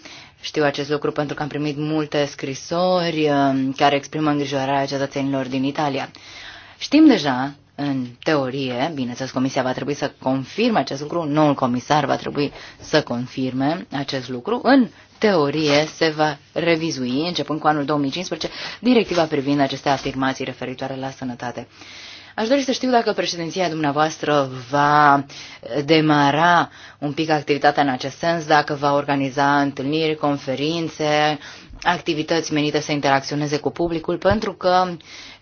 B: știu acest lucru pentru că am primit multe scrisori uh, care exprimă îngrijorarea cetățenilor din Italia. Știm deja, în teorie, bineînțeles, Comisia va trebui să confirme acest lucru, noul comisar va trebui să confirme acest lucru. În teorie se va revizui, începând cu anul 2015, directiva privind aceste afirmații referitoare la sănătate. Aș dori să știu dacă președinția dumneavoastră va demara un pic activitatea în acest sens, dacă va organiza întâlniri, conferințe, activități menite să interacționeze cu publicul, pentru că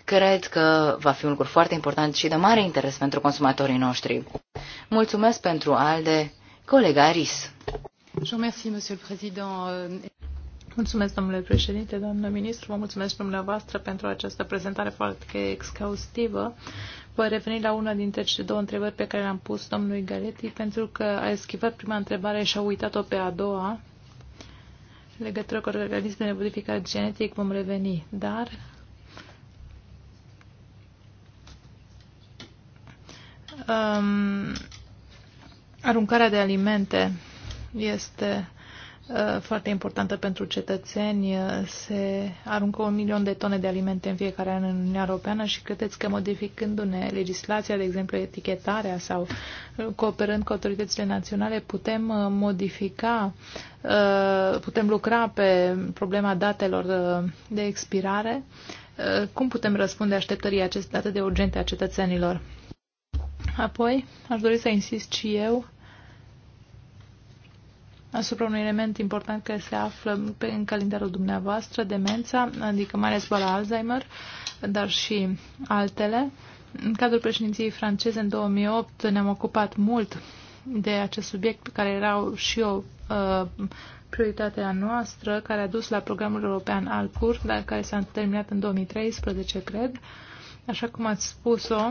B: cred că va fi un lucru foarte important și de mare interes pentru consumatorii noștri. Mulțumesc pentru ALDE, colega Aris.
A: Mulțumesc, domnule președinte, doamnă ministru, vă mulțumesc dumneavoastră pentru această prezentare foarte exhaustivă. Voi reveni la una dintre cele două întrebări pe care le-am pus domnului Galeti, pentru că a eschivat prima întrebare și a uitat-o pe a doua. legătură cu organismele modificate genetic vom reveni, dar um, aruncarea de alimente este Uh, foarte importantă pentru cetățeni. Uh, se aruncă un milion de tone de alimente în fiecare an în Uniunea Europeană și credeți că modificându-ne legislația, de exemplu etichetarea sau uh, cooperând cu autoritățile naționale, putem modifica, putem lucra pe problema datelor de expirare? Cum putem răspunde așteptării acestea atât de urgente a cetățenilor? Apoi, aș dori să insist și eu asupra unui element important care se află pe, în calendarul dumneavoastră, demența, adică mai ales boala Alzheimer, dar și altele. În cadrul președinției franceze în 2008 ne-am ocupat mult de acest subiect, care era și o uh, prioritate a noastră, care a dus la programul european al CUR, dar care s-a terminat în 2013, cred. Așa cum ați spus-o,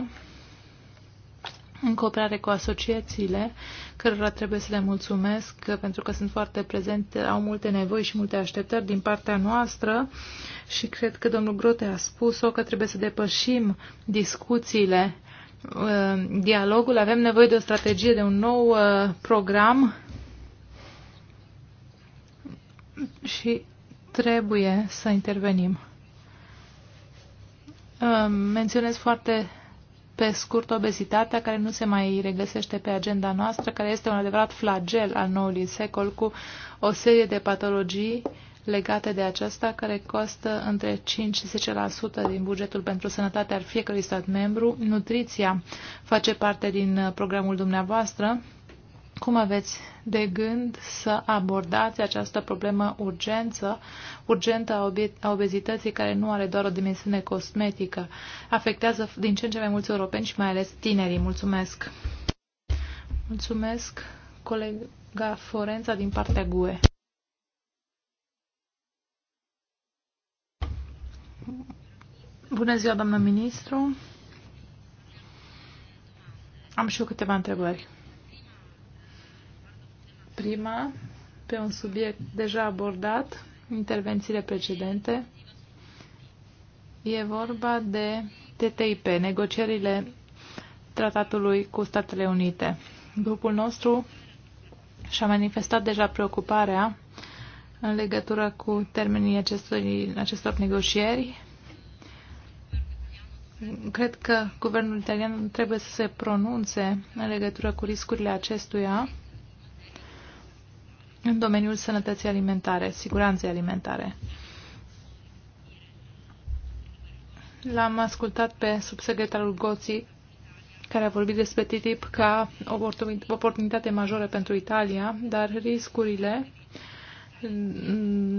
A: în cooperare cu asociațiile, cărora trebuie să le mulțumesc pentru că sunt foarte prezente, au multe nevoi și multe așteptări din partea noastră și cred că domnul Grote a spus-o că trebuie să depășim discuțiile, uh, dialogul, avem nevoie de o strategie, de un nou uh, program și trebuie să intervenim. Uh, menționez foarte pe scurt, obezitatea care nu se mai regăsește pe agenda noastră, care este un adevărat flagel al noului secol cu o serie de patologii legate de aceasta, care costă între 5 și 10% din bugetul pentru sănătate al fiecărui stat membru. Nutriția face parte din programul dumneavoastră cum aveți de gând să abordați această problemă urgență, urgentă a, obezității, care nu are doar o dimensiune cosmetică? Afectează din ce în ce mai mulți europeni și mai ales tinerii. Mulțumesc! Mulțumesc, colega Forența din partea GUE. Bună ziua, doamnă ministru! Am și eu câteva întrebări. Prima, pe un subiect deja abordat, intervențiile precedente, e vorba de TTIP, negocierile tratatului cu Statele Unite. Grupul nostru și-a manifestat deja preocuparea în legătură cu termenii acestor, acestor negocieri. Cred că guvernul italian trebuie să se pronunțe în legătură cu riscurile acestuia în domeniul sănătății alimentare, siguranței alimentare. L-am ascultat pe subsecretarul Goții, care a vorbit despre TTIP ca o oportunitate majoră pentru Italia, dar riscurile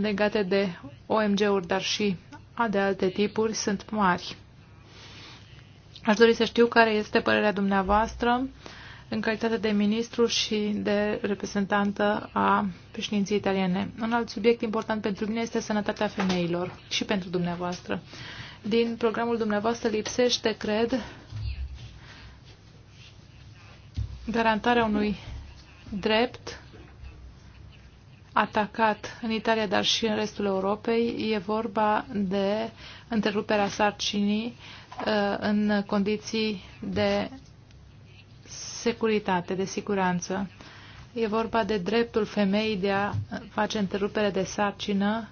A: legate de OMG-uri, dar și de alte tipuri, sunt mari. Aș dori să știu care este părerea dumneavoastră în calitate de ministru și de reprezentantă a președinției italiene. Un alt subiect important pentru mine este sănătatea femeilor și pentru dumneavoastră. Din programul dumneavoastră lipsește, cred, garantarea unui drept atacat în Italia, dar și în restul Europei. E vorba de întreruperea sarcinii uh, în condiții de securitate, de siguranță. E vorba de dreptul femeii de a face întrerupere de sarcină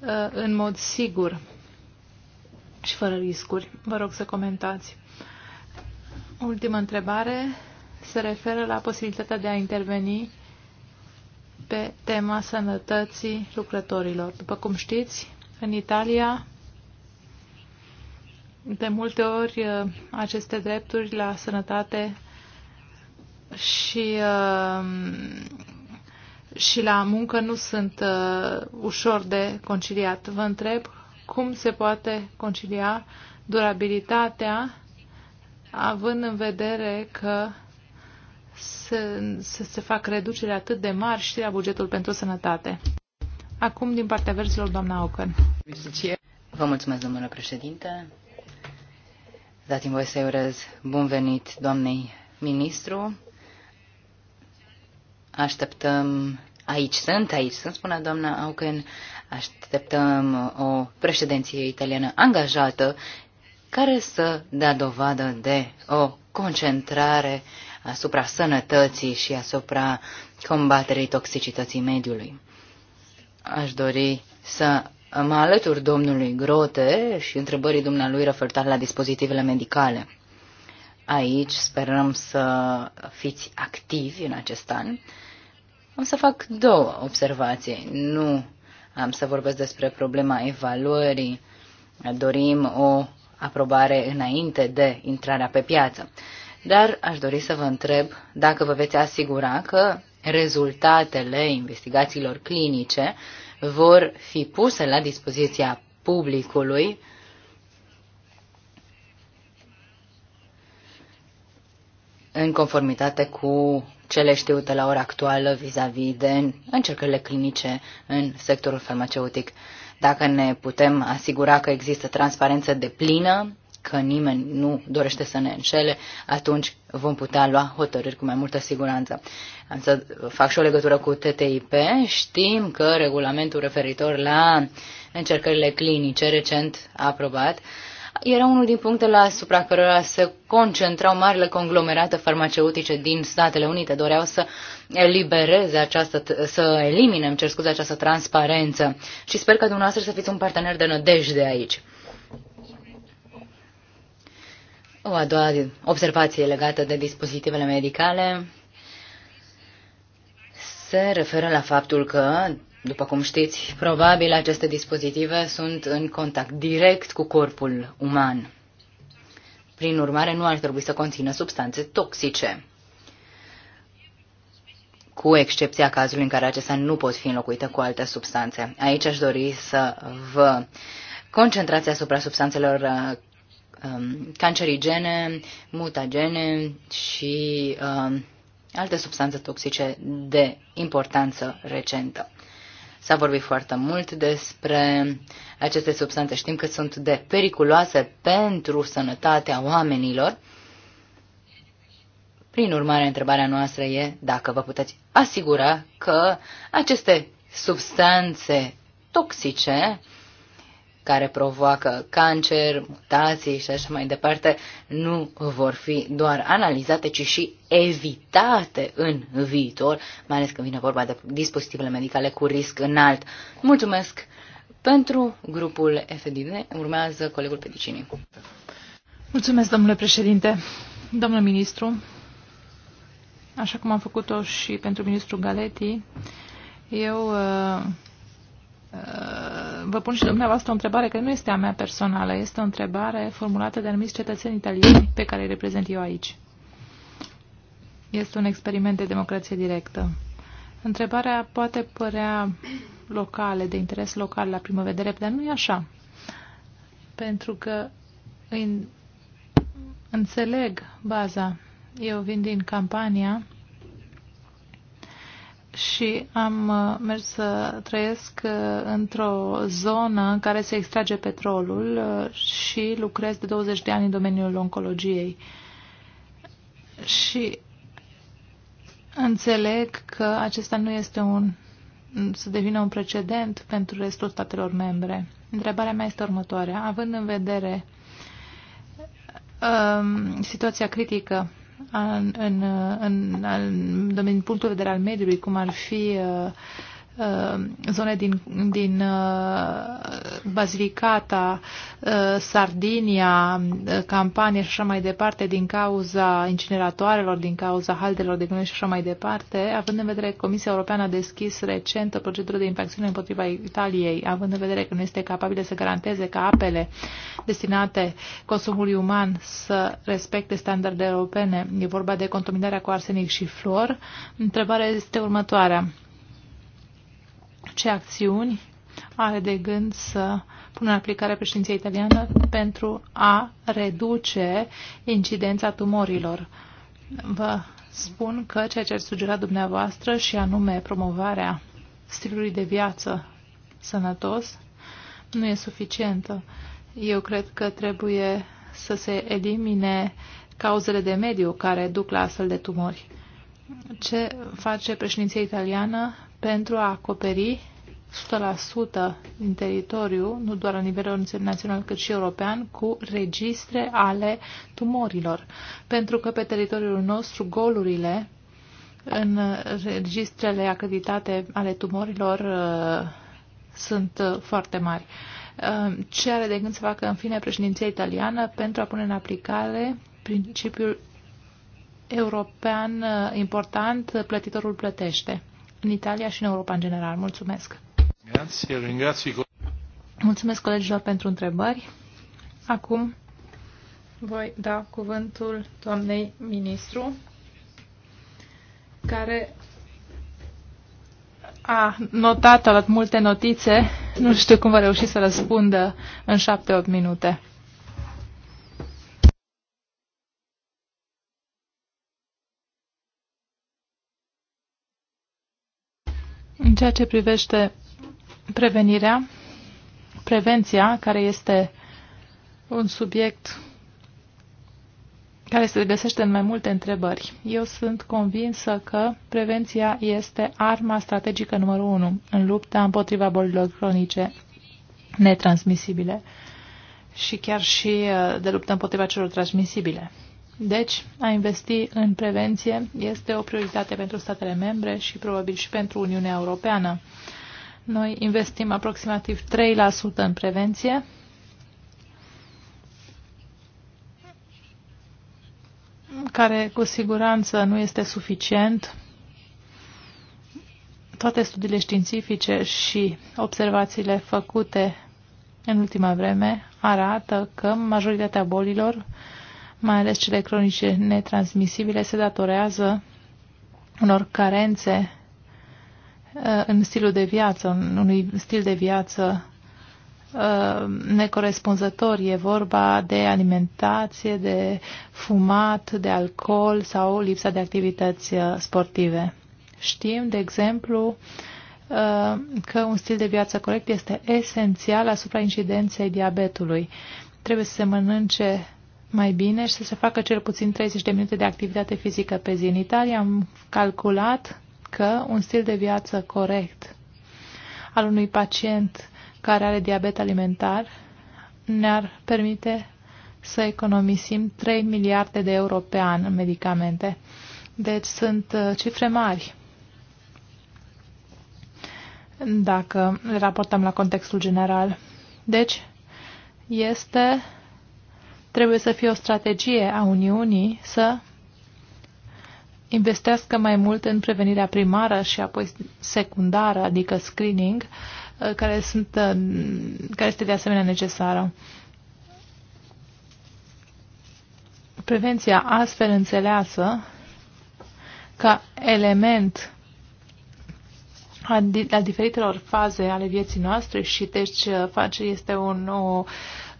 A: uh, în mod sigur și fără riscuri. Vă rog să comentați. Ultima întrebare se referă la posibilitatea de a interveni pe tema sănătății lucrătorilor. După cum știți, în Italia, de multe ori, uh, aceste drepturi la sănătate și, uh, și la muncă nu sunt uh, ușor de conciliat. Vă întreb cum se poate concilia durabilitatea având în vedere că să, se, se fac reduceri atât de mari și la bugetul pentru sănătate. Acum, din partea verzilor, doamna Ocăn.
B: Vă mulțumesc, domnule președinte. Dați-mi voie să urez bun venit doamnei ministru. Așteptăm, aici sunt, aici sunt, spunea doamna Auken, așteptăm o președinție italiană angajată care să dea dovadă de o concentrare asupra sănătății și asupra combaterii toxicității mediului. Aș dori să mă alătur domnului Grote și întrebării dumnealui referitoare la dispozitivele medicale. Aici sperăm să fiți activi în acest an am să fac două observații. Nu am să vorbesc despre problema evaluării. Dorim o aprobare înainte de intrarea pe piață. Dar aș dori să vă întreb dacă vă veți asigura că rezultatele investigațiilor clinice vor fi puse la dispoziția publicului în conformitate cu cele știute la ora actuală vis-a-vis -vis de încercările clinice în sectorul farmaceutic. Dacă ne putem asigura că există transparență de plină, că nimeni nu dorește să ne înșele, atunci vom putea lua hotărâri cu mai multă siguranță. Am să fac și o legătură cu TTIP. Știm că regulamentul referitor la încercările clinice recent aprobat uh, era unul din punctele asupra cărora se concentrau marile conglomerate farmaceutice din Statele Unite. Doreau să elibereze această, să elimine, îmi cer scuze, această transparență. Și sper că dumneavoastră să fiți un partener de nădejde aici. O a doua observație legată de dispozitivele medicale se referă la faptul că după cum știți, probabil aceste dispozitive sunt în contact direct cu corpul uman. Prin urmare, nu ar trebui să conțină substanțe toxice, cu excepția cazului în care acestea nu pot fi înlocuite cu alte substanțe. Aici aș dori să vă concentrați asupra substanțelor uh, um, cancerigene, mutagene și uh, alte substanțe toxice de importanță recentă. S-a vorbit foarte mult despre aceste substanțe. Știm că sunt de periculoase pentru sănătatea oamenilor. Prin urmare, întrebarea noastră e dacă vă puteți asigura că aceste substanțe toxice care provoacă cancer, mutații și așa mai departe, nu vor fi doar analizate, ci și evitate în viitor, mai ales când vine vorba de dispozitivele medicale cu risc înalt. Mulțumesc pentru grupul FDN. Urmează
A: colegul Pedicini. Mulțumesc, domnule președinte. Domnule ministru, așa cum am făcut-o și pentru ministrul Galeti, eu uh, Uh, vă pun și dumneavoastră o întrebare care nu este a mea personală, este o întrebare formulată de anumiți cetățeni italieni pe care îi reprezent eu aici. Este un experiment de democrație directă. Întrebarea poate părea locală, de interes local la primă vedere, dar nu e așa. Pentru că în, înțeleg baza. Eu vin din campania și am uh, mers să trăiesc uh, într-o zonă în care se extrage petrolul uh, și lucrez de 20 de ani în domeniul oncologiei. Și înțeleg că acesta nu este un să devină un precedent pentru restul statelor membre. Întrebarea mea este următoarea. Având în vedere um, situația critică în, în, în, în domeniul punctul de vedere al mediului, cum ar fi uh, Uh, zone din, din uh, Basilicata, uh, Sardinia, Campania și așa mai departe, din cauza incineratoarelor, din cauza haldelor de gunoi și așa mai departe, având în vedere că Comisia Europeană a deschis recent o procedură de infracțiune împotriva Italiei, având în vedere că nu este capabilă să garanteze că apele destinate consumului uman să respecte standarde europene, e vorba de contaminarea cu arsenic și flor, întrebarea este următoarea ce acțiuni are de gând să pună în aplicare președinția italiană pentru a reduce incidența tumorilor. Vă spun că ceea ce ar sugera dumneavoastră și anume promovarea stilului de viață sănătos nu e suficientă. Eu cred că trebuie să se elimine cauzele de mediu care duc la astfel de tumori. Ce face președinția italiană pentru a acoperi 100% din teritoriu, nu doar la nivel național, cât și european, cu registre ale tumorilor. Pentru că pe teritoriul nostru golurile în registrele acreditate ale tumorilor uh, sunt uh, foarte mari. Uh, ce are de gând să facă în fine președinția italiană pentru a pune în aplicare principiul european important, plătitorul plătește în Italia și în Europa în general. Mulțumesc! Mulțumesc colegilor pentru întrebări. Acum voi da cuvântul doamnei ministru, care a notat, a luat multe notițe. Nu știu cum va reuși să răspundă în șapte-opt minute. ceea ce privește prevenirea, prevenția, care este un subiect care se găsește în mai multe întrebări. Eu sunt convinsă că prevenția este arma strategică numărul unu în lupta împotriva bolilor cronice netransmisibile și chiar și uh, de luptă împotriva celor transmisibile. Deci, a investi în prevenție este o prioritate pentru statele membre și probabil și pentru Uniunea Europeană. Noi investim aproximativ 3% în prevenție. care cu siguranță nu este suficient. Toate studiile științifice și observațiile făcute în ultima vreme arată că majoritatea bolilor uh, mai ales cele cronice netransmisibile, se datorează unor carențe uh, în stilul de viață, în unui stil de viață uh, necorespunzător. E vorba de alimentație, de fumat, de alcool sau lipsa de activități uh, sportive. Știm, de exemplu, că un stil de viață corect este esențial asupra incidenței diabetului. Trebuie să se mănânce mai bine și să se facă cel puțin 30 de minute de activitate fizică pe zi. În Italia am calculat că un stil de viață corect al unui pacient care are diabet alimentar ne-ar permite să economisim 3 miliarde de euro pe an în medicamente. Deci sunt uh, cifre mari dacă le raportăm la contextul general. Deci, este Trebuie să fie o strategie a Uniunii să investească mai mult în prevenirea primară și apoi secundară, adică screening, uh, care, sunt, uh, care este de asemenea necesară. Prevenția astfel înțeleasă ca element la diferitelor faze ale vieții noastre și deci uh, face este un, o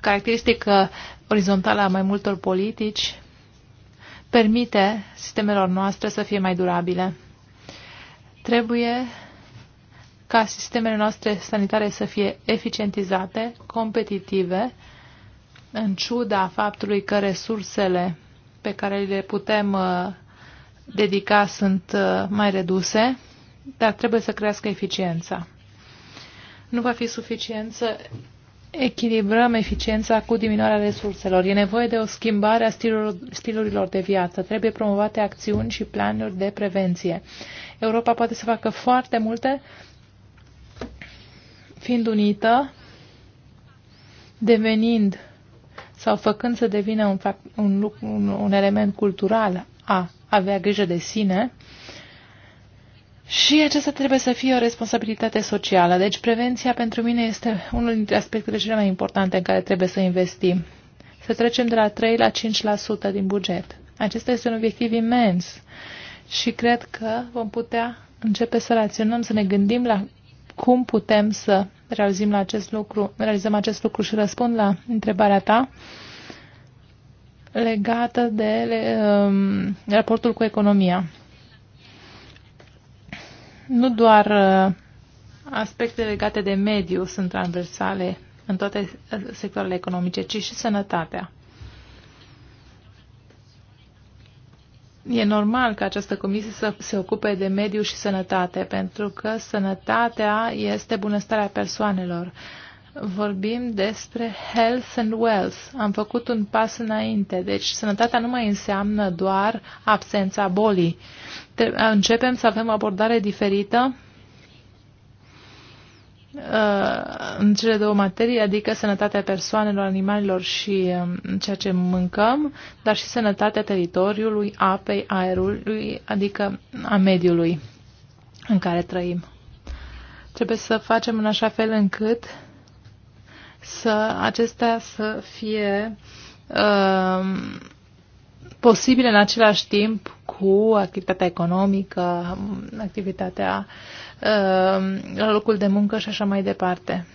A: caracteristică orizontală a mai multor politici permite sistemelor noastre să fie mai durabile. Trebuie ca sistemele noastre sanitare să fie eficientizate, competitive, în ciuda faptului că resursele pe care le putem uh, dedica sunt uh, mai reduse, dar trebuie să crească eficiența. Nu va fi suficient să echilibrăm eficiența cu diminuarea resurselor. E nevoie de o schimbare a stilurilor, de viață. Trebuie promovate acțiuni și planuri de prevenție. Europa poate să facă foarte multe fiind unită, devenind sau făcând să devină un, un, un, un element cultural a avea grijă de sine, și aceasta trebuie să fie o responsabilitate socială. Deci prevenția pentru mine este unul dintre aspectele cele mai importante în care trebuie să investim. Să trecem de la 3 la 5% din buget. Acesta este un obiectiv imens și cred că vom putea începe să raționăm, să ne gândim la cum putem să realizăm acest lucru, realizăm acest lucru și răspund la întrebarea ta legată de um, raportul cu economia nu doar uh, aspecte legate de mediu sunt transversale în toate uh, sectoarele economice, ci și sănătatea. E normal ca această comisie să se ocupe de mediu și sănătate, pentru că sănătatea este bunăstarea persoanelor. Vorbim despre health and wealth. Am făcut un pas înainte. Deci sănătatea nu mai înseamnă doar absența bolii începem să avem o abordare diferită în cele două materii, adică sănătatea persoanelor, animalelor și ceea ce mâncăm, dar și sănătatea teritoriului, apei, aerului, adică a mediului în care trăim. Trebuie să facem în așa fel încât să acestea să fie uh, posibil în același timp cu activitatea economică, activitatea uh, la locul de muncă și așa mai departe.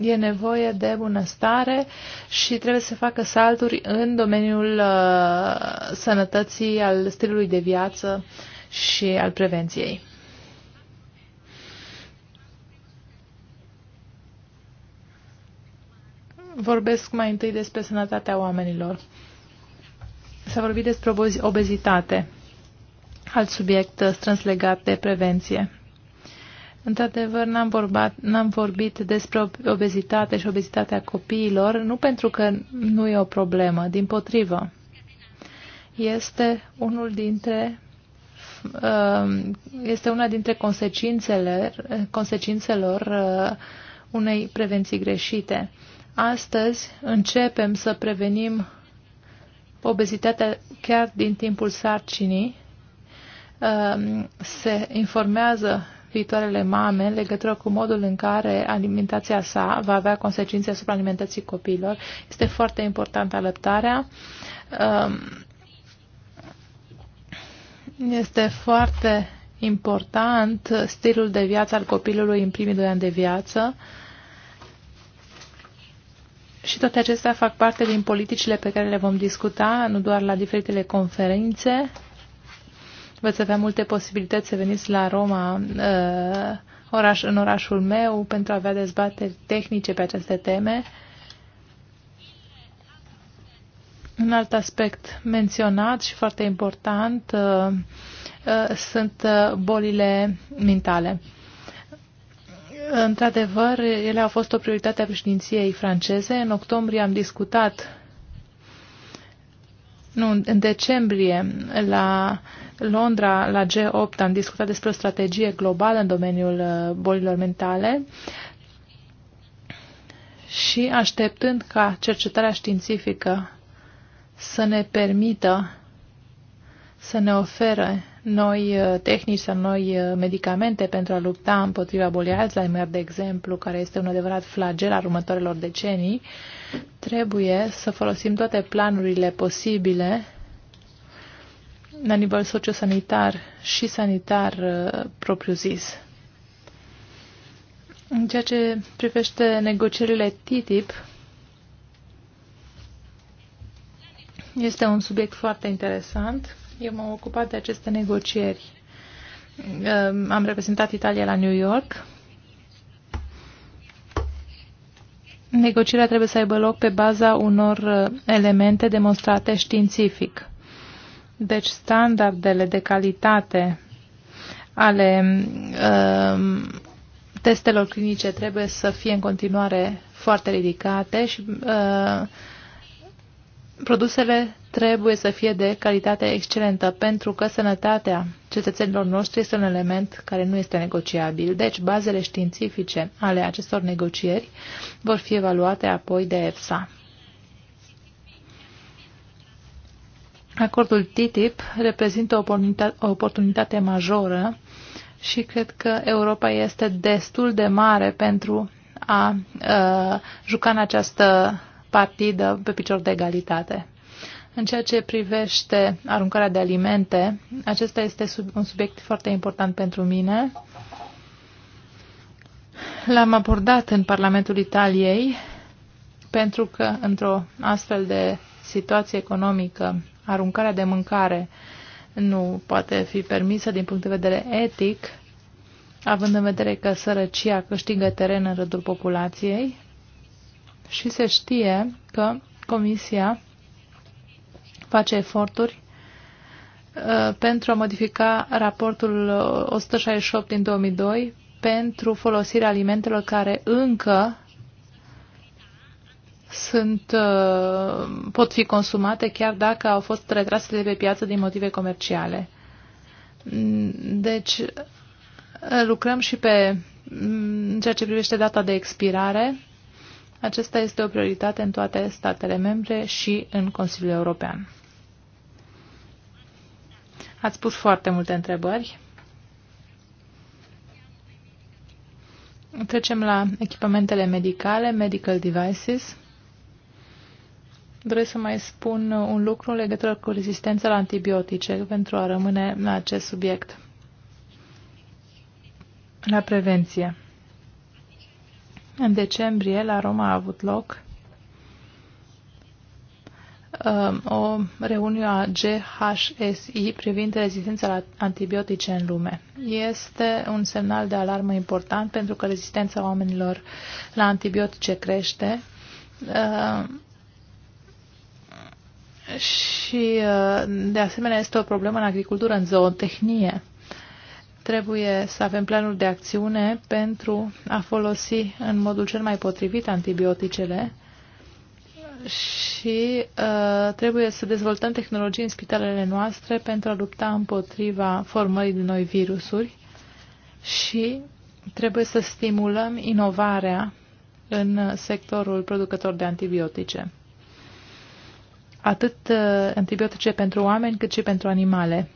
A: E nevoie de bunăstare și trebuie să facă salturi în domeniul uh, sănătății, al stilului de viață și al prevenției. Vorbesc mai întâi despre sănătatea oamenilor. S-a vorbit despre obezitate, alt subiect strâns legat de prevenție. Într-adevăr, n-am, vorbit n-am vorbit despre obezitate și obezitatea copiilor, nu pentru că nu e o problemă, din potrivă. Este unul dintre um, este una dintre consecințele, consecințelor uh, unei prevenții greșite. Astăzi începem să prevenim obezitatea chiar din timpul sarcinii. Um, se informează viitoarele mame în legătură cu modul în care alimentația sa va avea consecințe asupra alimentației copiilor. Este foarte importantă alăptarea. Um, este foarte important stilul de viață al copilului în primii doi ani de viață. Uh, și toate acestea fac parte din politicile pe care le vom discuta, nu doar la diferitele conferințe. Veți avea multe posibilități să veniți la Roma, uh, oraș, în orașul meu, pentru a avea dezbateri tehnice pe aceste teme. Un alt aspect menționat și foarte important uh, uh, sunt bolile mentale. Într-adevăr, ele au fost o prioritate a președinției franceze. În octombrie am discutat, nu, în decembrie, la Londra, la G8, am discutat despre o strategie globală în domeniul uh, bolilor mentale și așteptând ca cercetarea științifică să ne permită să ne ofere noi uh, tehnici sau noi uh, medicamente pentru a lupta împotriva bolii Alzheimer, de exemplu, care este un adevărat flagel al următoarelor decenii, trebuie să folosim toate planurile posibile la nivel sociosanitar și sanitar uh, propriu-zis. În ceea ce privește negocierile TTIP, este un subiect foarte interesant eu m-am ocupat de aceste negocieri. Ehm, am reprezentat Italia la New York. Negocierea trebuie să aibă loc pe baza unor eh, elemente demonstrate științific. Deci standardele de calitate ale uh, testelor clinice trebuie să fie în continuare foarte ridicate și uh, produsele trebuie să fie de calitate excelentă, pentru că sănătatea cetățenilor noștri este un element care nu este negociabil. Deci, bazele științifice ale acestor negocieri vor fi evaluate apoi de EFSA. Acordul TTIP reprezintă o oportunitate majoră și cred că Europa este destul de mare pentru a uh, juca în această partidă pe picior de egalitate. În ceea ce privește aruncarea de alimente, acesta este un subiect foarte important pentru mine. L-am abordat în Parlamentul Italiei pentru că într-o astfel de situație economică, aruncarea de mâncare nu poate fi permisă din punct de vedere etic, având în vedere că sărăcia câștigă teren în rândul populației și se știe că Comisia face eforturi uh, pentru a modifica raportul 168 uh, din 2002 pentru folosirea alimentelor care încă sunt, uh, pot fi consumate chiar dacă au fost retrase de pe piață din motive comerciale. Mm, deci lucrăm și pe mm, ceea ce privește data de expirare acesta este o prioritate în toate statele membre și în Consiliul European. Ați pus foarte multe întrebări. Trecem la echipamentele medicale, medical devices. Doresc să mai spun un lucru în legătură cu rezistența la antibiotice pentru a rămâne la acest subiect. La prevenție. În decembrie, la Roma a avut loc um, o reuniune a GHSI privind rezistența la antibiotice în lume. Este un semnal de alarmă important pentru că rezistența oamenilor la antibiotice crește uh, și uh, de asemenea este o problemă în agricultură, în zootehnie. Trebuie să avem planuri de acțiune pentru a folosi în modul cel mai potrivit antibioticele și uh, trebuie să dezvoltăm tehnologii în spitalele noastre pentru a lupta împotriva formării de noi virusuri și trebuie să stimulăm inovarea în sectorul producător de antibiotice. Atât uh, antibiotice pentru oameni cât și pentru animale.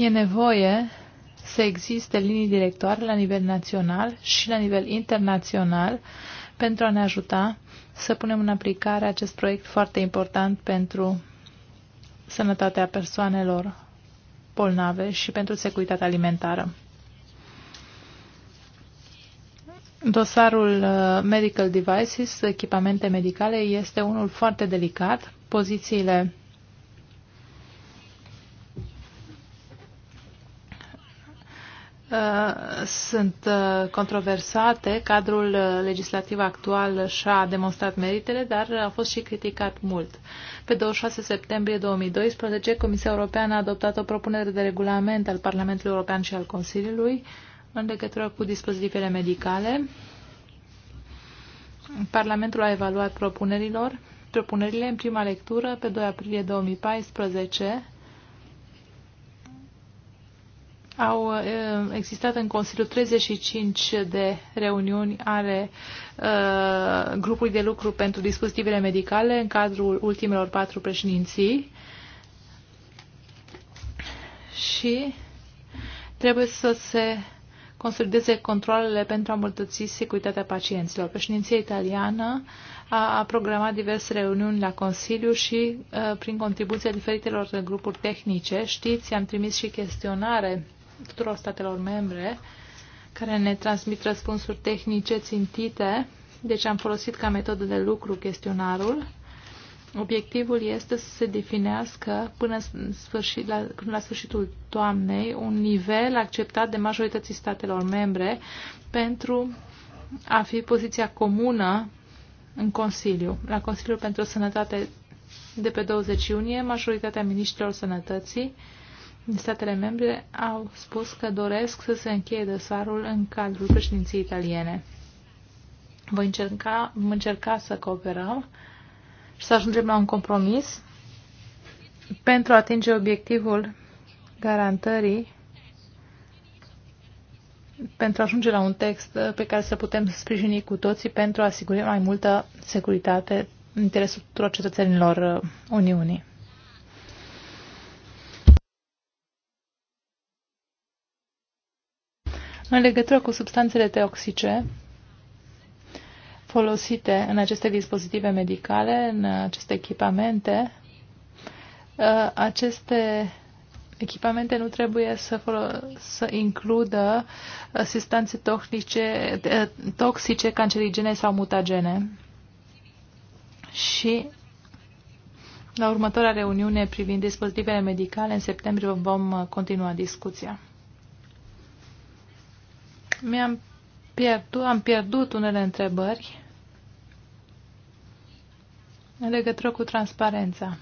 A: E nevoie să existe linii directoare la nivel național și la nivel internațional pentru a ne ajuta să punem în aplicare acest proiect foarte important pentru sănătatea persoanelor bolnave și pentru securitatea alimentară. Dosarul uh, Medical Devices, echipamente medicale, este unul foarte delicat. Pozițiile Uh, sunt uh, controversate. Cadrul uh, legislativ actual și-a demonstrat meritele, dar a fost și criticat mult. Pe 26 septembrie 2012, Comisia Europeană a adoptat o propunere de regulament al Parlamentului European și al Consiliului în legătură cu dispozitivele medicale. Parlamentul a evaluat propunerilor, propunerile în prima lectură pe 2 aprilie 2014 au uh, existat în Consiliu 35 de reuniuni ale uh, grupului de lucru pentru dispozitivele medicale în cadrul ultimelor patru președinții și trebuie să se consolideze controlele pentru a îmbunătăți securitatea pacienților. Președinția italiană a, a programat diverse reuniuni la Consiliu și a, uh, prin contribuția diferitelor grupuri tehnice. Știți, am trimis și chestionare tuturor statelor membre care ne transmit răspunsuri tehnice țintite. Deci am folosit ca metodă de lucru chestionarul. Obiectivul este să se definească până, sfârșit, la, până la sfârșitul toamnei un nivel acceptat de majoritatea statelor membre pentru a fi poziția comună în Consiliu. La Consiliul pentru Sănătate de pe 20 iunie, majoritatea ministrilor sănătății uh, statele membre au spus că doresc să se încheie dosarul în cadrul președinției italiene. Voi încerca, vom încerca să cooperăm și să ajungem la un compromis pentru a atinge obiectivul garantării pentru a ajunge la un text pe care să putem sprijini cu toții pentru a asigura mai multă securitate în interesul tuturor cetățenilor uh, Uniunii. În legătură cu substanțele toxice folosite în aceste dispozitive medicale, în aceste echipamente, uh, aceste echipamente nu trebuie să, să includă uh, substanțe toxice, uh, toxice, cancerigene sau mutagene. Și la următoarea reuniune privind dispozitivele medicale, în septembrie vom continua discuția. Mi-am pierdut, am pierdut unele întrebări în legătură cu transparența.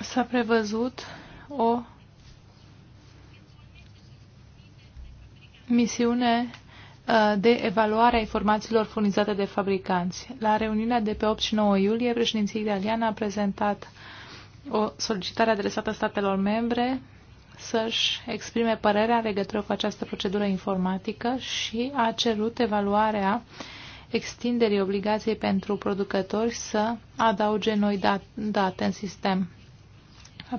A: S-a prevăzut o misiune uh, de evaluare a informațiilor furnizate de fabricanți. La reuniunea de pe 8 și 9 iulie, președinția italiană a prezentat o solicitare adresată statelor membre să-și exprime părerea în legătură cu această procedură informatică și a cerut evaluarea extinderii obligației pentru producători să adauge noi date în sistem.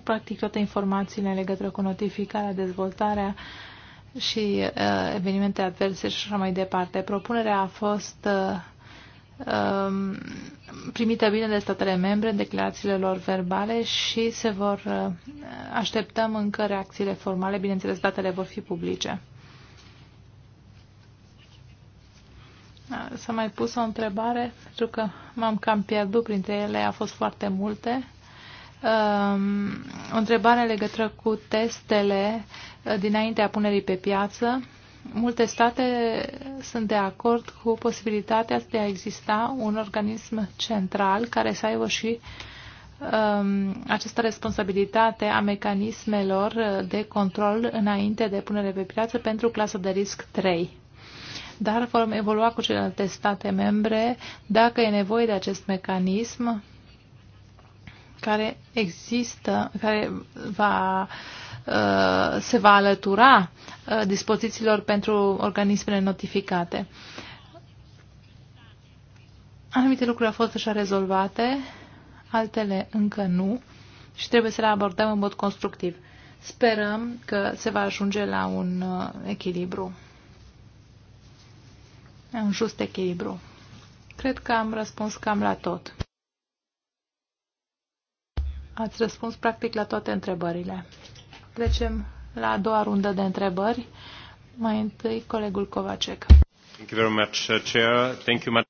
A: Practic toate informațiile în legătură cu notificarea, dezvoltarea și uh, evenimente adverse și așa mai departe. Propunerea a fost uh, Um, primite bine de statele membre în declarațiile lor verbale și se vor uh, așteptăm încă reacțiile formale, bineînțeles datele vor fi publice. Da, s-a mai pus o întrebare, pentru că m-am cam pierdut printre ele, a fost foarte multe. Um, o întrebare legătură cu testele uh, dinaintea punerii pe piață Multe state sunt de acord cu posibilitatea de a exista un organism central care să aibă și um, această responsabilitate a mecanismelor de control înainte de punere pe piață pentru clasa de risc 3 dar vom evolua cu celelalte state membre dacă e nevoie de acest mecanism care există, care va Uh, se va alătura uh, dispozițiilor pentru organismele notificate. Anumite lucruri au fost așa rezolvate, altele încă nu și trebuie să le abordăm în mod constructiv. Sperăm că se va ajunge la un uh, echilibru, un just echilibru. Cred că am răspuns cam la tot. Ați răspuns practic la toate întrebările. Trecem la a doua rundă de întrebări. Mai întâi, colegul Kovacek. Thank you very much, uh, Chair. Thank you,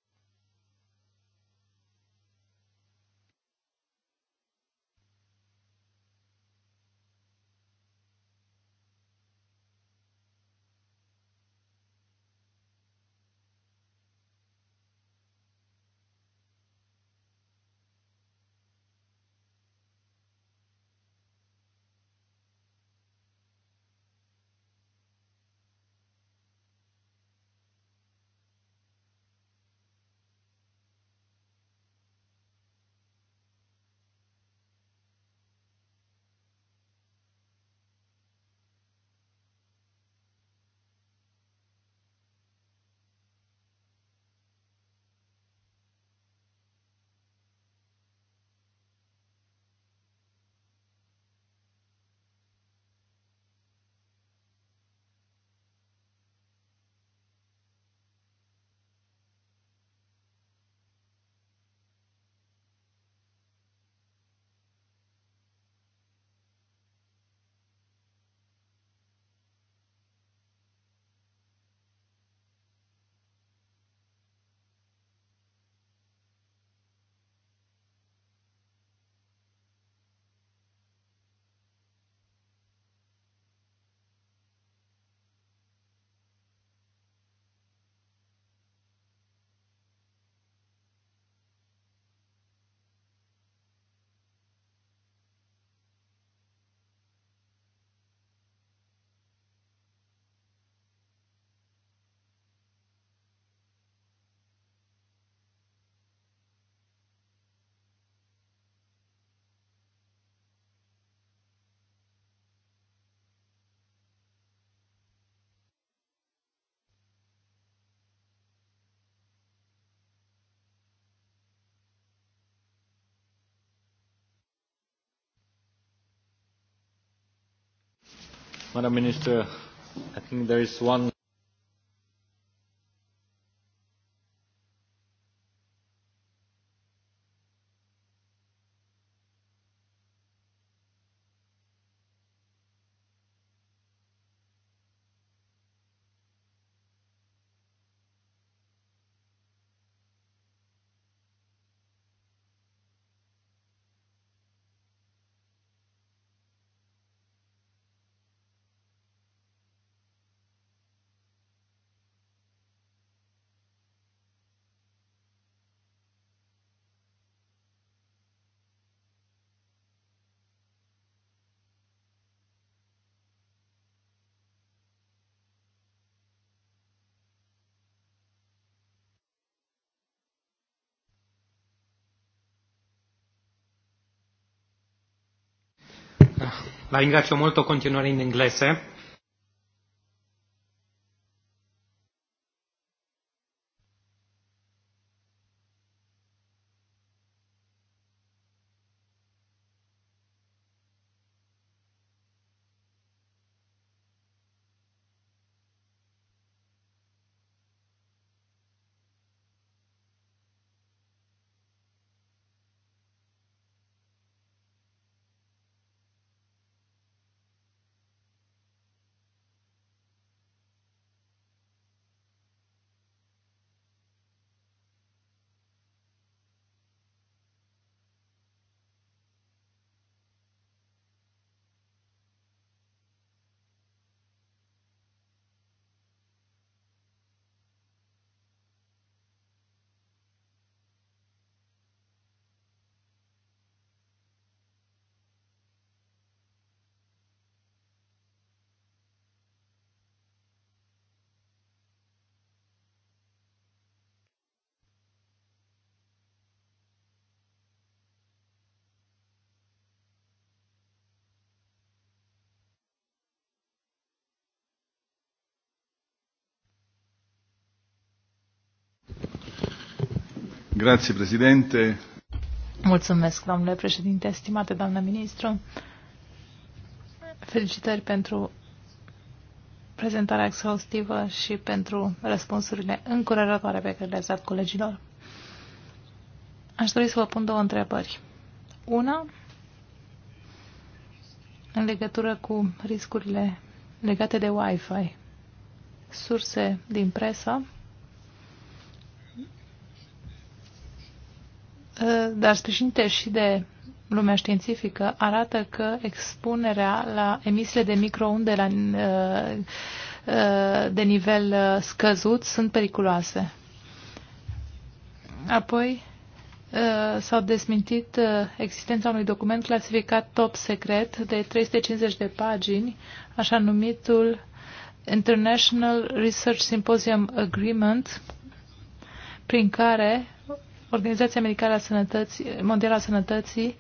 A: Madam Minister, I think there is
B: La ringrazio molto, continuare in inglese.
A: Grazie, Presidente. Mulțumesc, domnule președinte, stimate doamnă ministru. Felicitări pentru prezentarea exhaustivă și pentru răspunsurile încurajatoare pe care le-ați dat colegilor. Aș dori să vă pun două întrebări. Una, în legătură cu riscurile legate de Wi-Fi. Surse din presă Ă, dar sprijinite și de lumea științifică, arată că expunerea la emisiile de microunde la, ă, ă, de nivel scăzut sunt periculoase. Apoi s-au desmintit existența unui document clasificat top secret de 350 de pagini, așa numitul International Research Symposium Agreement, prin care Organizația Medicală a Sănătății, Mondială a Sănătății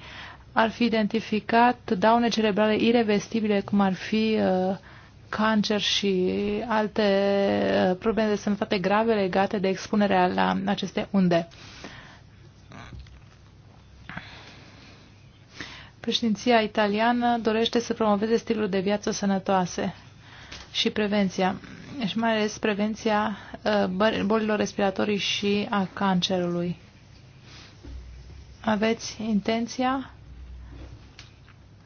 A: ar fi identificat daune cerebrale irevestibile, cum ar fi uh, cancer și alte uh, probleme de sănătate grave legate de expunerea la aceste unde. Președinția italiană dorește să promoveze stilul de viață sănătoase și prevenția, și mai ales prevenția uh, bolilor respiratorii și a cancerului aveți intenția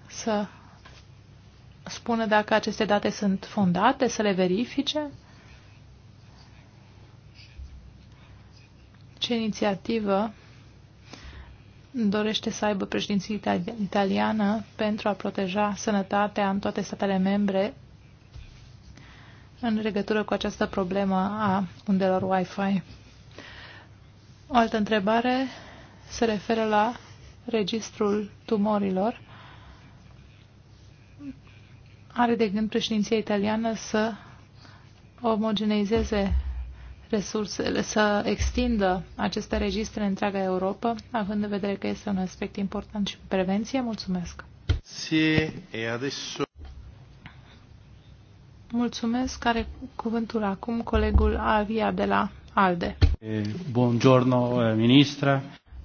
A: să spună dacă aceste date sunt fondate, să le verifice? Ce inițiativă dorește să aibă președinția italiană pentru a proteja sănătatea în toate statele membre în legătură cu această problemă a undelor Wi-Fi? O altă întrebare se referă la registrul tumorilor. Are de gând președinția italiană să omogeneizeze resursele, să extindă aceste registre în întreaga Europa, având în vedere că este un aspect important și prevenție. Mulțumesc! Mulțumesc. care cuvântul acum colegul Avia de la ALDE.
B: Eh, buongiorno, eh, ministra.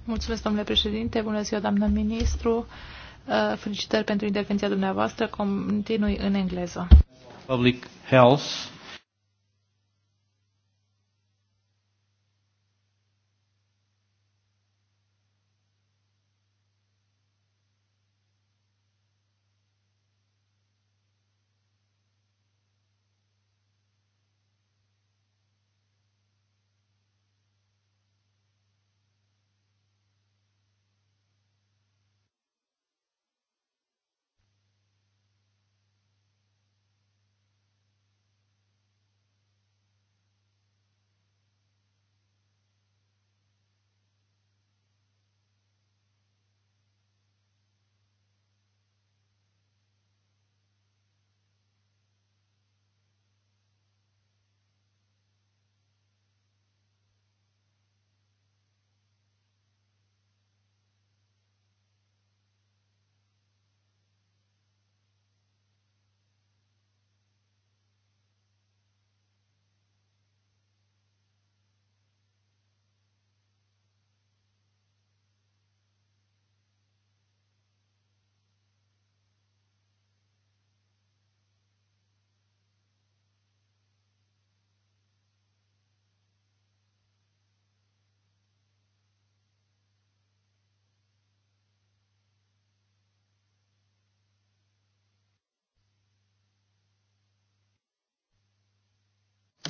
A: Mulțumesc, domnule președinte. Bună ziua, doamnă ministru. Uh, felicitări pentru intervenția dumneavoastră. Continui în engleză.
B: Public health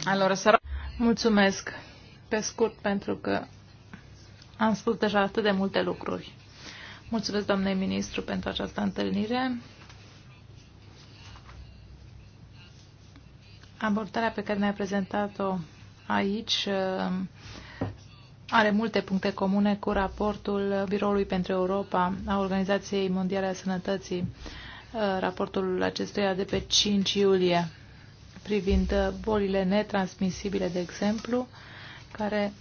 A: Allora, sarà... Mulțumesc pe scurt pentru că am spus deja atât de multe lucruri. Mulțumesc, doamnei ministru, pentru această întâlnire. Abordarea pe care ne-a prezentat-o aici uh, are multe puncte comune cu raportul Biroului pentru Europa a Organizației Mondiale a Sănătății, uh, raportul acestuia de pe 5 iulie privind bolile netransmisibile, de exemplu, care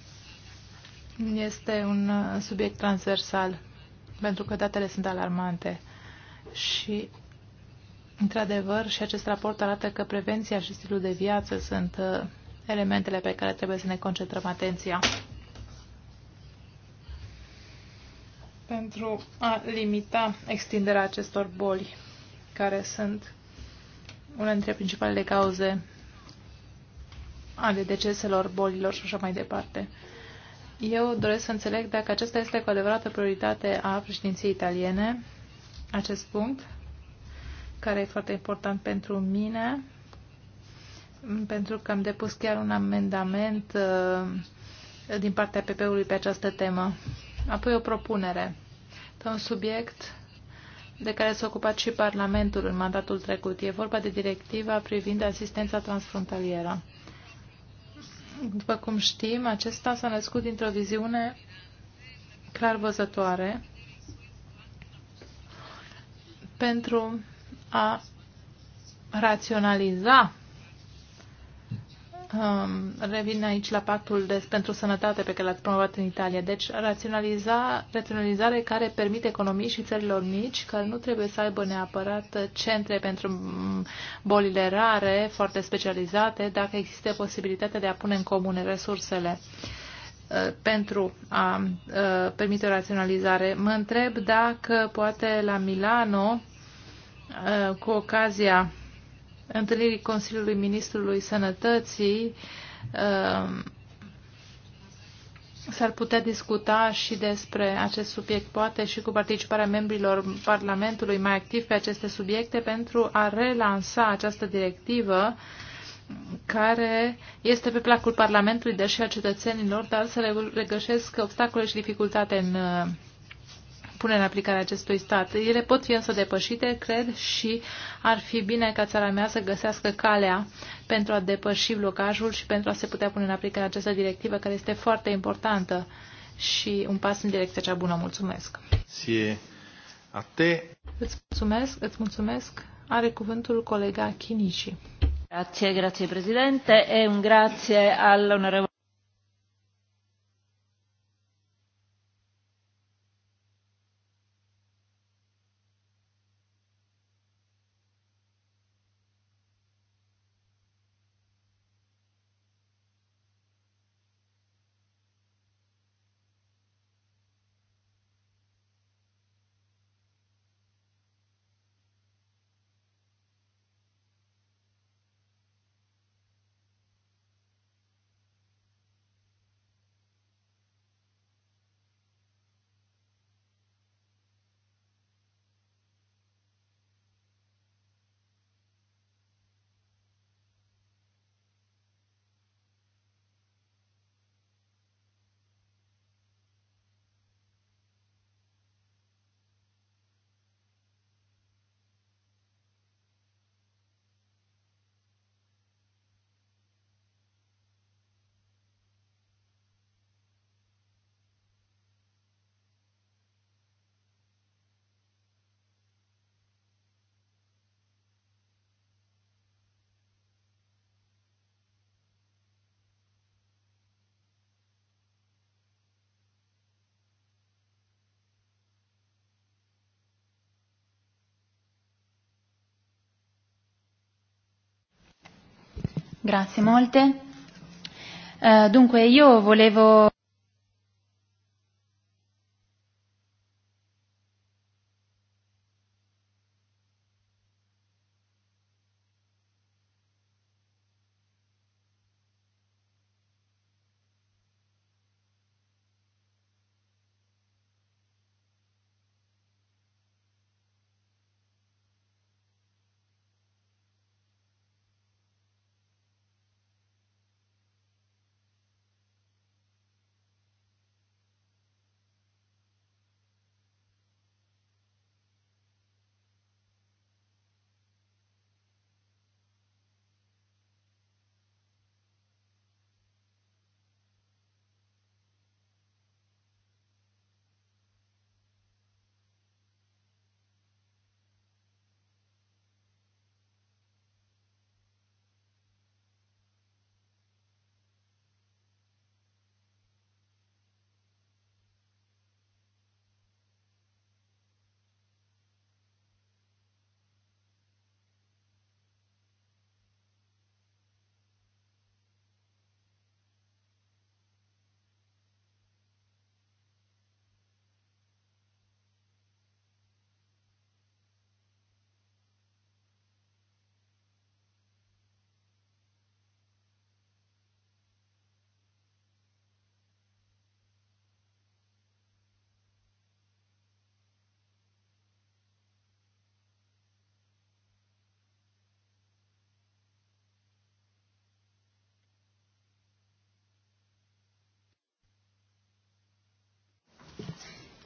A: este un subiect transversal, pentru că datele sunt alarmante. Și, într-adevăr, și acest raport arată că prevenția și stilul de viață sunt uh, elementele pe care trebuie să ne concentrăm atenția. pentru a limita extinderea acestor boli care sunt una dintre principalele cauze ale deceselor, bolilor și așa mai departe. Eu doresc să înțeleg dacă acesta este cu adevărat o prioritate a președinției italiene, acest punct, care e foarte important pentru mine, pentru că am depus chiar un amendament uh, din partea PP-ului pe această temă. Apoi o propunere. Este un subiect de care s-a ocupat și Parlamentul în mandatul trecut. E vorba de directiva privind asistența transfrontalieră. După cum știm, acesta s-a născut dintr-o viziune clar văzătoare pentru a raționaliza Um, revin aici la pactul de, pentru sănătate pe care l-ați promovat în Italia. Deci, raționaliza, raționalizare care permite economii și țărilor mici, care nu trebuie să aibă neapărat centre pentru mm, bolile rare, foarte specializate, dacă există posibilitatea de a pune în comun resursele uh, pentru a uh, permite o raționalizare. Mă întreb dacă poate la Milano, uh, cu ocazia întâlnirii Consiliului Ministrului Sănătății um, s-ar putea discuta și despre acest subiect, poate și cu participarea membrilor Parlamentului mai activ pe aceste subiecte, pentru a relansa această directivă care este pe placul Parlamentului, deși a cetățenilor, dar să regășesc obstacole și dificultate în pune în aplicare acestui stat. Ele pot fi însă depășite, cred, și ar fi bine ca țara mea să găsească calea pentru a depăși blocajul și pentru a se putea pune în aplicare această directivă, care este foarte importantă și un pas în direcția cea bună. Mulțumesc! Sie a te. Îți mulțumesc, îți mulțumesc. Are cuvântul colega Chinici. Grazie, grazie Presidente e un grazie all'onorevole.
B: Grazie molte. Eh, dunque io volevo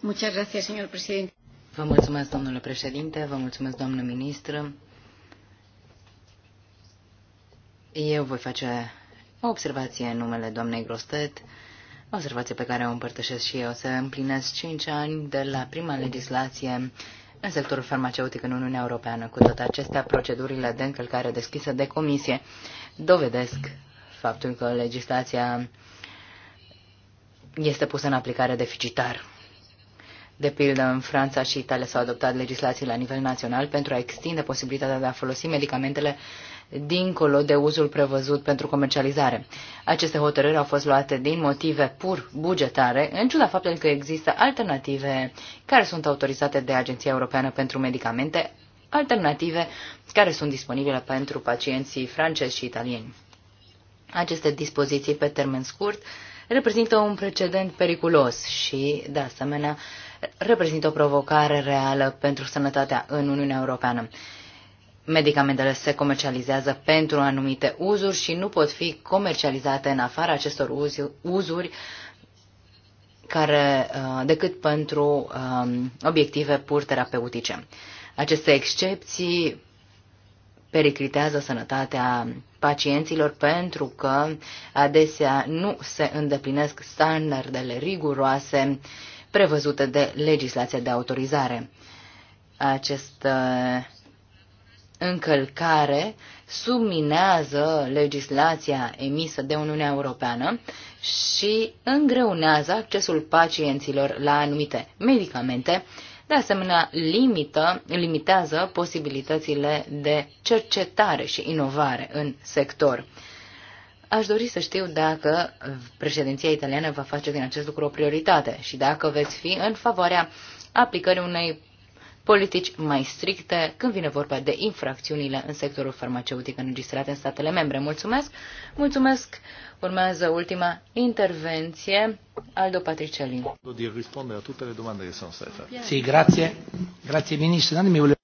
B: Vă mulțumesc, domnule președinte, vă mulțumesc, doamnă ministră. Eu voi face o observație în numele doamnei Grostet, o observație pe care o împărtășesc și eu. Să împlinesc 5 ani de la prima legislație în sectorul farmaceutic în Uniunea Europeană. Cu toate acestea, procedurile de încălcare deschisă de comisie dovedesc faptul că legislația este pusă în aplicare deficitar. De pildă, în Franța și Italia s-au adoptat legislații la nivel național pentru a extinde posibilitatea de a folosi medicamentele dincolo de uzul prevăzut pentru comercializare. Aceste hotărâri au fost luate din motive pur bugetare, în ciuda faptului că există alternative care sunt autorizate de Agenția Europeană pentru Medicamente, alternative care sunt disponibile pentru pacienții francezi și italieni. Aceste dispoziții pe termen scurt reprezintă un precedent periculos și, de asemenea, reprezintă o provocare reală pentru sănătatea în Uniunea Europeană. Medicamentele se comercializează pentru anumite uzuri și nu pot fi comercializate în afara acestor uzuri care, uh, decât pentru um, obiective pur terapeutice. Aceste excepții periclitează sănătatea pacienților pentru că adesea nu se îndeplinesc standardele riguroase uh, prevăzute de legislația de autorizare. Această uh, încălcare subminează legislația emisă de Uniunea Europeană și îngreunează accesul pacienților la anumite medicamente, de asemenea limită, limitează posibilitățile de cercetare și inovare în sector. Aș dori să știu dacă președinția italiană va face din acest lucru o prioritate și dacă veți fi în favoarea aplicării unei politici mai stricte când vine vorba de infracțiunile în sectorul farmaceutic înregistrate în statele membre. Mulțumesc! Mulțumesc! Urmează ultima intervenție, Aldo Patricelli.
A: Di Sì, grazie. Grazie, ministru.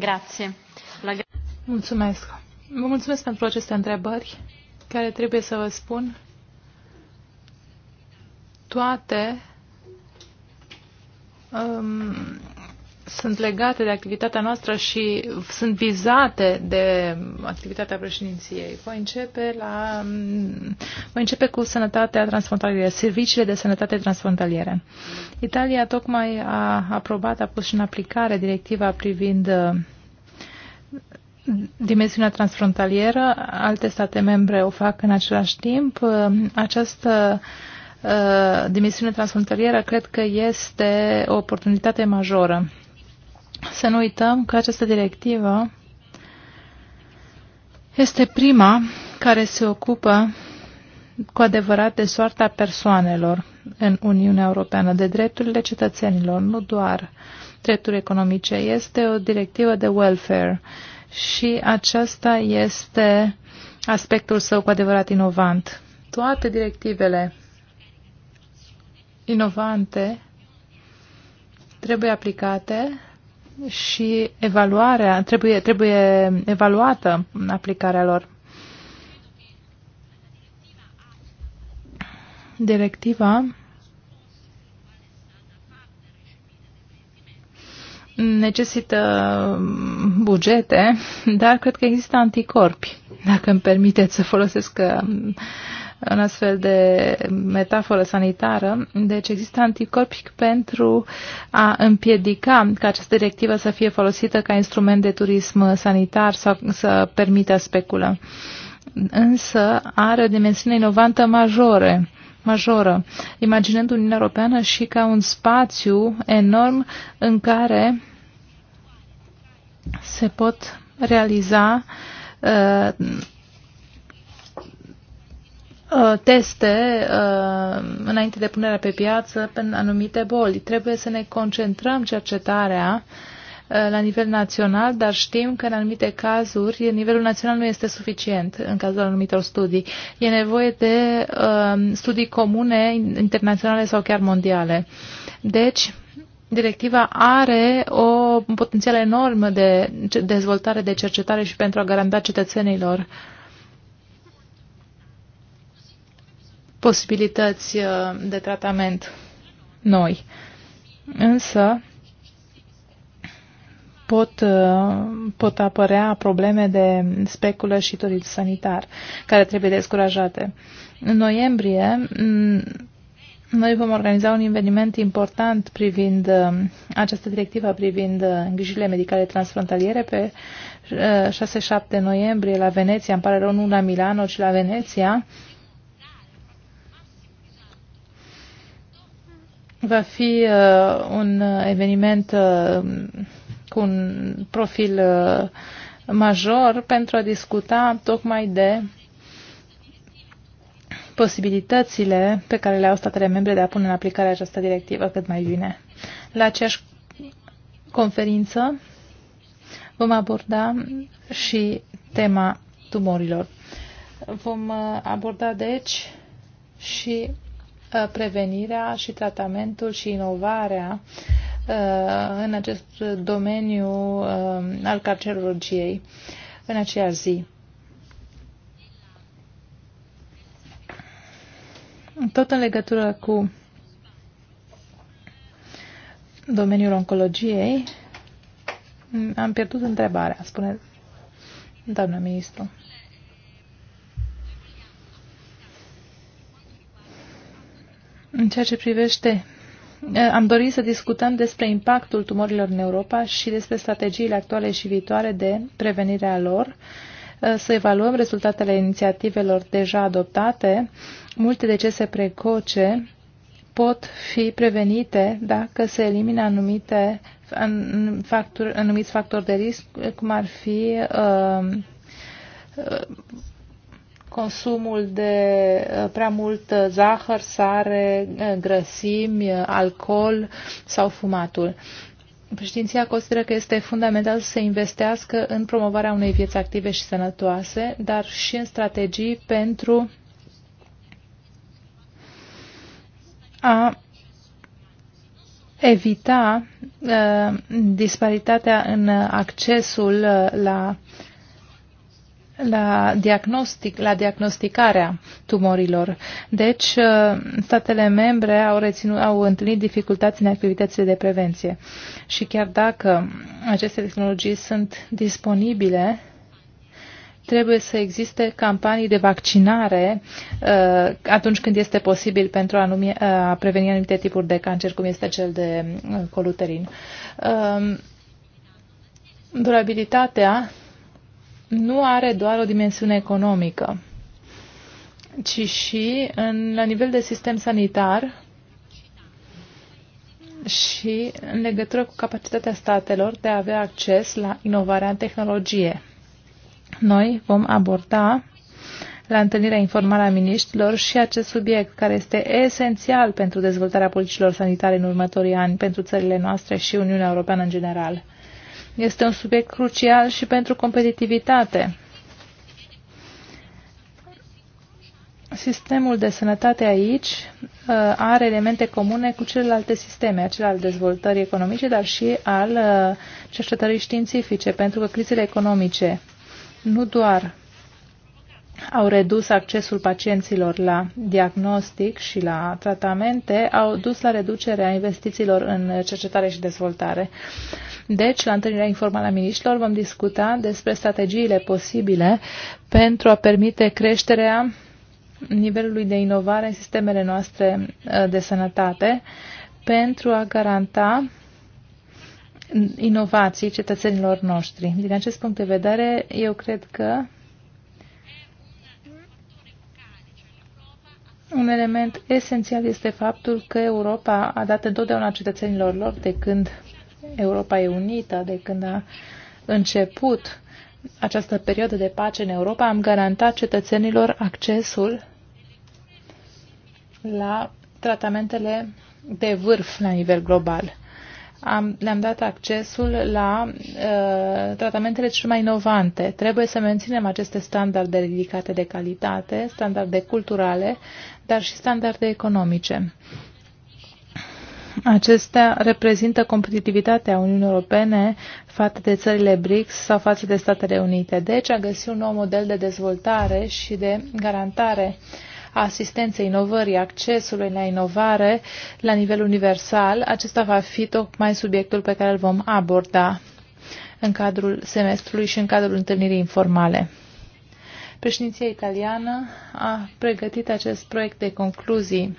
A: La... Mulțumesc. Vă mulțumesc pentru aceste întrebări, care trebuie să vă spun. Toate um, sunt legate de activitatea noastră și sunt vizate de activitatea președinției. Voi începe, la, voi începe cu sănătatea transfrontalieră, serviciile de sănătate transfrontaliere. Italia tocmai a aprobat, a pus și în aplicare directiva privind uh, dimensiunea transfrontalieră. Alte state membre o fac în același timp. Această uh, dimensiune transfrontalieră cred că este o oportunitate majoră să nu uităm că această directivă este prima care se ocupă cu adevărat de soarta persoanelor în Uniunea Europeană, de drepturile cetățenilor, nu doar drepturi economice. Este o directivă de welfare și aceasta este aspectul său cu adevărat inovant. Toate directivele inovante trebuie aplicate și evaluarea, trebuie, trebuie evaluată aplicarea lor. Directiva necesită bugete, [LAUGHS] dar cred că există anticorpi, dacă îmi permiteți să folosesc uh, în astfel de metaforă sanitară. Deci există anticorpi pentru a împiedica ca această directivă să fie folosită ca instrument de turism sanitar sau să permită speculă. Însă are o dimensiune inovantă majore majoră, imaginând Uniunea Europeană și ca un spațiu enorm în care se pot realiza uh, Uh, teste uh, înainte de punerea pe piață pentru anumite boli. Trebuie să ne concentrăm cercetarea uh, la nivel național, dar știm că în anumite cazuri nivelul național nu este suficient în cazul anumitor studii. E nevoie de uh, studii comune, internaționale sau chiar mondiale. Deci, directiva are o, potențială enormă enorm de dezvoltare, de cercetare și pentru a garanta cetățenilor uh, posibilități uh, de tratament noi. Însă pot, uh, pot apărea probleme de speculă și turism sanitar, care trebuie descurajate. În noiembrie noi vom organiza un eveniment important privind uh, această directivă, privind îngrijirile medicale transfrontaliere pe 6-7 noiembrie la Veneția. Îmi pare rău, nu la Milano, ci la Veneția Va fi uh, un eveniment uh, cu un profil uh, major pentru a discuta tocmai de posibilitățile pe care le au statele membre de a pune în aplicare această directivă cât mai bine. La aceeași conferință vom aborda și tema tumorilor. Vom uh, aborda, deci, și Uh, prevenirea și tratamentul și inovarea uh, în acest domeniu uh, al carcerologiei în aceea zi. Tot în legătură cu domeniul oncologiei, am pierdut întrebarea, spune doamna ministru. În ceea ce privește, am dorit să discutăm despre impactul tumorilor în Europa și despre strategiile actuale și viitoare de prevenire a lor, să evaluăm rezultatele inițiativelor deja adoptate. Multe decese precoce pot fi prevenite dacă se elimină anumite factori, anumiți factori de risc, cum ar fi uh, consumul de uh, prea mult uh, zahăr, sare, uh, grăsimi, alcool sau fumatul. Președinția consideră că este fundamental să se investească în promovarea unei vieți active și sănătoase, dar și în strategii pentru a evita uh, disparitatea în accesul la uh, la, diagnostic, la diagnosticarea tumorilor. Deci, uh, statele membre au, reținut, au întâlnit dificultăți în activitățile de prevenție. Și chiar dacă aceste tehnologii sunt disponibile, trebuie să existe campanii de vaccinare uh, atunci când este posibil pentru a, numi, uh, a preveni anumite tipuri de cancer, cum este cel de uh, coluterin. Uh, durabilitatea nu are doar o dimensiune economică, ci și în, la nivel de sistem sanitar și în legătură cu capacitatea statelor de a avea acces la inovarea în tehnologie. Noi vom aborda la întâlnirea informală a miniștilor și acest subiect, care este esențial pentru dezvoltarea politicilor sanitare în următorii ani pentru țările noastre și Uniunea Europeană în general. Este un subiect crucial și pentru competitivitate. Sistemul de sănătate aici uh, are elemente comune cu celelalte sisteme, acela al dezvoltării economice, dar și al uh, cercetării științifice, pentru că crizele economice nu doar au redus accesul pacienților la diagnostic și la tratamente, au dus la reducerea investițiilor în cercetare și dezvoltare. Deci, la întâlnirea informală a miniștilor vom discuta despre strategiile posibile pentru a permite creșterea nivelului de inovare în sistemele noastre uh, de sănătate pentru a garanta inovații cetățenilor noștri. Din acest punct de vedere, eu cred că un element esențial este faptul că Europa a dat întotdeauna cetățenilor lor de când Europa e unită de când a început această perioadă de pace în Europa, am garantat cetățenilor accesul la tratamentele de vârf la nivel global. Am, le-am dat accesul la uh, tratamentele cel mai inovante. Trebuie să menținem aceste standarde ridicate de calitate, standarde culturale, dar și standarde economice. Acestea reprezintă competitivitatea Uniunii Europene față de țările BRICS sau față de Statele Unite. Deci a găsit un nou model de dezvoltare și de garantare a asistenței inovării, accesului la inovare la nivel universal. Acesta va fi tocmai subiectul pe care îl vom aborda în cadrul semestrului și în cadrul întâlnirii informale. Președinția italiană a pregătit acest proiect de concluzii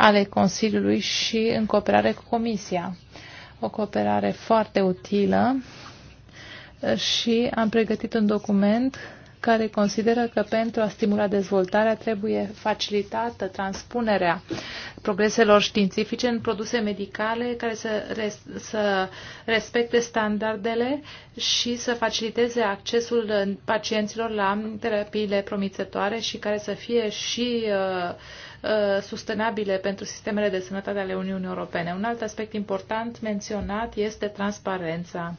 A: ale Consiliului și în cooperare cu Comisia. O cooperare foarte utilă și am pregătit un document care consideră că pentru a stimula dezvoltarea trebuie facilitată transpunerea progreselor științifice în produse medicale care să, res, să respecte standardele și să faciliteze accesul pacienților la terapiile promițătoare și care să fie și uh, Uh, sustenabile pentru sistemele de sănătate ale Uniunii Europene. Un alt aspect important menționat este transparența.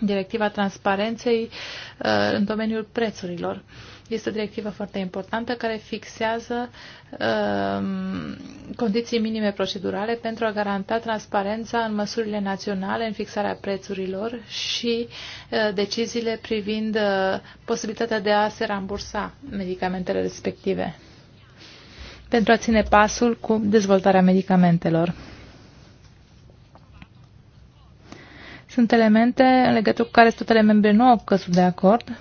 A: Directiva transparenței uh, în domeniul prețurilor. Este o directivă foarte importantă care fixează um, condiții minime procedurale pentru a garanta transparența în măsurile naționale în fixarea prețurilor și uh, deciziile privind posibilitatea de a se rambursa medicamentele respective pentru a ține pasul cu dezvoltarea medicamentelor. Sunt elemente în legătură cu care statele membre nu au căzut de acord,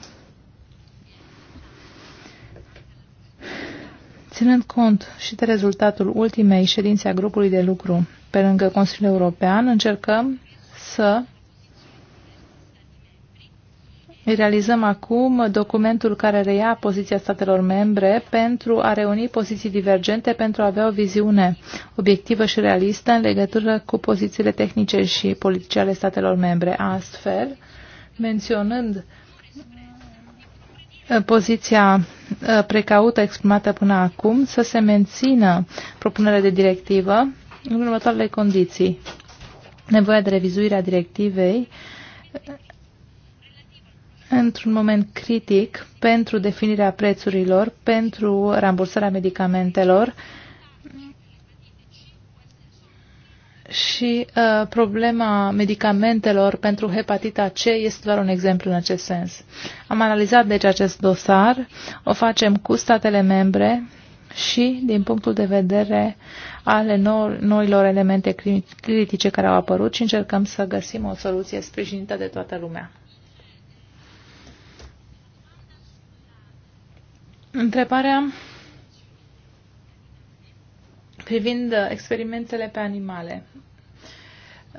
A: Ținând cont și de rezultatul ultimei ședințe a grupului de lucru pe lângă Consiliul European, încercăm să Realizăm acum documentul care reia poziția statelor membre pentru a reuni poziții divergente, pentru a avea o viziune obiectivă și realistă în legătură cu pozițiile tehnice și politice ale statelor membre. Astfel, menționând uh, poziția uh, precaută exprimată până acum, să se mențină propunerea de directivă în următoarele condiții. Nevoia de revizuire a directivei într-un moment critic pentru definirea prețurilor, pentru rambursarea medicamentelor și uh, problema medicamentelor pentru hepatita C este doar un exemplu în acest sens. Am analizat deci acest dosar, o facem cu statele membre și din punctul de vedere ale noilor elemente critice care au apărut și încercăm să găsim o soluție sprijinită de toată lumea. Întrebarea privind uh, experimentele pe animale,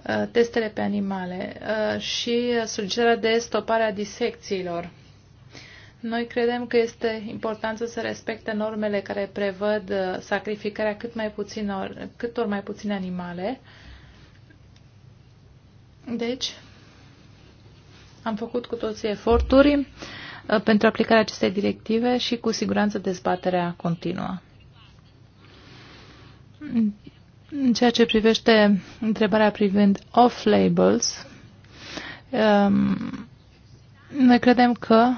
A: uh, testele pe animale uh, și sugerarea de stoparea disecțiilor. Noi credem că este important să se respecte normele care prevăd sacrificarea cât mai puțin, cât ori mai puține animale. Deci, am făcut cu toții eforturi Uh, pentru aplicarea acestei directive și cu siguranță dezbaterea continuă. În ceea ce privește întrebarea privind off-labels, um, noi credem că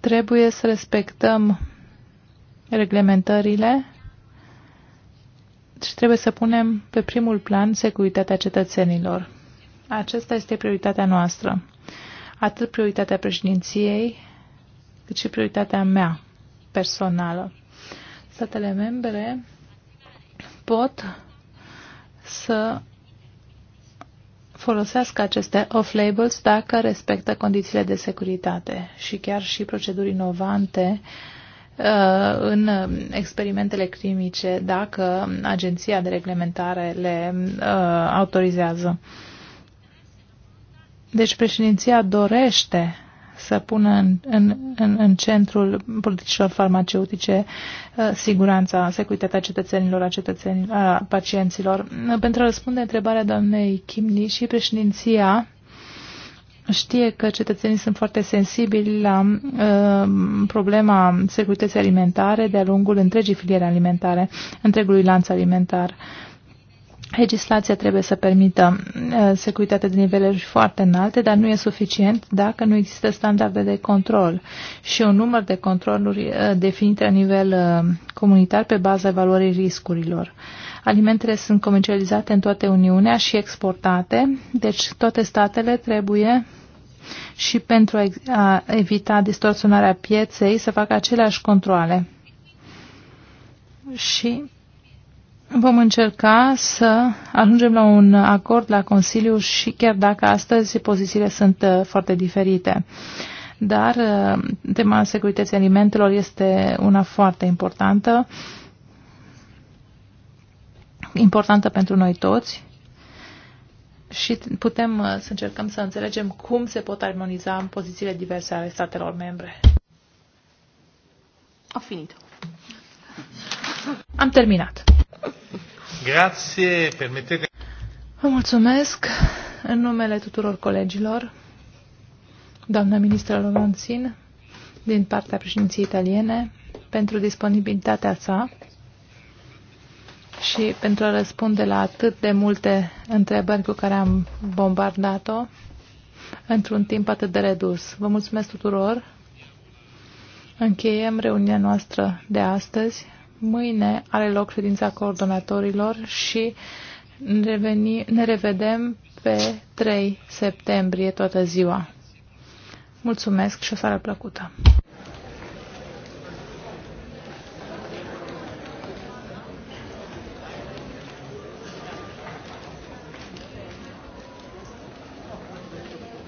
A: trebuie să respectăm reglementările și trebuie să punem pe primul plan securitatea cetățenilor. Aceasta este prioritatea noastră atât prioritatea președinției, cât și prioritatea mea personală. Statele membre pot să folosească aceste off-labels dacă respectă condițiile de securitate și chiar și proceduri inovante uh, în experimentele clinice dacă agenția de reglementare le uh, autorizează. Deci președinția dorește să pună în, în, în, în centrul politicilor farmaceutice uh, siguranța, securitatea cetățenilor, a, cetățenilor, a pacienților. Pentru a răspunde întrebarea doamnei Kimli și președinția știe că cetățenii sunt foarte sensibili la uh, problema securității alimentare de-a lungul întregii filiere alimentare, întregului lanț alimentar. Legislația trebuie să permită uh, securitate de niveluri foarte înalte, dar nu e suficient dacă nu există standarde de control și un număr de controluri uh, definite la nivel uh, comunitar pe baza evaluării riscurilor. Alimentele sunt comercializate în toată Uniunea și exportate, deci toate statele trebuie și pentru a evita distorsionarea pieței să facă aceleași controle. Și Vom încerca să ajungem la un acord la Consiliu și chiar dacă astăzi pozițiile sunt uh, foarte diferite. Dar uh, tema securității alimentelor este una foarte importantă, importantă pentru noi toți și putem uh, să încercăm să înțelegem cum se pot armoniza în pozițiile diverse ale statelor membre. Am finit. Am terminat. Grazie, permettete... Vă mulțumesc în numele tuturor colegilor, doamna ministră Loronțin, din partea președinției italiene, pentru disponibilitatea sa și pentru a răspunde la atât de multe întrebări cu care am bombardat-o într-un timp atât de redus. Vă mulțumesc tuturor! Încheiem reuniunea noastră de astăzi. Mâine are loc ședința coordonatorilor și reveni, ne revedem pe 3 septembrie toată ziua. Mulțumesc și o seară plăcută!